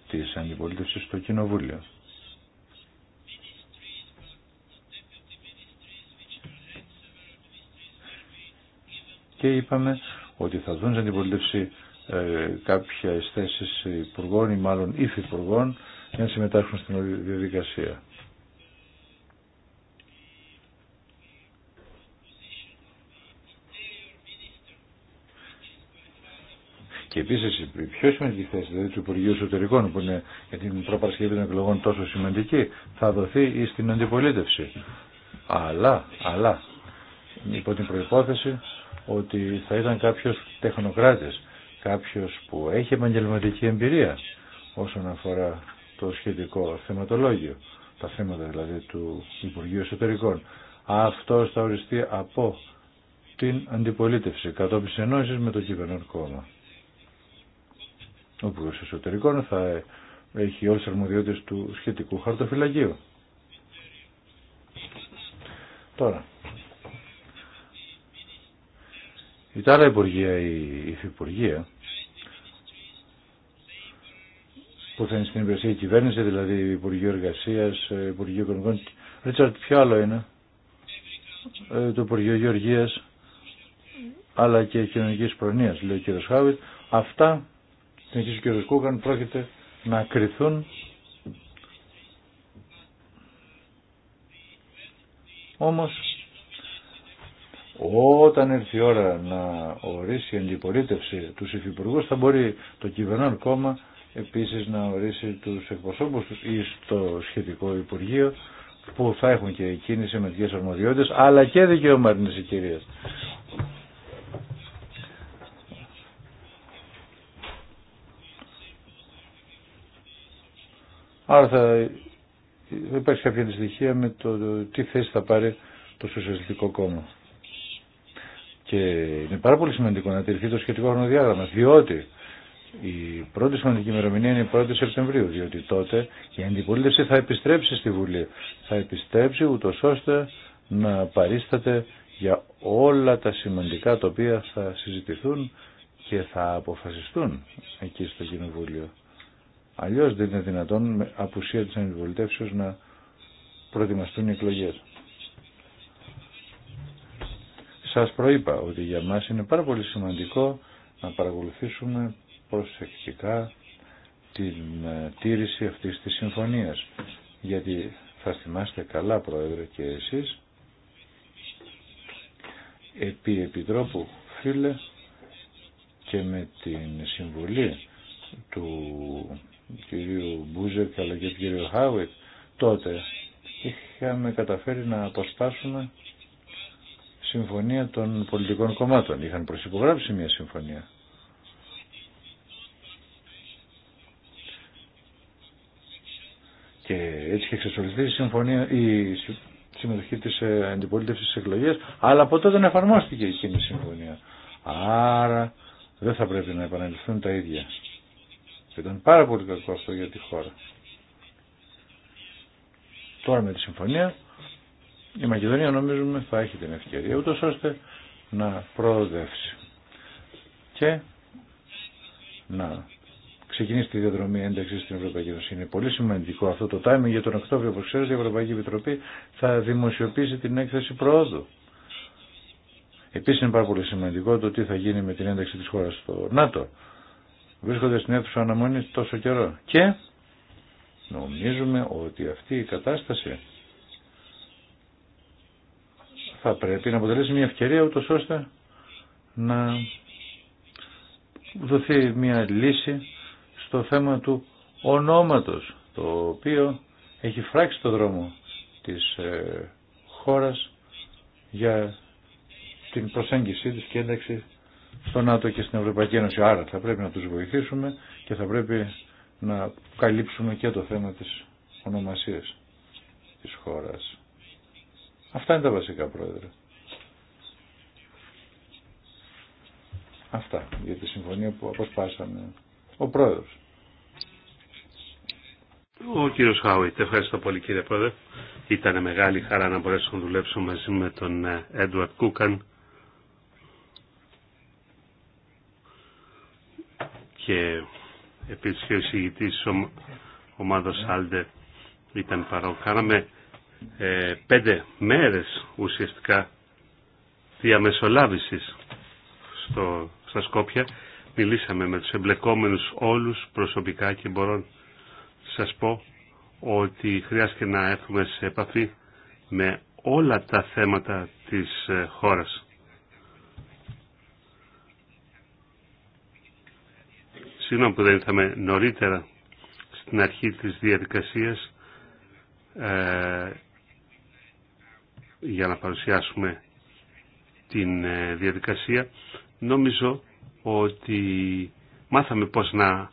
της αντιπολίτευσης στο Κοινοβούλιο. Και είπαμε ότι θα δουν σε αντιπολίτευση ε, κάποιες θέσεις υπουργών ή μάλλον υφυπουργών για να συμμετάσχουν στην διαδικασία. Και επίση η πιο σημαντική θέση δηλαδή, του Υπουργείου Εσωτερικών, που είναι για την προπαρασκευή των εκλογών τόσο σημαντική, θα δοθεί στην αντιπολίτευση. Αλλά, αλλά, υπό την προπόθεση ότι θα ήταν κάποιο τεχνοκράτη, κάποιο που έχει επαγγελματική εμπειρία όσον αφορά το σχετικό θεματολόγιο, τα θέματα δηλαδή του Υπουργείου Εσωτερικών. Αυτό θα οριστεί από την αντιπολίτευση κατόπιν συνεννόησης με το κυβερνόν κόμμα όπου στο εσωτερικό θα έχει όλες τις αρμοδιότητες του σχετικού χαρτοφυλακίου. Τώρα, η τάρα Υπουργεία, η Υφυπουργεία, που θα είναι στην υπηρεσία κυβέρνηση, δηλαδή Υπουργείο Εργασία, Υπουργείο Οικονομικών. Ρίτσαρτ, ποιο άλλο είναι. Ε, το Υπουργείο Γεωργία, αλλά και Κοινωνική Προνοία, λέει ο κ. Χάουιτ. Αυτά Συνεχίζει ο κ. Κούκαν, πρόκειται να κρυθούν Όμως, όταν έρθει η ώρα να ορίσει η αντιπολίτευση τους υφυπουργούς, θα μπορεί το κυβερνόν κόμμα επίσης να ορίσει τους εκπροσώπους τους ή στο σχετικό Υπουργείο που θα έχουν και οι σημαντικές αρμοδιότητες αλλά και οι κυρίες. Άρα θα υπάρξει κάποια δυστυχία με το τι θέση θα πάρει το Σοσιαλιστικό Κόμμα. Και είναι πάρα πολύ σημαντικό να τηρηθεί το σχετικό χρονοδιάγραμμα, διότι η πρώτη σημαντική ημερομηνία είναι η 1η Σεπτεμβρίου, διότι τότε η αντιπολίτευση θα επιστρέψει στη Βουλή. Θα επιστρέψει ούτω ώστε να παρίσταται για όλα τα σημαντικά τα οποία θα συζητηθούν και θα αποφασιστούν εκεί στο Κοινοβούλιο. Αλλιώ δεν είναι δυνατόν με απουσία τη να προετοιμαστούν οι εκλογές. Σας προείπα ότι για μα είναι πάρα πολύ σημαντικό να παρακολουθήσουμε προσεκτικά την ε, τήρηση αυτής της συμφωνίας. Γιατί θα θυμάστε καλά, Πρόεδρε, και εσείς, επί Επιτρόπου Φίλε και με την συμβολή του κυρίου Μπούζεκ αλλά και του κυρίου Χάουιτ τότε είχαμε καταφέρει να αποστάσουμε συμφωνία των πολιτικών κομμάτων. Είχαν προσυπογράψει μια συμφωνία. Και έτσι είχε εξασφαλιστεί η, συμφωνία, η συμμετοχή της ε, αντιπολίτευσης στις εκλογές, αλλά από τότε δεν εφαρμόστηκε εκείνη η συμφωνία. Άρα δεν θα πρέπει να επαναληφθούν τα ίδια. Και ήταν πάρα πολύ κακό αυτό για τη χώρα. Τώρα με τη συμφωνία η Μακεδονία νομίζουμε θα έχει την ευκαιρία ούτως ώστε να προοδεύσει και να ξεκινήσει τη διαδρομή ένταξη στην Ευρωπαϊκή Ένωση. Είναι πολύ σημαντικό αυτό το timing για τον Οκτώβριο, όπως ξέρετε, η Ευρωπαϊκή Επιτροπή θα δημοσιοποιήσει την έκθεση προόδου. επίσης είναι πάρα πολύ σημαντικό το τι θα γίνει με την ένταξη της χώρας στο ΝΑΤΟ βρίσκονται στην αίθουσα αναμονή τόσο καιρό. Και νομίζουμε ότι αυτή η κατάσταση θα πρέπει να αποτελέσει μια ευκαιρία ούτως ώστε να δοθεί μια λύση στο θέμα του ονόματος το οποίο έχει φράξει το δρόμο της ε, χώρας για την προσέγγιση της και στο ΝΑΤΟ και στην Ευρωπαϊκή Ένωση. Άρα θα πρέπει να τους βοηθήσουμε και θα πρέπει να καλύψουμε και το θέμα της ονομασίας της χώρας. Αυτά είναι τα βασικά, Πρόεδρε. Αυτά για τη συμφωνία που αποσπάσαμε. Ο Πρόεδρος. Ο κύριος Χάουιτ, ευχαριστώ πολύ κύριε Πρόεδρε. Ήταν μεγάλη χαρά να μπορέσω να δουλέψω μαζί με τον ε, Έντουαρτ Κούκαν και επίσης και ο της ομάδας ναι. Άλντε ήταν παρόν. Κάναμε ε, πέντε μέρες ουσιαστικά διαμεσολάβησης στο, στα Σκόπια. Μιλήσαμε με τους εμπλεκόμενους όλους προσωπικά και μπορώ να σας πω ότι χρειάστηκε να έρθουμε σε επαφή με όλα τα θέματα της ε, χώρας. Συγγνώμη που δεν ήρθαμε νωρίτερα στην αρχή της διαδικασίας ε, για να παρουσιάσουμε την ε, διαδικασία. Νομίζω ότι μάθαμε πώς να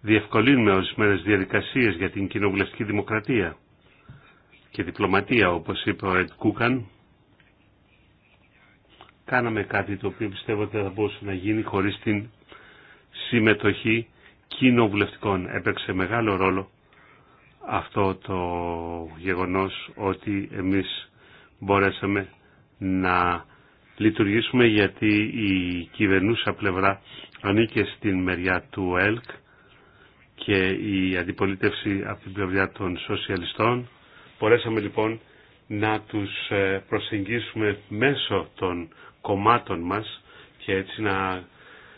διευκολύνουμε ορισμένες διαδικασίες για την κοινοβουλευτική δημοκρατία και διπλωματία, όπως είπε ο Ed Κούκαν. Κάναμε κάτι το οποίο πιστεύω ότι θα μπορούσε να γίνει χωρίς την συμμετοχή κοινοβουλευτικών. Έπαιξε μεγάλο ρόλο αυτό το γεγονός ότι εμείς μπορέσαμε να λειτουργήσουμε γιατί η κυβερνούσα πλευρά ανήκε στην μεριά του ΕΛΚ και η αντιπολίτευση από την πλευρά των σοσιαλιστών. Μπορέσαμε λοιπόν να τους ε, προσεγγίσουμε μέσω των κομμάτων μας και έτσι να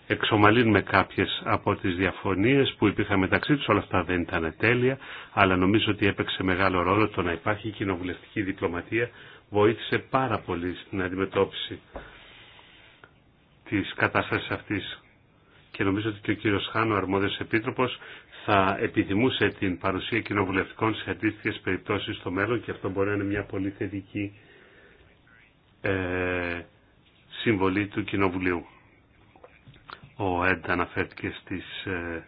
εξομαλύνουμε κάποιες από τις διαφωνίες που υπήρχαν μεταξύ τους. Όλα αυτά δεν ήταν τέλεια, αλλά νομίζω ότι έπαιξε μεγάλο ρόλο το να υπάρχει κοινοβουλευτική διπλωματία. Βοήθησε πάρα πολύ στην αντιμετώπιση της κατάστασης αυτής. Και νομίζω ότι και ο κύριος Χάνο, αρμόδιος επίτροπος, θα επιθυμούσε την παρουσία κοινοβουλευτικών σε αντίστοιχε περιπτώσεις στο μέλλον και αυτό μπορεί να είναι μια πολύ θετική ε, συμβολή του Κοινοβουλίου. Ο Έντ αναφέρθηκε στις, ε,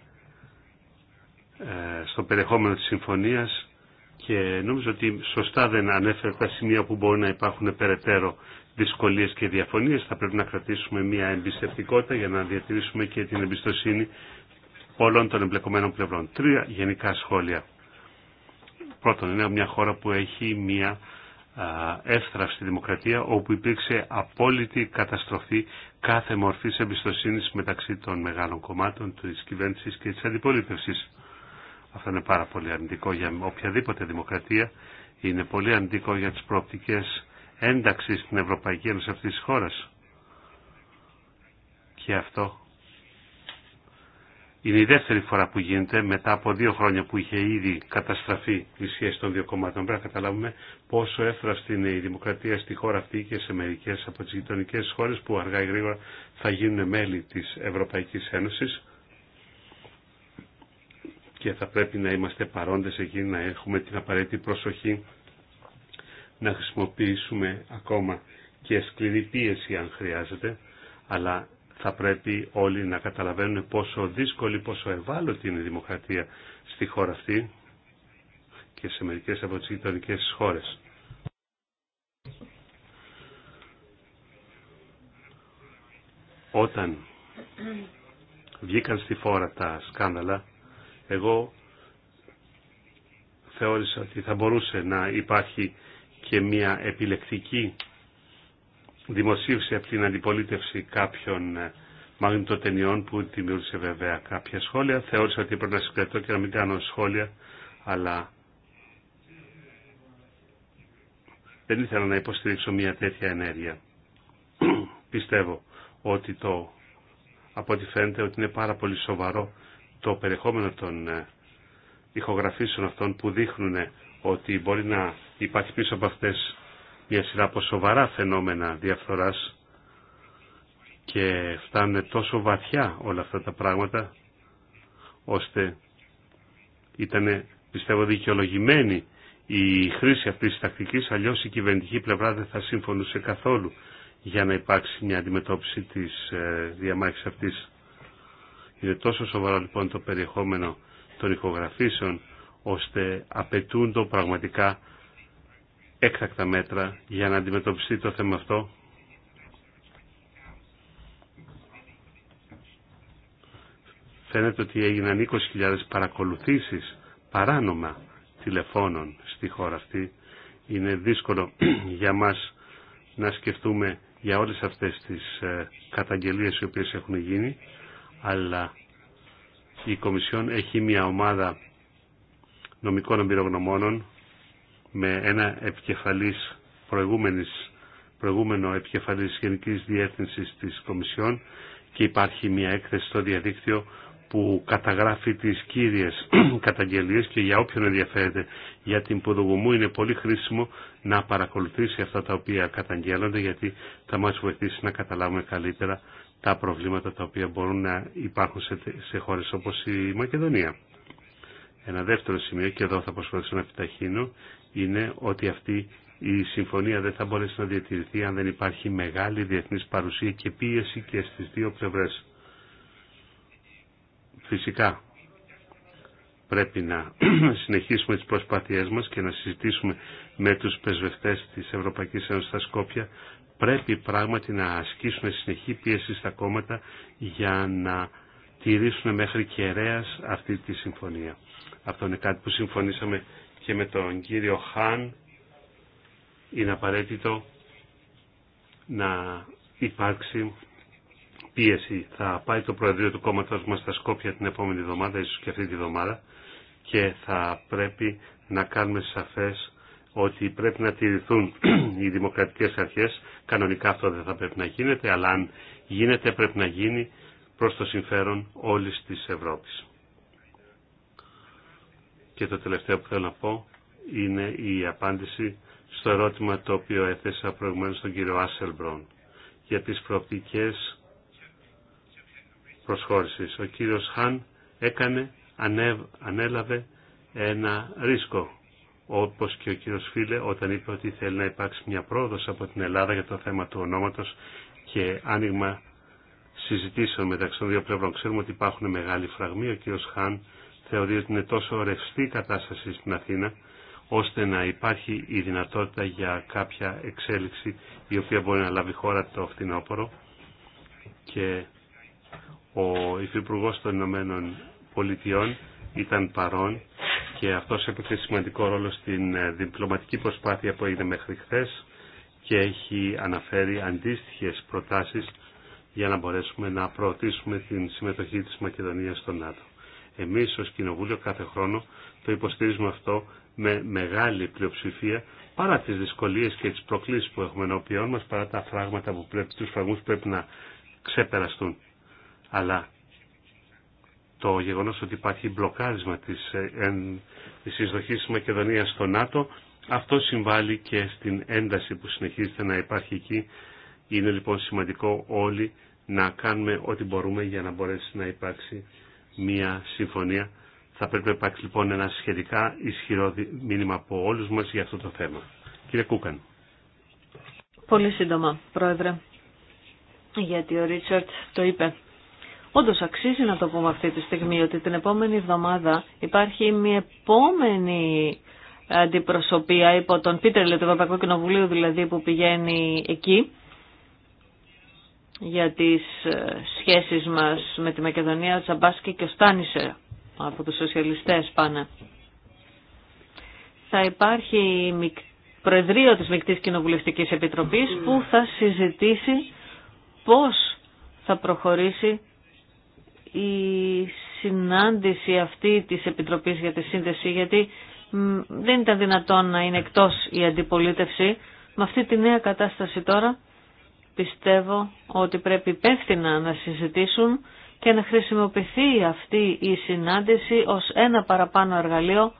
ε, στο περιεχόμενο της συμφωνίας και νομίζω ότι σωστά δεν ανέφερε τα σημεία που μπορεί να υπάρχουν περαιτέρω δυσκολίες και διαφωνίες. Θα πρέπει να κρατήσουμε μια εμπιστευτικότητα για να διατηρήσουμε και την εμπιστοσύνη όλων των εμπλεκομένων πλευρών. Τρία γενικά σχόλια. Πρώτον, είναι μια χώρα που έχει μια στη δημοκρατία όπου υπήρξε απόλυτη καταστροφή κάθε μορφής εμπιστοσύνης μεταξύ των μεγάλων κομμάτων της κυβέρνησης και της αντιπολίτευσης. Αυτό είναι πάρα πολύ αρνητικό για οποιαδήποτε δημοκρατία. Είναι πολύ αρνητικό για τις προοπτικές ένταξης στην Ευρωπαϊκή Ένωση αυτής της χώρας. Και αυτό είναι η δεύτερη φορά που γίνεται μετά από δύο χρόνια που είχε ήδη καταστραφεί η σχέση των δύο κομμάτων. Πρέπει να καταλάβουμε πόσο εύθραυστη είναι η δημοκρατία στη χώρα αυτή και σε μερικέ από τι γειτονικέ χώρε που αργά ή γρήγορα θα γίνουν μέλη τη Ευρωπαϊκή Ένωση και θα πρέπει να είμαστε παρόντες εκεί, να έχουμε την απαραίτητη προσοχή, να χρησιμοποιήσουμε ακόμα και σκληρή πίεση αν χρειάζεται, αλλά θα πρέπει όλοι να καταλαβαίνουν πόσο δύσκολη, πόσο ευάλωτη είναι η δημοκρατία στη χώρα αυτή και σε μερικές από τις γειτονικέ χώρες. Όταν βγήκαν στη φόρα τα σκάνδαλα, εγώ θεώρησα ότι θα μπορούσε να υπάρχει και μια επιλεκτική δημοσίευσε από την αντιπολίτευση κάποιων ε, μαγνητοτενιών που δημιούργησε βέβαια κάποια σχόλια. Θεώρησα ότι έπρεπε να συγκρατώ και να μην κάνω σχόλια, αλλά δεν ήθελα να υποστηρίξω μια τέτοια ενέργεια. [CLEARS THROAT] Πιστεύω ότι το, από ό,τι φαίνεται, ότι είναι πάρα πολύ σοβαρό το περιεχόμενο των ε, ηχογραφήσεων αυτών που δείχνουν ότι μπορεί να υπάρχει πίσω από αυτές μια σειρά από σοβαρά φαινόμενα διαφθοράς και φτάνουν τόσο βαθιά όλα αυτά τα πράγματα ώστε ήταν πιστεύω δικαιολογημένη η χρήση αυτής της τακτικής αλλιώς η κυβερνητική πλευρά δεν θα συμφωνούσε καθόλου για να υπάρξει μια αντιμετώπιση της ε, διαμάχης αυτής. Είναι τόσο σοβαρό λοιπόν το περιεχόμενο των ηχογραφήσεων ώστε απαιτούν το πραγματικά έκτακτα μέτρα για να αντιμετωπιστεί το θέμα αυτό. Φαίνεται ότι έγιναν 20.000 παρακολουθήσεις παράνομα τηλεφώνων στη χώρα αυτή. Είναι δύσκολο [CLEARS THROAT] για μας να σκεφτούμε για όλες αυτές τις ε, καταγγελίες οι οποίες έχουν γίνει, αλλά η Κομισιόν έχει μια ομάδα νομικών εμπειρογνωμόνων με ένα επικεφαλής προηγούμενης, προηγούμενο επικεφαλής Γενικής Διεύθυνσης της Κομισιόν και υπάρχει μια έκθεση στο διαδίκτυο που καταγράφει τις κύριες [CLEARS THROAT] καταγγελίες και για όποιον ενδιαφέρεται για την Ποδογουμού είναι πολύ χρήσιμο να παρακολουθήσει αυτά τα οποία καταγγέλλονται γιατί θα μας βοηθήσει να καταλάβουμε καλύτερα τα προβλήματα τα οποία μπορούν να υπάρχουν σε, σε χώρες όπως η Μακεδονία. Ένα δεύτερο σημείο και εδώ θα προσπαθήσω να επιταχύνω είναι ότι αυτή η συμφωνία δεν θα μπορέσει να διατηρηθεί αν δεν υπάρχει μεγάλη διεθνής παρουσία και πίεση και στις δύο πλευρές. Φυσικά πρέπει να [CLEARS THROAT] συνεχίσουμε τις προσπάθειές μας και να συζητήσουμε με τους πεσβευτές της Ευρωπαϊκής Ένωσης στα Σκόπια. Πρέπει πράγματι να ασκήσουμε συνεχή πίεση στα κόμματα για να τηρήσουν μέχρι κεραίας αυτή τη συμφωνία. Αυτό είναι κάτι που συμφωνήσαμε και με τον κύριο Χάν είναι απαραίτητο να υπάρξει πίεση. Θα πάει το Προεδρείο του Κόμματος μας στα Σκόπια την επόμενη εβδομάδα, ίσως και αυτή τη εβδομάδα και θα πρέπει να κάνουμε σαφές ότι πρέπει να τηρηθούν [CLEARS THROAT] οι δημοκρατικές αρχές. Κανονικά αυτό δεν θα πρέπει να γίνεται, αλλά αν γίνεται πρέπει να γίνει προς το συμφέρον όλης της Ευρώπης. Και το τελευταίο που θέλω να πω είναι η απάντηση στο ερώτημα το οποίο έθεσα προηγουμένως στον κύριο Άσελμπρον για τις προοπτικές προσχώρησης. Ο κύριος Χαν έκανε, ανέβ, ανέλαβε ένα ρίσκο όπως και ο κύριος Φίλε όταν είπε ότι θέλει να υπάρξει μια πρόοδος από την Ελλάδα για το θέμα του ονόματος και άνοιγμα συζητήσεων μεταξύ των δύο πλευρών. Ξέρουμε ότι υπάρχουν μεγάλοι φραγμοί. Ο κύριος Χαν θεωρεί ότι είναι τόσο ρευστή η κατάσταση στην Αθήνα, ώστε να υπάρχει η δυνατότητα για κάποια εξέλιξη η οποία μπορεί να λάβει χώρα το φθινόπωρο και ο Υφυπουργό των Ηνωμένων Πολιτειών ήταν παρόν και αυτό έπαιξε σημαντικό ρόλο στην ε, διπλωματική προσπάθεια που έγινε μέχρι χθε και έχει αναφέρει αντίστοιχες προτάσεις για να μπορέσουμε να προωθήσουμε την συμμετοχή της Μακεδονίας στον ΝΑΤΟ. Εμείς ως Κοινοβούλιο κάθε χρόνο το υποστηρίζουμε αυτό με μεγάλη πλειοψηφία παρά τις δυσκολίες και τις προκλήσεις που έχουμε ενώπιόν μας, παρά τα φράγματα που πρέπει, τους πρέπει να ξεπεραστούν. Αλλά το γεγονός ότι υπάρχει μπλοκάρισμα της, ε, εν, της εισδοχής Μακεδονίας στο ΝΑΤΟ, αυτό συμβάλλει και στην ένταση που συνεχίζεται να υπάρχει εκεί. Είναι λοιπόν σημαντικό όλοι να κάνουμε ό,τι μπορούμε για να μπορέσει να υπάρξει μια συμφωνία. Θα πρέπει να υπάρξει λοιπόν ένα σχετικά ισχυρό μήνυμα από όλους μας για αυτό το θέμα. Κύριε Κούκαν. Πολύ σύντομα, Πρόεδρε, γιατί ο Ρίτσαρτ το είπε. Όντω αξίζει να το πούμε αυτή τη στιγμή ότι την επόμενη εβδομάδα υπάρχει μια επόμενη αντιπροσωπεία υπό τον Πίτερ του Ευρωπαϊκού Κοινοβουλίου δηλαδή που πηγαίνει εκεί για τις ε, σχέσεις μας με τη Μακεδονία, Τσαμπάσκη και ο Στάνισε από τους σοσιαλιστές πάνε. Θα υπάρχει Προεδρία της Μικτής Κοινοβουλευτικής Επιτροπής που θα συζητήσει πώς θα προχωρήσει η συνάντηση αυτή της Επιτροπής για τη Σύνδεση γιατί δεν ήταν δυνατόν να είναι εκτός η αντιπολίτευση. Με αυτή τη νέα κατάσταση τώρα πιστεύω ότι πρέπει υπεύθυνα να συζητήσουν και να χρησιμοποιηθεί αυτή η συνάντηση ως ένα παραπάνω εργαλείο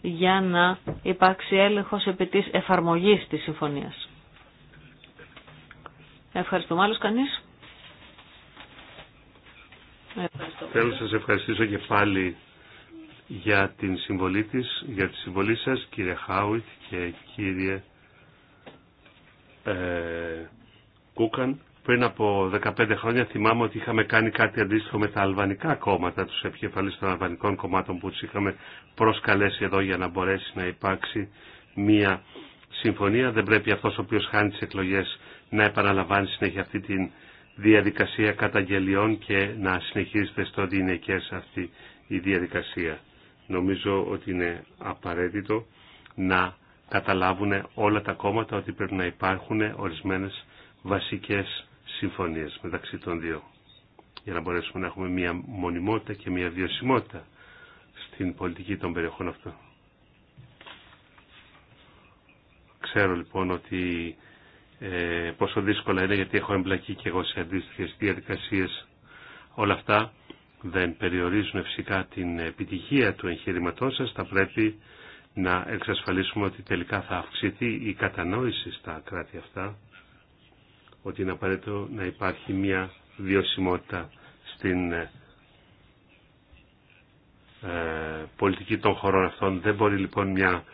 για να υπάρξει έλεγχος επί της εφαρμογής της συμφωνίας. Ευχαριστούμε. Άλλος κανείς? Θέλω να σας ευχαριστήσω και πάλι για την συμβολή της, για τη συμβολή σας κύριε Χάουιτ και κύριε ε, Κούκαν. Πριν από 15 χρόνια θυμάμαι ότι είχαμε κάνει κάτι αντίστοιχο με τα αλβανικά κόμματα, τους επικεφαλείς των αλβανικών κομμάτων που τους είχαμε προσκαλέσει εδώ για να μπορέσει να υπάρξει μια συμφωνία. Δεν πρέπει αυτός ο οποίος χάνει τις εκλογές να επαναλαμβάνει συνέχεια αυτή τη διαδικασία καταγγελιών και να συνεχίζεται στο ότι είναι και σε αυτή η διαδικασία. Νομίζω ότι είναι απαραίτητο να καταλάβουν όλα τα κόμματα ότι πρέπει να υπάρχουν ορισμένες βασικές συμφωνίες μεταξύ των δύο για να μπορέσουμε να έχουμε μια μονιμότητα και μια βιωσιμότητα στην πολιτική των περιοχών αυτών. Ξέρω λοιπόν ότι ε, πόσο δύσκολα είναι γιατί έχω εμπλακεί και εγώ σε αντίστοιχε διαδικασίε. Όλα αυτά δεν περιορίζουν φυσικά την επιτυχία του εγχείρηματό σα. Θα πρέπει να εξασφαλίσουμε ότι τελικά θα αυξηθεί η κατανόηση στα κράτη αυτά ότι είναι απαραίτητο να υπάρχει μια βιωσιμότητα στην ε, ε, πολιτική των χωρών αυτών. Δεν μπορεί λοιπόν μια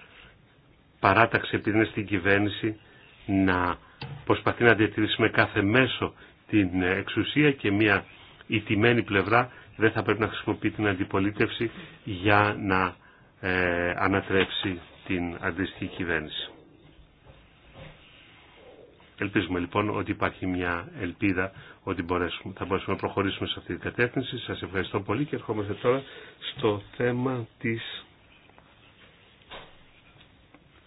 παράταξη επειδή είναι στην κυβέρνηση να προσπαθεί να διατηρήσει με κάθε μέσο την εξουσία και μια ιτημένη πλευρά δεν θα πρέπει να χρησιμοποιεί την αντιπολίτευση για να ε, ανατρέψει την αντίστοιχη κυβέρνηση. Ελπίζουμε λοιπόν ότι υπάρχει μια ελπίδα ότι μπορέσουμε, θα μπορέσουμε να προχωρήσουμε σε αυτή την κατεύθυνση. Σας ευχαριστώ πολύ και ερχόμαστε τώρα στο θέμα της...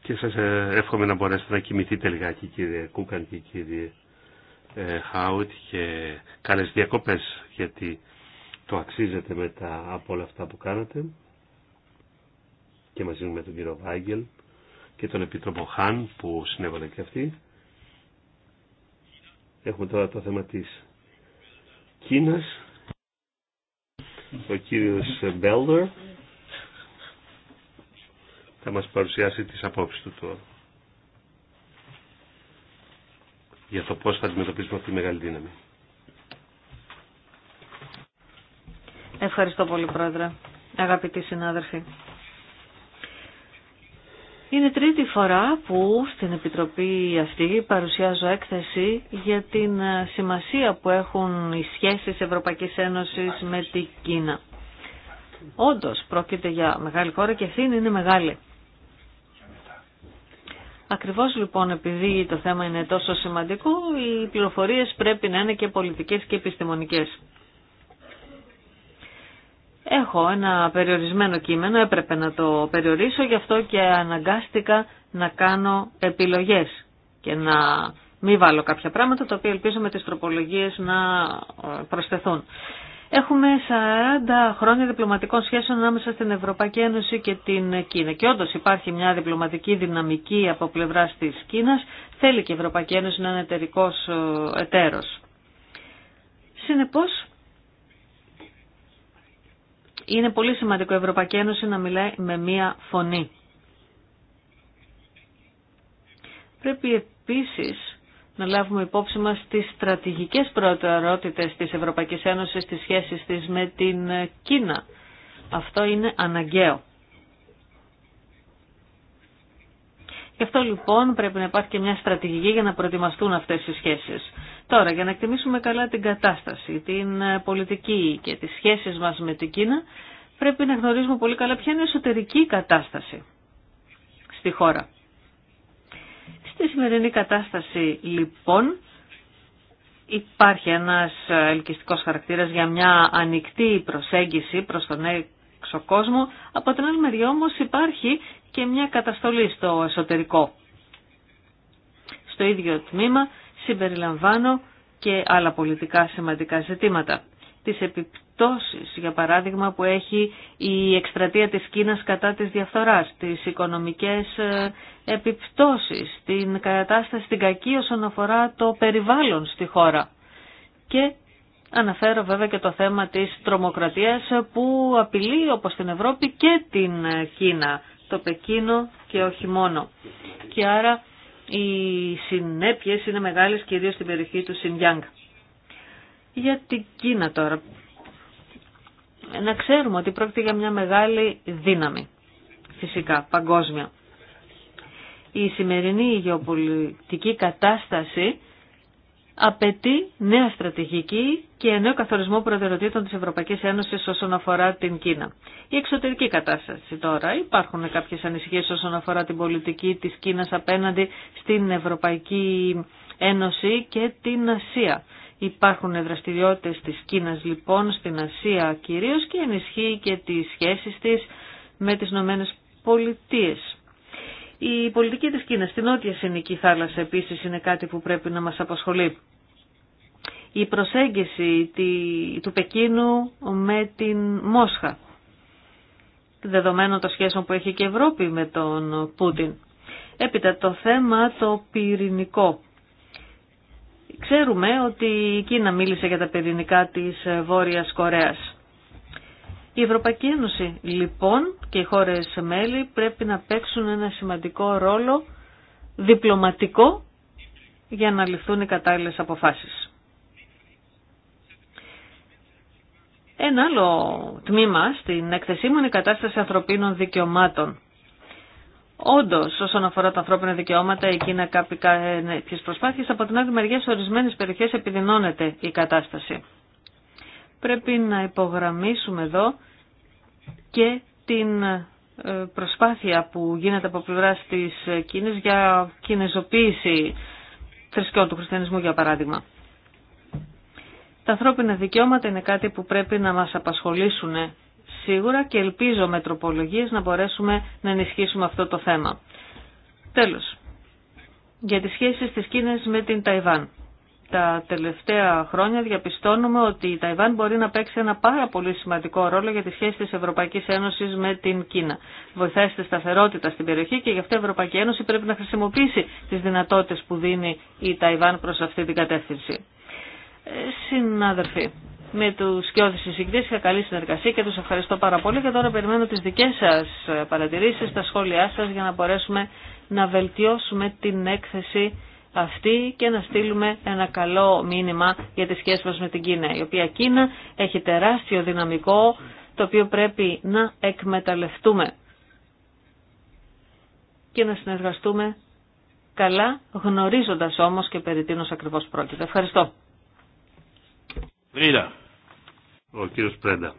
Και σας ε, εύχομαι να μπορέσετε να κοιμηθείτε λιγάκι κύριε Κούκαν και κύριε ε, Χάουτ και καλές διακοπές γιατί το αξίζετε μετά από όλα αυτά που κάνατε και μαζί με τον κύριο Βάγγελ και τον Επίτροπο Χάν που συνέβαλε και αυτή. Έχουμε τώρα το θέμα της Κίνας. Ο κύριος Μπέλντερ θα μας παρουσιάσει τις απόψεις του τώρα για το πώς θα αντιμετωπίσουμε αυτή τη μεγάλη δύναμη. Ευχαριστώ πολύ, Πρόεδρε. Αγαπητοί συνάδελφοι. Είναι τρίτη φορά που στην Επιτροπή αυτή παρουσιάζω έκθεση για την ε, σημασία που έχουν οι σχέσεις Ευρωπαϊκής Ένωσης με την Κίνα. Όντως πρόκειται για μεγάλη χώρα και αυτή είναι μεγάλη. Ακριβώς λοιπόν επειδή το θέμα είναι τόσο σημαντικό, οι πληροφορίες πρέπει να είναι και πολιτικές και επιστημονικές. Έχω ένα περιορισμένο κείμενο, έπρεπε να το περιορίσω, γι' αυτό και αναγκάστηκα να κάνω επιλογές και να μην βάλω κάποια πράγματα, τα οποία ελπίζω με τις τροπολογίες να ε, προσθεθούν. Έχουμε 40 χρόνια διπλωματικών σχέσεων ανάμεσα στην Ευρωπαϊκή Ένωση και την Κίνα. Και όντω υπάρχει μια διπλωματική δυναμική από πλευρά τη Κίνα. Θέλει και η Ευρωπαϊκή Ένωση να είναι εταιρικό ε, εταίρο. Συνεπώ, είναι πολύ σημαντικό η Ευρωπαϊκή Ένωση να μιλάει με μία φωνή. Πρέπει επίσης να λάβουμε υπόψη μας τις στρατηγικές προτεραιότητες της Ευρωπαϊκής Ένωσης στις σχέσεις της με την Κίνα. Αυτό είναι αναγκαίο. Γι' αυτό λοιπόν πρέπει να υπάρχει και μια στρατηγική για να προετοιμαστούν αυτές οι σχέσεις. Τώρα, για να εκτιμήσουμε καλά την κατάσταση, την ε, πολιτική και τις σχέσεις μας με την Κίνα, πρέπει να γνωρίζουμε πολύ καλά ποια είναι η εσωτερική κατάσταση στη χώρα. Στη σημερινή κατάσταση λοιπόν υπάρχει ένας ελκυστικός χαρακτήρας για μια ανοιχτή προσέγγιση προς τον έξω κόσμο. Από την άλλη μεριά όμως υπάρχει και μια καταστολή στο εσωτερικό. Στο ίδιο τμήμα συμπεριλαμβάνω και άλλα πολιτικά σημαντικά ζητήματα. Τις επιπτώσεις, για παράδειγμα, που έχει η εκστρατεία της Κίνας κατά της διαφθοράς, τις οικονομικές ε, επιπτώσεις, την κατάσταση στην κακή όσον αφορά το περιβάλλον στη χώρα. Και αναφέρω βέβαια και το θέμα της τρομοκρατίας που απειλεί όπως την Ευρώπη και την ε, Κίνα το Πεκίνο και όχι μόνο. Και άρα οι συνέπειες είναι μεγάλες κυρίως στην περιοχή του Σινγκιάνγκ. Για την Κίνα τώρα. Να ξέρουμε ότι πρόκειται για μια μεγάλη δύναμη, φυσικά, παγκόσμια. Η σημερινή γεωπολιτική κατάσταση απαιτεί νέα στρατηγική και νέο καθορισμό προτεραιοτήτων της Ευρωπαϊκής Ένωσης όσον αφορά την Κίνα. Η εξωτερική κατάσταση τώρα. Υπάρχουν κάποιες ανησυχίες όσον αφορά την πολιτική της Κίνας απέναντι στην Ευρωπαϊκή Ένωση και την Ασία. Υπάρχουν δραστηριότητες της Κίνας λοιπόν στην Ασία κυρίως και ενισχύει και τις σχέσεις της με τις Ηνωμένε Πολιτείες. Η πολιτική της Κίνας στην νότια συνική θάλασσα επίσης είναι κάτι που πρέπει να μας απασχολεί. Η προσέγγιση του Πεκίνου με την Μόσχα, δεδομένων των σχέσεων που έχει και η Ευρώπη με τον Πούτιν. Έπειτα το θέμα το πυρηνικό. Ξέρουμε ότι η Κίνα μίλησε για τα πυρηνικά της Βόρειας Κορέας. Η Ευρωπαϊκή Ένωση λοιπόν και οι χώρες μέλη πρέπει να παίξουν ένα σημαντικό ρόλο διπλωματικό για να ληφθούν οι κατάλληλες αποφάσεις. Ένα άλλο τμήμα στην έκθεσή μου είναι η κατάσταση ανθρωπίνων δικαιωμάτων. Όντω, όσον αφορά τα ανθρώπινα δικαιώματα, η Κίνα κάποιε ναι, προσπάθειε. Από την άλλη μεριά, σε ορισμένε περιοχέ επιδεινώνεται η κατάσταση. Πρέπει να υπογραμμίσουμε εδώ και την ε, προσπάθεια που γίνεται από πλευρά τη ε, Κίνης για κινεζοποίηση θρησκεών του χριστιανισμού για παράδειγμα. Τα ανθρώπινα δικαιώματα είναι κάτι που πρέπει να μας απασχολήσουν σίγουρα και ελπίζω με τροπολογίες να μπορέσουμε να ενισχύσουμε αυτό το θέμα. Τέλος, για τις σχέσεις της Κίνας με την Ταϊβάν τα τελευταία χρόνια διαπιστώνουμε ότι η Ταϊβάν μπορεί να παίξει ένα πάρα πολύ σημαντικό ρόλο για τη σχέση της Ευρωπαϊκής Ένωσης με την Κίνα. Βοηθάει στη σταθερότητα στην περιοχή και γι' αυτό η Ευρωπαϊκή Ένωση πρέπει να χρησιμοποιήσει τις δυνατότητες που δίνει η Ταϊβάν προς αυτή την κατεύθυνση. Ε, συνάδελφοι, με τους κοιόδης συζητητές είχα καλή συνεργασία και του ευχαριστώ πάρα πολύ και τώρα περιμένω τι δικέ σα παρατηρήσει τα σχόλιά σα, για να μπορέσουμε να βελτιώσουμε την έκθεση αυτή και να στείλουμε ένα καλό μήνυμα για τη σχέση μας με την Κίνα, η οποία Κίνα έχει τεράστιο δυναμικό το οποίο πρέπει να εκμεταλλευτούμε και να συνεργαστούμε καλά, γνωρίζοντας όμως και περί τίνος ακριβώς πρόκειται. Ευχαριστώ. Ο κύριος Πρέντα.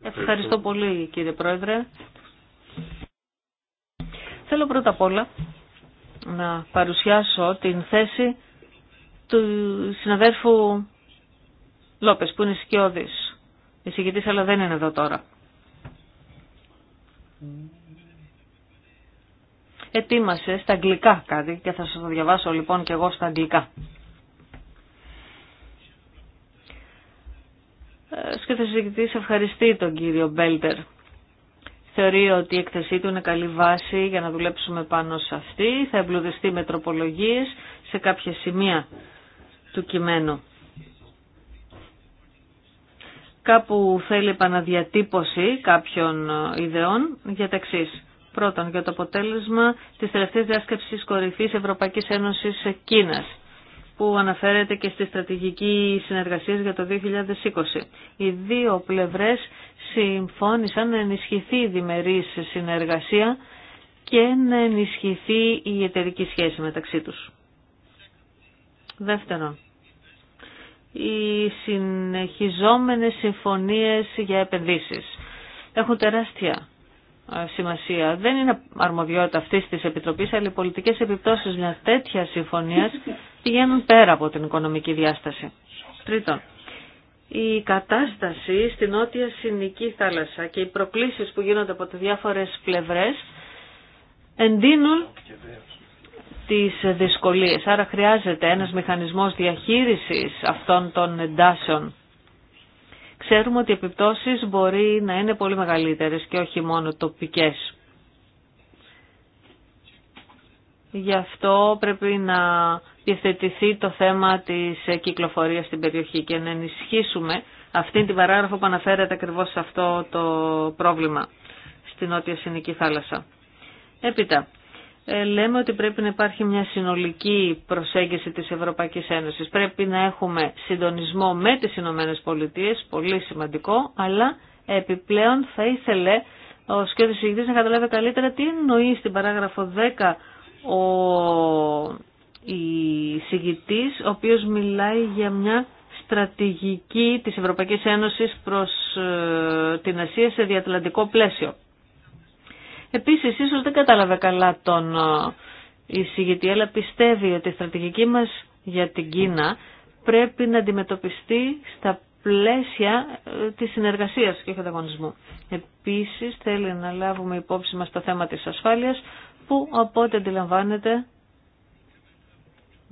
Ευχαριστώ. Ευχαριστώ πολύ κύριε Πρόεδρε. Θέλω πρώτα απ' όλα να παρουσιάσω την θέση του συναδέρφου Λόπες που είναι σκιώδης. Εισηγητής αλλά δεν είναι εδώ τώρα. Ετοίμασε στα αγγλικά κάτι και θα σας το διαβάσω λοιπόν και εγώ στα αγγλικά. Ε, Σκέφτεσαι εισηγητής ευχαριστεί τον κύριο Μπέλτερ Θεωρεί ότι η έκθεσή του είναι καλή βάση για να δουλέψουμε πάνω σε αυτή. Θα εμπλουτιστεί με σε κάποια σημεία του κειμένου. Κάπου θέλει επαναδιατύπωση κάποιων ιδεών για τα εξή. Πρώτον, για το αποτέλεσμα της τελευταίας διάσκεψης κορυφής Ευρωπαϊκής Ένωσης Κίνας που αναφέρεται και στη στρατηγική συνεργασία για το 2020. Οι δύο πλευρές συμφώνησαν να ενισχυθεί η διμερής συνεργασία και να ενισχυθεί η εταιρική σχέση μεταξύ τους. Δεύτερον, οι συνεχιζόμενες συμφωνίες για επενδύσεις έχουν τεράστια ε, σημασία. Δεν είναι αρμοδιότητα αυτής της Επιτροπής, αλλά οι πολιτικές επιπτώσεις μιας τέτοιας συμφωνίας [LAUGHS] πηγαίνουν πέρα από την οικονομική διάσταση. Τρίτον, η κατάσταση στην νότια συνική θάλασσα και οι προκλήσεις που γίνονται από τις διάφορες πλευρές εντείνουν τις δυσκολίες. Άρα χρειάζεται ένας μηχανισμός διαχείρισης αυτών των εντάσεων. Ξέρουμε ότι οι επιπτώσεις μπορεί να είναι πολύ μεγαλύτερες και όχι μόνο τοπικές. Γι' αυτό πρέπει να διευθετηθεί το θέμα της ε, κυκλοφορίας στην περιοχή και να ενισχύσουμε αυτή την παράγραφο που αναφέρεται ακριβώς σε αυτό το πρόβλημα στην Νότια Συνική Θάλασσα. Έπειτα, ε, λέμε ότι πρέπει να υπάρχει μια συνολική προσέγγιση της Ευρωπαϊκής Ένωσης. Πρέπει να έχουμε συντονισμό με τις Ηνωμένε Πολιτείες, πολύ σημαντικό, αλλά επιπλέον θα ήθελε ο Σκέφτης συγκεκριτής να καταλάβει καλύτερα τι εννοεί στην παράγραφο 10 ο η συγητής, ο οποίος μιλάει για μια στρατηγική της Ευρωπαϊκής Ένωσης προς ε, την Ασία σε διατλαντικό πλαίσιο. Επίσης, ίσως δεν κατάλαβε καλά τον ε, εισηγητή, αλλά πιστεύει ότι η στρατηγική μας για την Κίνα πρέπει να αντιμετωπιστεί στα πλαίσια ε, της συνεργασίας και ανταγωνισμού. Επίσης, θέλει να λάβουμε υπόψη μας το θέμα της ασφάλειας, που από αντιλαμβάνεται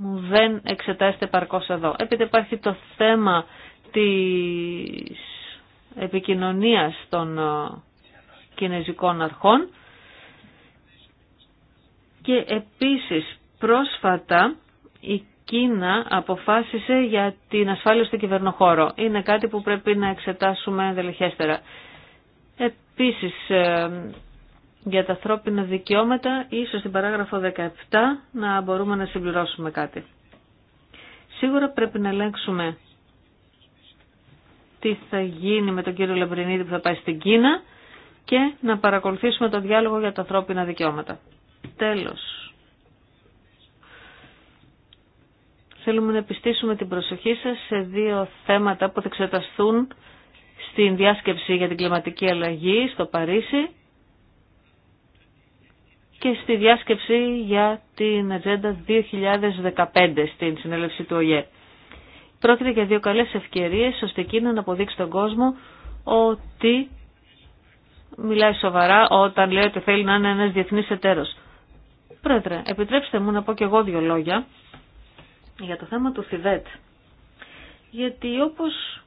δεν εξετάζεται παρκώς εδώ. Επειδή υπάρχει το θέμα της επικοινωνίας των ε, κινέζικων αρχών και επίσης πρόσφατα η Κίνα αποφάσισε για την ασφάλεια στο κυβερνοχώρο. Είναι κάτι που πρέπει να εξετάσουμε δελεχέστερα. Επίσης, ε, για τα ανθρώπινα δικαιώματα, ίσως στην παράγραφο 17 να μπορούμε να συμπληρώσουμε κάτι. Σίγουρα πρέπει να ελέγξουμε τι θα γίνει με τον κύριο Λεμπρινίδη που θα πάει στην Κίνα και να παρακολουθήσουμε το διάλογο για τα ανθρώπινα δικαιώματα. Τέλος. Θέλουμε να επιστήσουμε την προσοχή σας σε δύο θέματα που θα εξεταστούν στην διάσκεψη για την κλιματική αλλαγή στο Παρίσι και στη διάσκεψη για την Ατζέντα 2015 στην συνέλευση του ΟΙΕ. Πρόκειται για δύο καλές ευκαιρίες ώστε εκείνο να αποδείξει τον κόσμο ότι μιλάει σοβαρά όταν λέει ότι θέλει να είναι ένας διεθνής εταίρος. Πρόεδρε, επιτρέψτε μου να πω και εγώ δύο λόγια για το θέμα του Θιβέτ. Γιατί όπως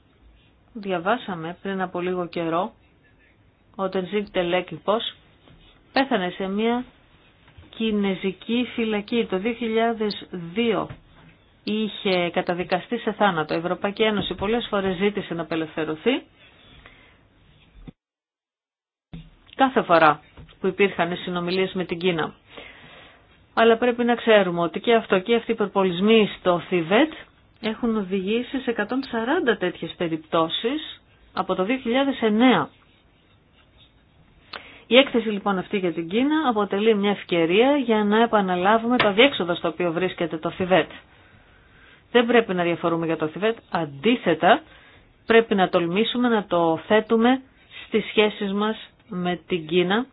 διαβάσαμε πριν από λίγο καιρό, ο Τενζίκ Τελέκυπος πέθανε σε μια κινέζικη φυλακή το 2002 είχε καταδικαστεί σε θάνατο. Η Ευρωπαϊκή Ένωση πολλές φορές ζήτησε να απελευθερωθεί. Κάθε φορά που υπήρχαν συνομιλίες με την Κίνα. Αλλά πρέπει να ξέρουμε ότι και αυτό και αυτοί οι υπερπολισμοί στο Θιβέτ έχουν οδηγήσει σε 140 τέτοιες περιπτώσεις από το 2009. Η έκθεση λοιπόν αυτή για την Κίνα αποτελεί μια ευκαιρία για να επαναλάβουμε το αδιέξοδο στο οποίο βρίσκεται το Θιβέτ. Δεν πρέπει να διαφορούμε για το Θιβέτ, αντίθετα πρέπει να τολμήσουμε να το θέτουμε στις σχέσεις μας με την Κίνα.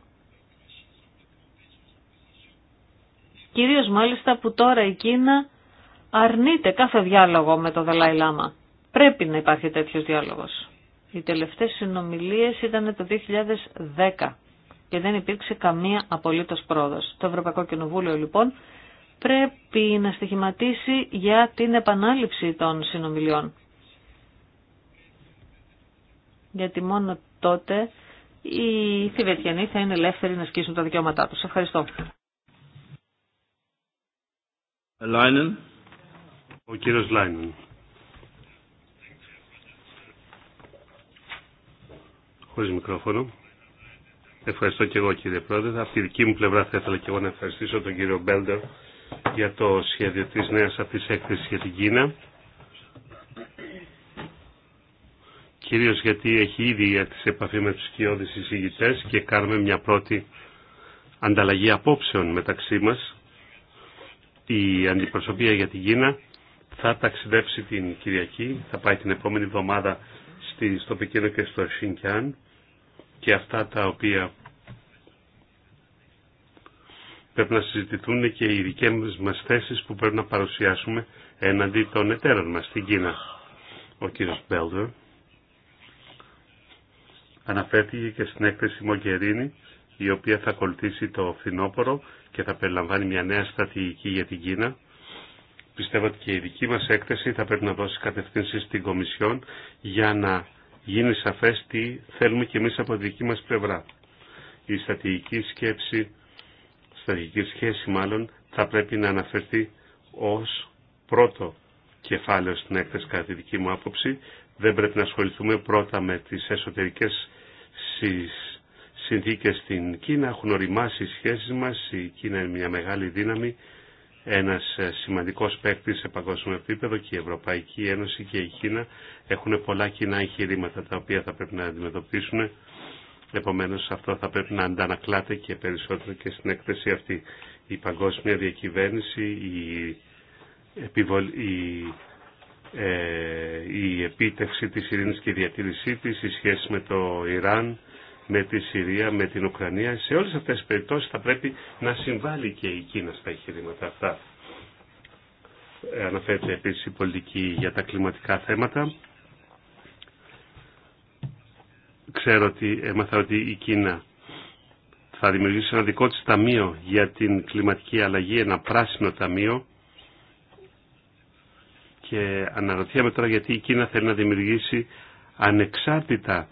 Κυρίως μάλιστα που τώρα η Κίνα αρνείται κάθε διάλογο με το Δαλάη Λάμα. Πρέπει να υπάρχει τέτοιος διάλογος. Οι τελευταίες συνομιλίες ήταν το 2010 και δεν υπήρξε καμία απολύτως πρόοδος. Το Ευρωπαϊκό Κοινοβούλιο λοιπόν πρέπει να στοιχηματίσει για την επανάληψη των συνομιλιών. Γιατί μόνο τότε οι Θηβετιανοί θα είναι ελεύθεροι να σκίσουν τα δικαιώματά τους. Ευχαριστώ. Λάινεν. Ο κύριος Λάινεν. Χωρίς μικρόφωνο. Ευχαριστώ και εγώ κύριε Πρόεδρε. Από τη δική μου πλευρά θα ήθελα και εγώ να ευχαριστήσω τον κύριο Μπέλντερ για το σχέδιο της νέας αυτής έκθεσης για την Κίνα. Κυρίως γιατί έχει ήδη για τις επαφή με τους κοιόδης συζητητές και κάνουμε μια πρώτη ανταλλαγή απόψεων μεταξύ μας. Η αντιπροσωπεία για την Κίνα θα ταξιδέψει την Κυριακή, θα πάει την επόμενη εβδομάδα στο Πεκίνο και στο Σινκιάν και αυτά τα οποία πρέπει να συζητηθούν και οι δικέ μας θέσεις που πρέπει να παρουσιάσουμε έναντι των εταίρων μας στην Κίνα. Ο κύριος Μπέλντερ αναφέρθηκε και στην έκθεση Μογκερίνη η οποία θα ακολουθήσει το φθινόπωρο και θα περιλαμβάνει μια νέα στρατηγική για την Κίνα. Πιστεύω ότι και η δική μας έκθεση θα πρέπει να δώσει κατευθύνσεις στην Κομισιόν για να γίνει σαφές τι θέλουμε και εμείς από τη δική μας πλευρά. Η στρατηγική σκέψη, σχέση μάλλον, θα πρέπει να αναφερθεί ως πρώτο κεφάλαιο στην έκθεση κατά τη δική μου άποψη. Δεν πρέπει να ασχοληθούμε πρώτα με τις εσωτερικές συνθήκες στην Κίνα. Έχουν οριμάσει οι σχέσεις μας. Η Κίνα είναι μια μεγάλη δύναμη ένας ε, σημαντικός παίκτη σε παγκόσμιο επίπεδο και η Ευρωπαϊκή Ένωση και η Κίνα έχουν πολλά κοινά εγχειρήματα τα οποία θα πρέπει να αντιμετωπίσουν. Επομένως αυτό θα πρέπει να αντανακλάται και περισσότερο και στην έκθεση αυτή. Η παγκόσμια διακυβέρνηση, η, η... Ε, η επίτευξη της ειρήνης και διατήρησή της, οι σχέσεις με το Ιράν, με τη Συρία, με την Ουκρανία. Σε όλες αυτές τις περιπτώσεις θα πρέπει να συμβάλλει και η Κίνα στα εγχειρήματα αυτά. Ε, αναφέρεται επίσης η πολιτική για τα κλιματικά θέματα. Ξέρω ότι έμαθα ότι η Κίνα θα δημιουργήσει ένα δικό της ταμείο για την κλιματική αλλαγή, ένα πράσινο ταμείο. Και αναρωτιέμαι τώρα γιατί η Κίνα θέλει να δημιουργήσει ανεξάρτητα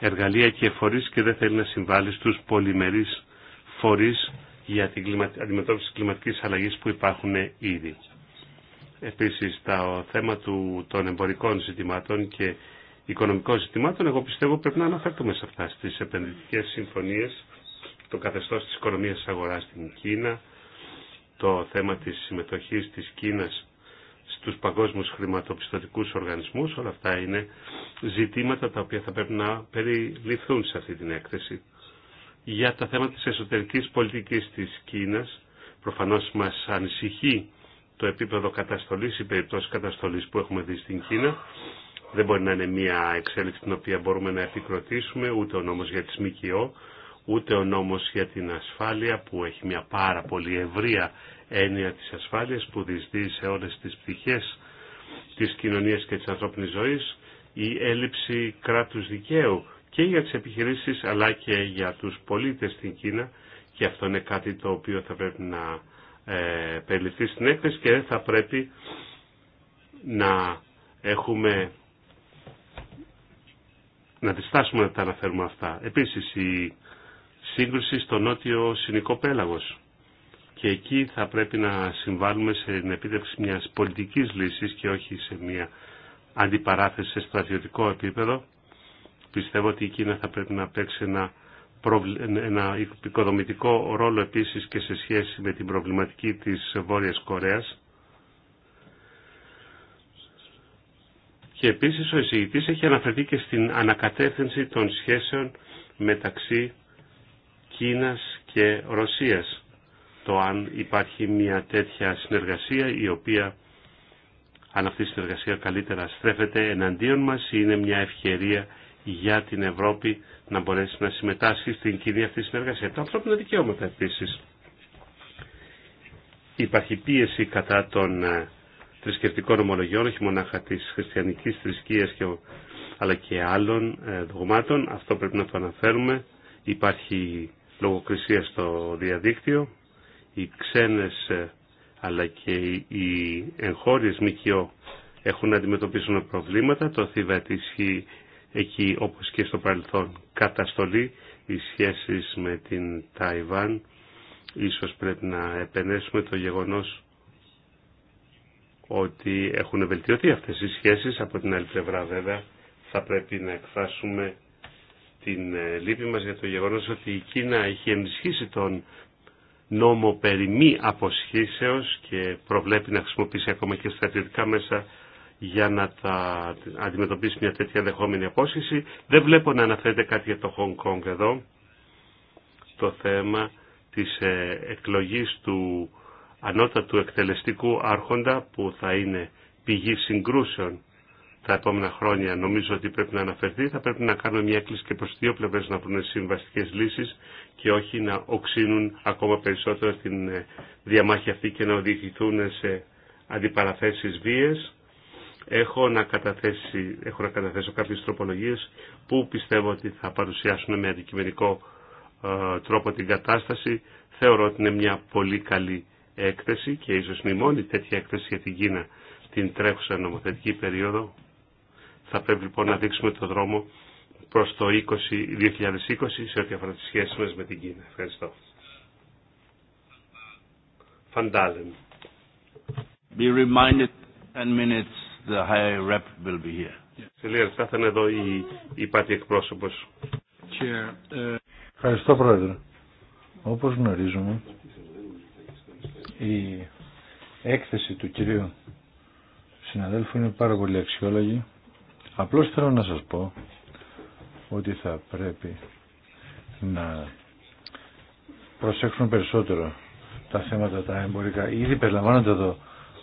εργαλεία και φορείς και δεν θέλει να συμβάλλει στους πολυμερείς φορείς για την αντιμετώπιση της κλιματικής αλλαγής που υπάρχουν ήδη. Επίσης, το θέμα του, των εμπορικών ζητημάτων και οικονομικών ζητημάτων, εγώ πιστεύω πρέπει να αναφερθούμε σε αυτά στις επενδυτικές συμφωνίες, το καθεστώς της οικονομίας αγορά αγοράς στην Κίνα, το θέμα της συμμετοχής της Κίνας στους παγκόσμιους χρηματοπιστωτικούς οργανισμούς. Όλα αυτά είναι ζητήματα τα οποία θα πρέπει να περιληφθούν σε αυτή την έκθεση. Για τα θέματα της εσωτερικής πολιτικής της Κίνας, προφανώς μας ανησυχεί το επίπεδο καταστολής, η περιπτώση καταστολής που έχουμε δει στην Κίνα. Δεν μπορεί να είναι μια εξέλιξη την οποία μπορούμε να επικροτήσουμε, ούτε ο νόμος για τις ΜΚΟ, ούτε ο νόμος για την ασφάλεια που έχει μια πάρα πολύ ευρεία έννοια της ασφάλειας που διεισδύει σε όλες τις πτυχές της κοινωνίας και της ανθρώπινης ζωής, η έλλειψη κράτους δικαίου και για τις επιχειρήσεις αλλά και για τους πολίτες στην Κίνα και αυτό είναι κάτι το οποίο θα πρέπει να ε, περιληφθεί στην έκθεση και δεν θα πρέπει να έχουμε να διστάσουμε να τα αναφέρουμε αυτά. Επίσης η σύγκρουση στο νότιο συνικό πέλαγος και εκεί θα πρέπει να συμβάλλουμε σε την επίτευξη μιας πολιτικής λύσης και όχι σε μια αντιπαράθεση σε στρατιωτικό επίπεδο. Πιστεύω ότι η Κίνα θα πρέπει να παίξει ένα, ένα οικοδομητικό ρόλο επίσης και σε σχέση με την προβληματική της Βόρειας Κορέας. Και επίσης ο εισηγητής έχει αναφερθεί και στην ανακατεύθυνση των σχέσεων μεταξύ Κίνας και Ρωσίας το αν υπάρχει μια τέτοια συνεργασία η οποία αν αυτή η συνεργασία καλύτερα στρέφεται εναντίον μας ή είναι μια ευκαιρία για την Ευρώπη να μπορέσει να συμμετάσχει στην κοινή αυτή συνεργασία. Τα ανθρώπινα δικαιώματα επίσης. Υπάρχει πίεση κατά των ε, θρησκευτικών ομολογιών, όχι μονάχα της χριστιανικής θρησκείας αλλά και άλλων ε, δογμάτων. Αυτό πρέπει να το αναφέρουμε. Υπάρχει λογοκρισία στο διαδίκτυο οι ξένες ε, αλλά και οι εγχώριες ΜΚΟ έχουν να αντιμετωπίσουν προβλήματα. Το Θήβετ ισχύει εκεί όπως και στο παρελθόν καταστολή οι σχέσεις με την Ταϊβάν. Ίσως πρέπει να επενέσουμε το γεγονός ότι έχουν βελτιωθεί αυτές οι σχέσεις. Από την άλλη πλευρά βέβαια θα πρέπει να εκφράσουμε την ε, λύπη μας για το γεγονός ότι η Κίνα έχει ενισχύσει τον νόμο περί μη αποσχήσεως και προβλέπει να χρησιμοποιήσει ακόμα και στρατιωτικά μέσα για να τα αντιμετωπίσει μια τέτοια δεχόμενη απόσχηση. Δεν βλέπω να αναφέρεται κάτι για το Χονγκ Κόνγκ εδώ. Το θέμα της ε, εκλογής του ανώτατου εκτελεστικού άρχοντα που θα είναι πηγή συγκρούσεων τα επόμενα χρόνια νομίζω ότι πρέπει να αναφερθεί, θα πρέπει να κάνουμε μια έκκληση και προς δύο πλευρές να βρουν συμβαστικές λύσεις και όχι να οξύνουν ακόμα περισσότερο την ε, διαμάχη αυτή και να οδηγηθούν σε αντιπαραθέσεις βίες. Έχω να, καταθέσει, έχω να καταθέσω κάποιες τροπολογίες που πιστεύω ότι θα παρουσιάσουν με αντικειμενικό ε, τρόπο την κατάσταση. Θεωρώ ότι είναι μια πολύ καλή έκθεση και ίσως είναι μόνη τέτοια έκθεση για την Κίνα την τρέχουσα νομοθετική περίοδο θα πρέπει λοιπόν να δείξουμε το δρόμο προς το 20, 2020 σε ό,τι αφορά τις σχέσεις μας με την Κίνα. Ευχαριστώ. Φαντάλεν. Be reminded 10 minutes the high rep will be here. Σε λίγα λεπτά θα είναι εδώ η, η πάτη εκπρόσωπος. Ε, Ευχαριστώ Πρόεδρε. Όπως γνωρίζουμε η έκθεση του κυρίου συναδέλφου είναι πάρα πολύ αξιόλογη Απλώς θέλω να σας πω ότι θα πρέπει να προσέξουν περισσότερο τα θέματα τα εμπορικά. Ήδη περιλαμβάνονται εδώ,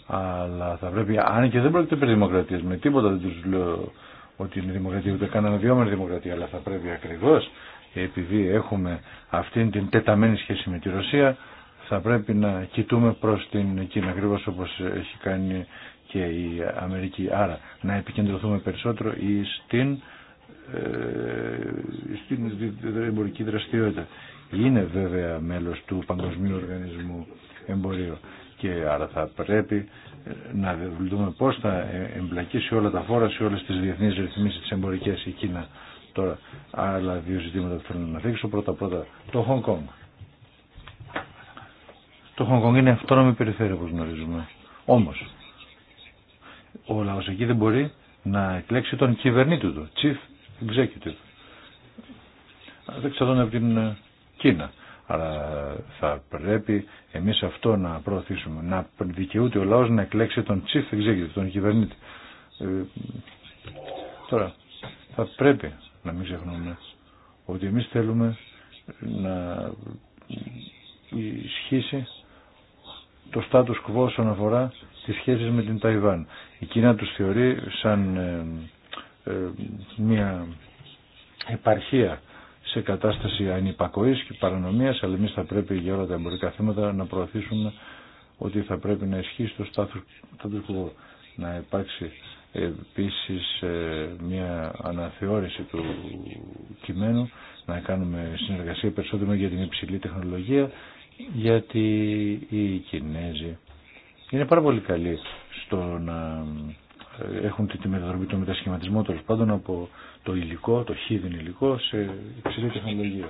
αλλά θα πρέπει, αν και δεν πρόκειται περί δημοκρατίας, με τίποτα δεν τους λέω ότι είναι δημοκρατία, ούτε κανένα διόμενη δημοκρατία, αλλά θα πρέπει ακριβώς, επειδή έχουμε αυτήν την τεταμένη σχέση με τη Ρωσία, θα πρέπει να κοιτούμε προς την Κίνα, ακριβώς όπως έχει κάνει και η Αμερική. Άρα να επικεντρωθούμε περισσότερο στην, ε, στην εμπορική δραστηριότητα. Είναι βέβαια μέλος του Παγκοσμίου Οργανισμού Εμπορίου και άρα θα πρέπει ε, να δούμε πώς θα ε, εμπλακεί σε όλα τα φόρα, σε όλες τις διεθνείς ρυθμίσεις της εμπορικές εκείνα Τώρα άλλα δύο ζητήματα που θέλω να δείξω. Πρώτα πρώτα το Χογκόνγκ. Το Χογκόνγκ είναι αυτόνομη περιφέρεια όπως γνωρίζουμε. Όμως ο λαός εκεί δεν μπορεί να εκλέξει τον κυβερνήτη του, chief executive. Δεν ξέρω από την ε, Κίνα. ...αλλά θα πρέπει εμείς αυτό να προωθήσουμε, να δικαιούται ο λαό να εκλέξει τον chief executive, τον κυβερνήτη. Ε, τώρα, θα πρέπει να μην ξεχνούμε ότι εμείς θέλουμε να ισχύσει το status quo όσον αφορά στις σχέσεις με την Ταϊβάν. Η Κίνα τους θεωρεί σαν ε, ε, μια επαρχία σε κατάσταση ανυπακοής και παρανομίας, αλλά εμεί θα πρέπει για όλα τα εμπορικά θέματα να προωθήσουμε ότι θα πρέπει να ισχύσει το στάθος του να υπάρξει επίσης ε, μια αναθεώρηση του κειμένου, να κάνουμε συνεργασία περισσότερο για την υψηλή τεχνολογία, γιατί οι Κινέζοι είναι πάρα πολύ καλή στο να ε, έχουν τη μεταδρομή, το μετασχηματισμό τέλο πάντων από το υλικό, το χίδιν υλικό σε υψηλή τεχνολογία.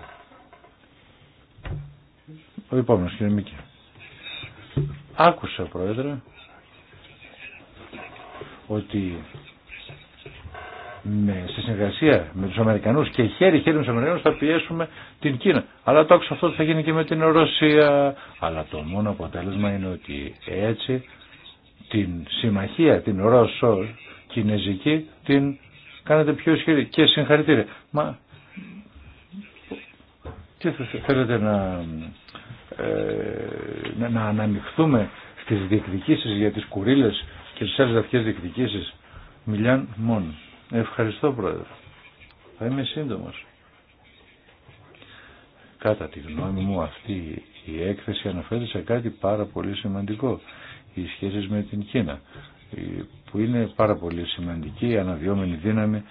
Ο επόμενο κύριε Μίκη. Άκουσα πρόεδρε ότι με, σε συνεργασία με τους Αμερικανούς και χέρι-χέρι με τους Αμερικανούς θα πιέσουμε την Κίνα. Αλλά το άκουσα αυτό θα γίνει και με την Ρωσία. Αλλά το μόνο αποτέλεσμα είναι ότι έτσι την συμμαχία, την Ρώσο-Κινέζικη την κάνετε πιο ισχυρή και συγχαρητήρια. Μα τι θέλετε να, ε, να αναμειχθούμε στις διεκδικήσεις για τις κουρίλες και τις άλλες αυτές διεκδικήσεις. Μιλάν μόνο. Ευχαριστώ πρόεδρε. Θα είμαι σύντομος. Κατά τη γνώμη μου αυτή η έκθεση αναφέρει σε κάτι πάρα πολύ σημαντικό. Οι σχέσεις με την Κίνα που είναι πάρα πολύ σημαντική, αναδυόμενη δύναμη,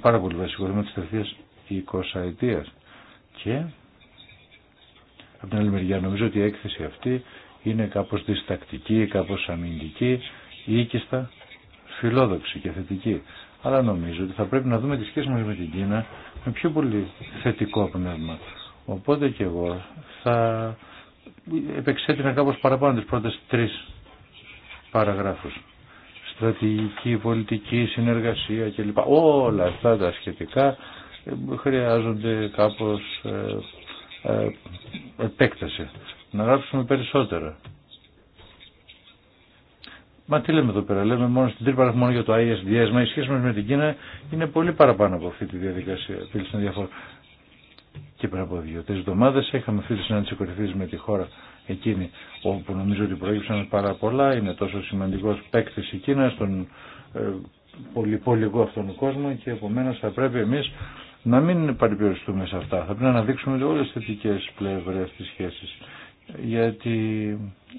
πάρα πολύ βασικό θέμα της τελευταίας 20 αιτίας. Και από την άλλη μεριά νομίζω ότι η έκθεση αυτή είναι κάπως διστακτική, κάπως αμυντική, οίκιστα φιλόδοξη και θετική. Αλλά νομίζω ότι θα πρέπει να δούμε τη σχέση μας με την Κίνα με πιο πολύ θετικό πνεύμα. Οπότε και εγώ θα επεξέτεινα κάπως παραπάνω τις πρώτες τρεις παραγράφους. Στρατηγική, πολιτική, συνεργασία κλπ. Όλα αυτά τα σχετικά ε, χρειάζονται κάπως ε, ε, επέκταση. Να γράψουμε περισσότερα. Μα τι λέμε εδώ πέρα, λέμε μόνο στην τρίτη μόνο για το ISDS, μα οι σχέση μας με την Κίνα είναι πολύ παραπάνω από αυτή τη διαδικασία Και πριν από δύο-τρει εβδομάδε είχαμε αυτή τη συνάντηση κορυφή με τη χώρα εκείνη, όπου νομίζω ότι προέκυψαν πάρα πολλά. Είναι τόσο σημαντικό παίκτη η Κίνα στον ε, πολυπολικό αυτόν κόσμο και επομένω θα πρέπει εμεί να μην παρεπιοριστούμε σε αυτά. Θα πρέπει να αναδείξουμε όλε τι θετικέ πλευρέ τη σχέση. Γιατί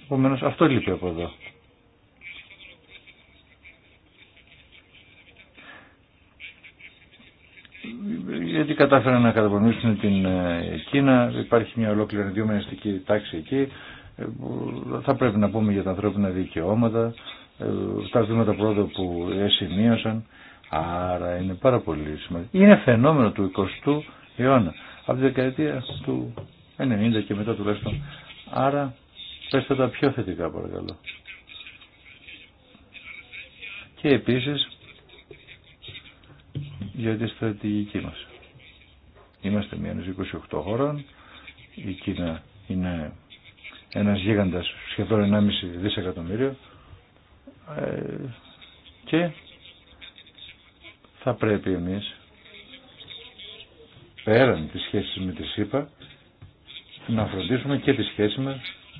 επομένω αυτό λείπει από εδώ. γιατί κατάφεραν να καταπονήσουν την ε, Κίνα, υπάρχει μια ολόκληρη αντιομενιστική τάξη εκεί, ε, θα πρέπει να πούμε για τα ανθρώπινα δικαιώματα, ε, τα βήματα πρώτα που εσημείωσαν, άρα είναι πάρα πολύ σημαντικό. Είναι φαινόμενο του 20ου αιώνα, από τη δεκαετία του 90 και μετά τουλάχιστον, άρα πέστε τα πιο θετικά παρακαλώ. Και επίσης για τη στρατηγική μας. Είμαστε μία 28 χωρών, η Κίνα είναι ένας γίγαντας σχεδόν 1,5 δισεκατομμύριο ε, και θα πρέπει εμείς πέραν της σχέσης με τη ΣΥΠΑ να φροντίσουμε και τη σχέση μας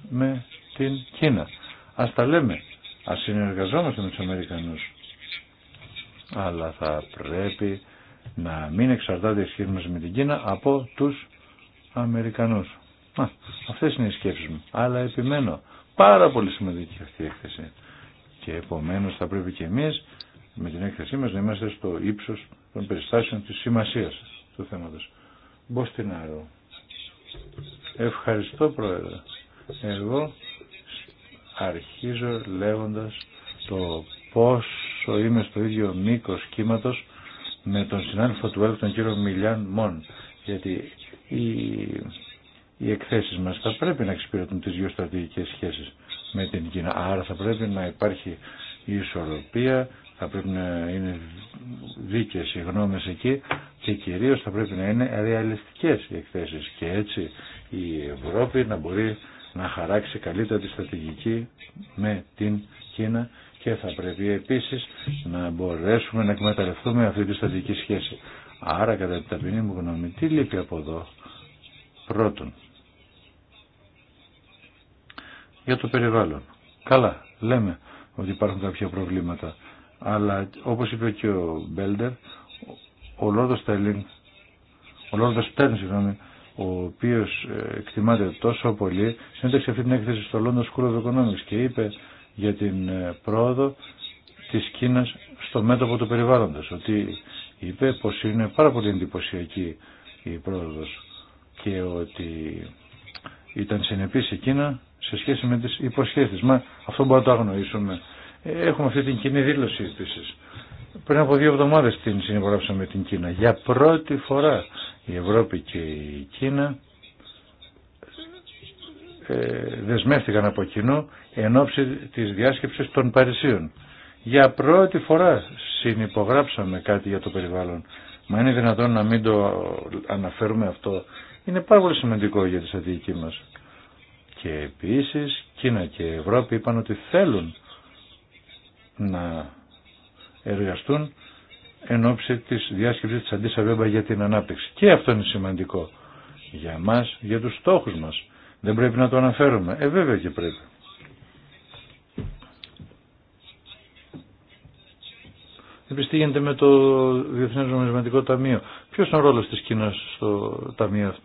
με την Κίνα. Ας τα λέμε, ας συνεργαζόμαστε με τους Αμερικανούς αλλά θα πρέπει να μην εξαρτάται η σχέση μας με την Κίνα από τους Αμερικανούς. Α, αυτές είναι οι σκέψεις μου. Αλλά επιμένω, πάρα πολύ σημαντική αυτή η έκθεση. Και επομένως θα πρέπει και εμείς με την έκθεσή μας να είμαστε στο ύψος των περιστάσεων της σημασίας του θέματος. Μποστινάρο. Ευχαριστώ Πρόεδρε. Εγώ αρχίζω λέγοντας το πώς το είμαι στο ίδιο μήκο κύματο με τον συνάδελφο του ΕΛΚ, τον κύριο Μιλιάν Μον. Γιατί οι, οι εκθέσει μα θα πρέπει να εξυπηρετούν τι γεωστρατηγικέ σχέσει με την Κίνα. Άρα θα πρέπει να υπάρχει ισορροπία, θα πρέπει να είναι δίκαιε οι γνώμε εκεί και κυρίω θα πρέπει να είναι ρεαλιστικέ οι εκθέσει. Και έτσι η Ευρώπη να μπορεί να χαράξει καλύτερα τη στρατηγική με την Κίνα και θα πρέπει επίσης να μπορέσουμε να εκμεταλλευτούμε αυτή τη στατική σχέση. Άρα κατά την ταπεινή μου γνώμη, τι λείπει από εδώ πρώτον για το περιβάλλον. Καλά, λέμε ότι υπάρχουν κάποια προβλήματα, αλλά όπως είπε και ο Μπέλντερ, ο Λόρδος Τέλιν, ο Λόρδος Τέλιν, ο οποίος ε, εκτιμάται τόσο πολύ, συνέντευξε αυτή την έκθεση στο London School of και είπε για την ε, πρόοδο της Κίνας στο μέτωπο του περιβάλλοντος. Ότι είπε πως είναι πάρα πολύ εντυπωσιακή η πρόοδος και ότι ήταν συνεπής η Κίνα σε σχέση με τις υποσχέσεις. Μα αυτό μπορεί να το αγνοήσουμε. Ε, έχουμε αυτή την κοινή δήλωση επίση. Πριν από δύο εβδομάδες την συνεπογράψαμε με την Κίνα. Για πρώτη φορά η Ευρώπη και η Κίνα ε, δεσμεύτηκαν από κοινού εν ώψη της διάσκεψης των Παρισίων. Για πρώτη φορά συνυπογράψαμε κάτι για το περιβάλλον. Μα είναι δυνατόν να μην το αναφέρουμε αυτό. Είναι πάρα πολύ σημαντικό για τη στρατηγική μας. Και επίσης Κίνα και Ευρώπη είπαν ότι θέλουν να εργαστούν εν ώψη της διάσκεψης της Αντίσα για την ανάπτυξη. Και αυτό είναι σημαντικό για μας, για τους στόχους μας δεν πρέπει να το αναφέρουμε. Ε, βέβαια και πρέπει. Επίσης με το Διεθνές Νομισματικό Ταμείο. Ποιος είναι ο ρόλος της Κίνας στο ταμείο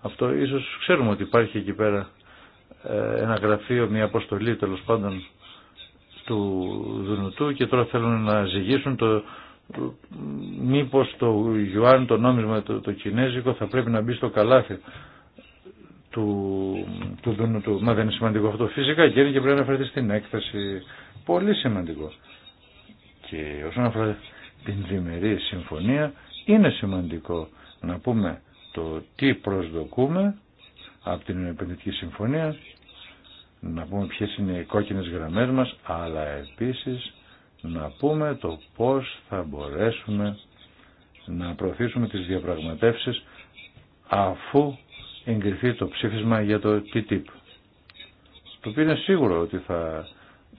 αυτό. Ίσως ξέρουμε ότι υπάρχει εκεί πέρα ε, ένα γραφείο, μια αποστολή τέλος πάντων του Δουνουτού και τώρα θέλουν να ζυγίσουν το μήπως το Ιουάν, το νόμισμα το, το Κινέζικο θα πρέπει να μπει στο καλάθι του, του του. Μα δεν είναι σημαντικό αυτό. Φυσικά και είναι και πρέπει να αναφερθεί στην έκθεση. Πολύ σημαντικό. Και όσον αφορά την διμερή συμφωνία, είναι σημαντικό να πούμε το τι προσδοκούμε από την επενδυτική συμφωνία, να πούμε ποιες είναι οι κόκκινες γραμμές μας, αλλά επίσης να πούμε το πώς θα μπορέσουμε να προωθήσουμε τις διαπραγματεύσεις αφού εγκριθεί το ψήφισμα για το TTIP. Το οποίο είναι σίγουρο ότι θα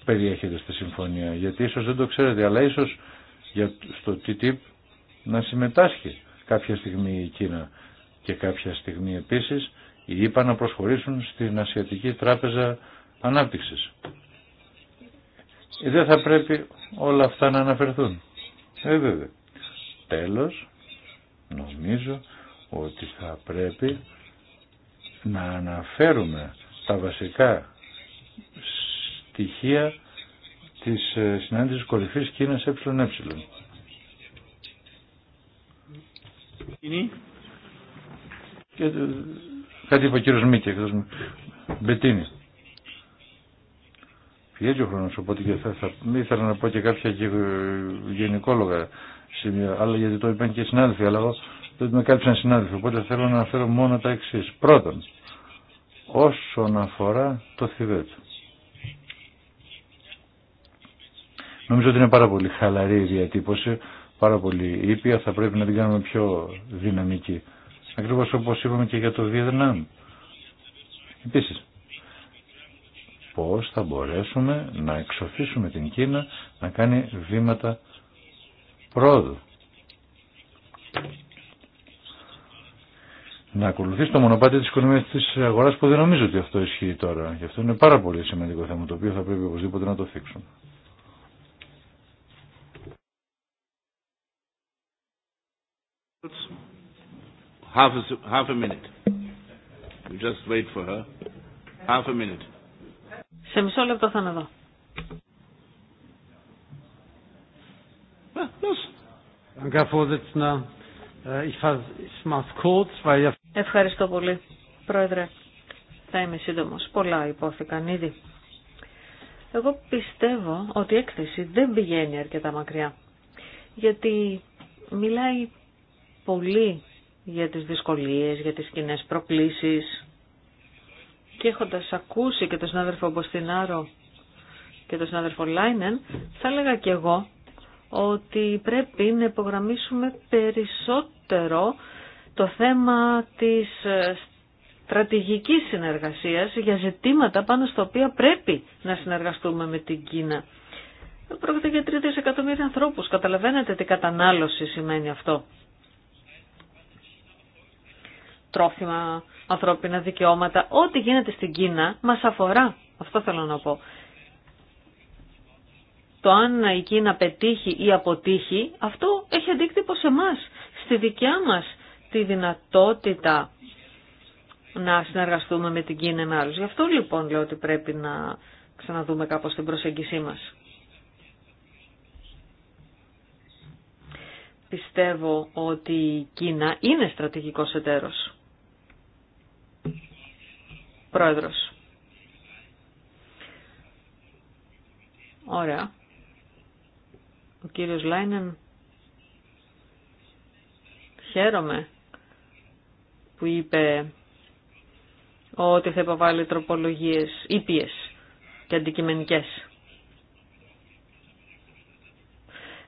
περιέχεται στη συμφωνία, γιατί ίσως δεν το ξέρετε, αλλά ίσως για, στο TTIP να συμμετάσχει κάποια στιγμή η Κίνα και κάποια στιγμή επίσης οι ΙΠΑ να προσχωρήσουν στην Ασιατική Τράπεζα Ανάπτυξης. Ε, δεν θα πρέπει όλα αυτά να αναφερθούν. Ε, βέβαια. Τέλος, νομίζω ότι θα πρέπει να αναφέρουμε τα βασικά στοιχεία της ε, συνάντησης κορυφής Κίνας ΕΕ. Και, ε, κάτι είπε ο κύριος Μίκη, εκτός Μπετίνη. Πηγαίνει ο χρόνος, οπότε και θα, θα, ήθελα να πω και κάποια ε, γενικόλογα σημεία, αλλά γιατί το είπαν και οι συνάδελφοι, αλλά εγώ δεν με κάλυψαν συνάδελφοι, οπότε θέλω να αναφέρω μόνο τα εξή. Πρώτον, όσον αφορά το Θιβέτ. Νομίζω ότι είναι πάρα πολύ χαλαρή η διατύπωση, πάρα πολύ ήπια, θα πρέπει να την κάνουμε πιο δυναμική. Ακριβώς όπως είπαμε και για το Βιετνάμ. Επίσης, πώς θα μπορέσουμε να εξοφίσουμε την Κίνα να κάνει βήματα πρόοδου να ακολουθήσει το μονοπάτι της οικονομίας της αγοράς που δεν νομίζω ότι αυτό ισχύει τώρα. Γι' αυτό είναι πάρα πολύ σημαντικό θέμα το οποίο θα πρέπει οπωσδήποτε να το θίξουν. Σε μισό λεπτό θα είναι εδώ. Ε, Danke, Herr Äh, Ευχαριστώ πολύ, Πρόεδρε. Θα είμαι σύντομο, Πολλά υπόθηκαν ήδη. Εγώ πιστεύω ότι η έκθεση δεν πηγαίνει αρκετά μακριά. Γιατί μιλάει πολύ για τις δυσκολίες, για τις κοινέ προκλήσεις. Και έχοντας ακούσει και τον συνάδελφο Μποστινάρο και τον συνάδελφο Λάινεν, θα έλεγα και εγώ ότι πρέπει να υπογραμμίσουμε περισσότερο το θέμα της ε, στρατηγικής συνεργασίας για ζητήματα πάνω στα οποία πρέπει να συνεργαστούμε με την Κίνα. Πρόκειται για τρίτε εκατομμύρια ανθρώπους. Καταλαβαίνετε τι κατανάλωση σημαίνει αυτό. Τρόφιμα, ανθρώπινα δικαιώματα, ό,τι γίνεται στην Κίνα μας αφορά. Αυτό θέλω να πω το αν η Κίνα πετύχει ή αποτύχει, αυτό έχει αντίκτυπο σε εμά, στη δικιά μας τη δυνατότητα να συνεργαστούμε με την Κίνα με άλλους. Γι' αυτό λοιπόν λέω ότι πρέπει να ξαναδούμε κάπως την προσέγγισή μας. Πιστεύω ότι η Κίνα είναι στρατηγικός εταίρος. Πρόεδρος. Ωραία. Ο κύριος Λάινεν χαίρομαι που είπε ότι θα υποβάλει τροπολογίες ήπιες και αντικειμενικές.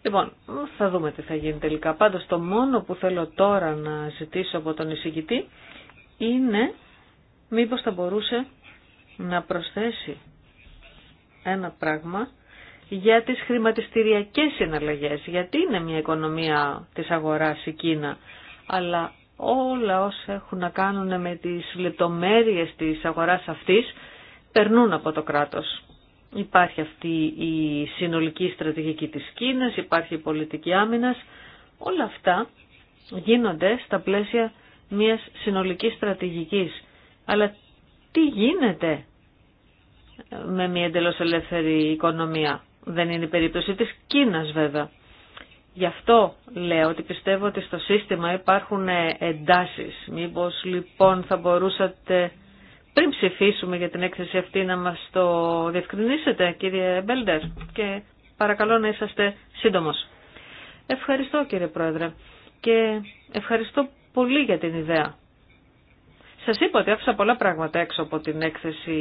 Λοιπόν, θα δούμε τι θα γίνει τελικά. Πάντως το μόνο που θέλω τώρα να ζητήσω από τον εισηγητή είναι μήπως θα μπορούσε να προσθέσει ένα πράγμα για τις χρηματιστηριακές συναλλαγές, γιατί είναι μια οικονομία της αγοράς η Κίνα, αλλά όλα όσα έχουν να κάνουν με τις λεπτομέρειες της αγοράς αυτής περνούν από το κράτος. Υπάρχει αυτή η συνολική στρατηγική της Κίνας, υπάρχει η πολιτική άμυνας, όλα αυτά γίνονται στα πλαίσια μιας συνολικής στρατηγικής. Αλλά τι γίνεται με μια εντελώ ελεύθερη οικονομία. Δεν είναι η περίπτωση της Κίνας βέβαια. Γι' αυτό λέω ότι πιστεύω ότι στο σύστημα υπάρχουν ε, εντάσεις. Μήπως λοιπόν θα μπορούσατε πριν ψηφίσουμε για την έκθεση αυτή να μας το διευκρινίσετε κύριε Μπέλντερ και παρακαλώ να είσαστε σύντομος. Ευχαριστώ κύριε Πρόεδρε και ευχαριστώ πολύ για την ιδέα. Σας είπα ότι άφησα πολλά πράγματα έξω από την έκθεση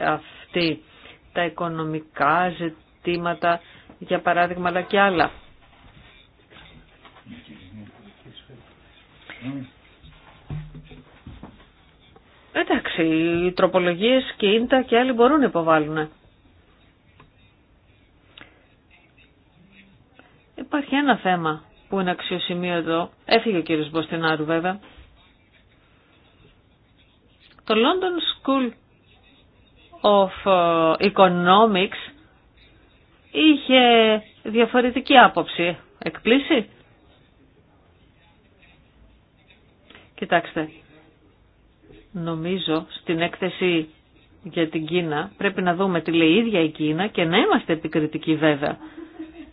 αυτή. Τα οικονομικά ζητήματα για παράδειγμα, αλλά και άλλα. Εντάξει, οι τροπολογίες και ίντα και άλλοι μπορούν να υποβάλουν. Υπάρχει ένα θέμα που είναι αξιοσημείο εδώ. Έφυγε ο κύριος Μποστινάρου βέβαια. Το London School of Economics είχε διαφορετική άποψη. Εκπλήσει. Κοιτάξτε, νομίζω στην έκθεση για την Κίνα πρέπει να δούμε τι λέει η ίδια η Κίνα και να είμαστε επικριτικοί βέβαια.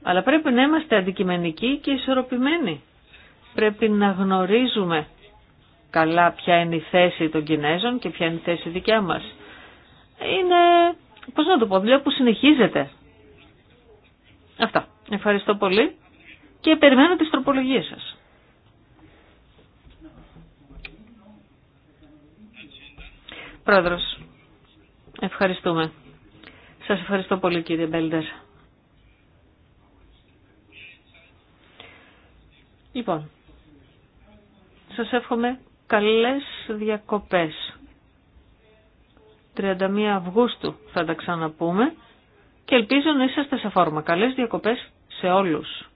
Αλλά πρέπει να είμαστε αντικειμενικοί και ισορροπημένοι. Πρέπει να γνωρίζουμε καλά ποια είναι η θέση των Κινέζων και ποια είναι η θέση δικιά μας. Είναι, πώς να το πω, δουλειά που συνεχίζεται. Αυτά. Ευχαριστώ πολύ και περιμένω τις τροπολογίες σας. Πρόεδρος, ευχαριστούμε. Σας ευχαριστώ πολύ κύριε Μπέλντερ. Λοιπόν, σας εύχομαι καλές διακοπές. 31 Αυγούστου θα τα ξαναπούμε και ελπίζω να είσαστε σε φόρμα. Καλές διακοπές σε όλους.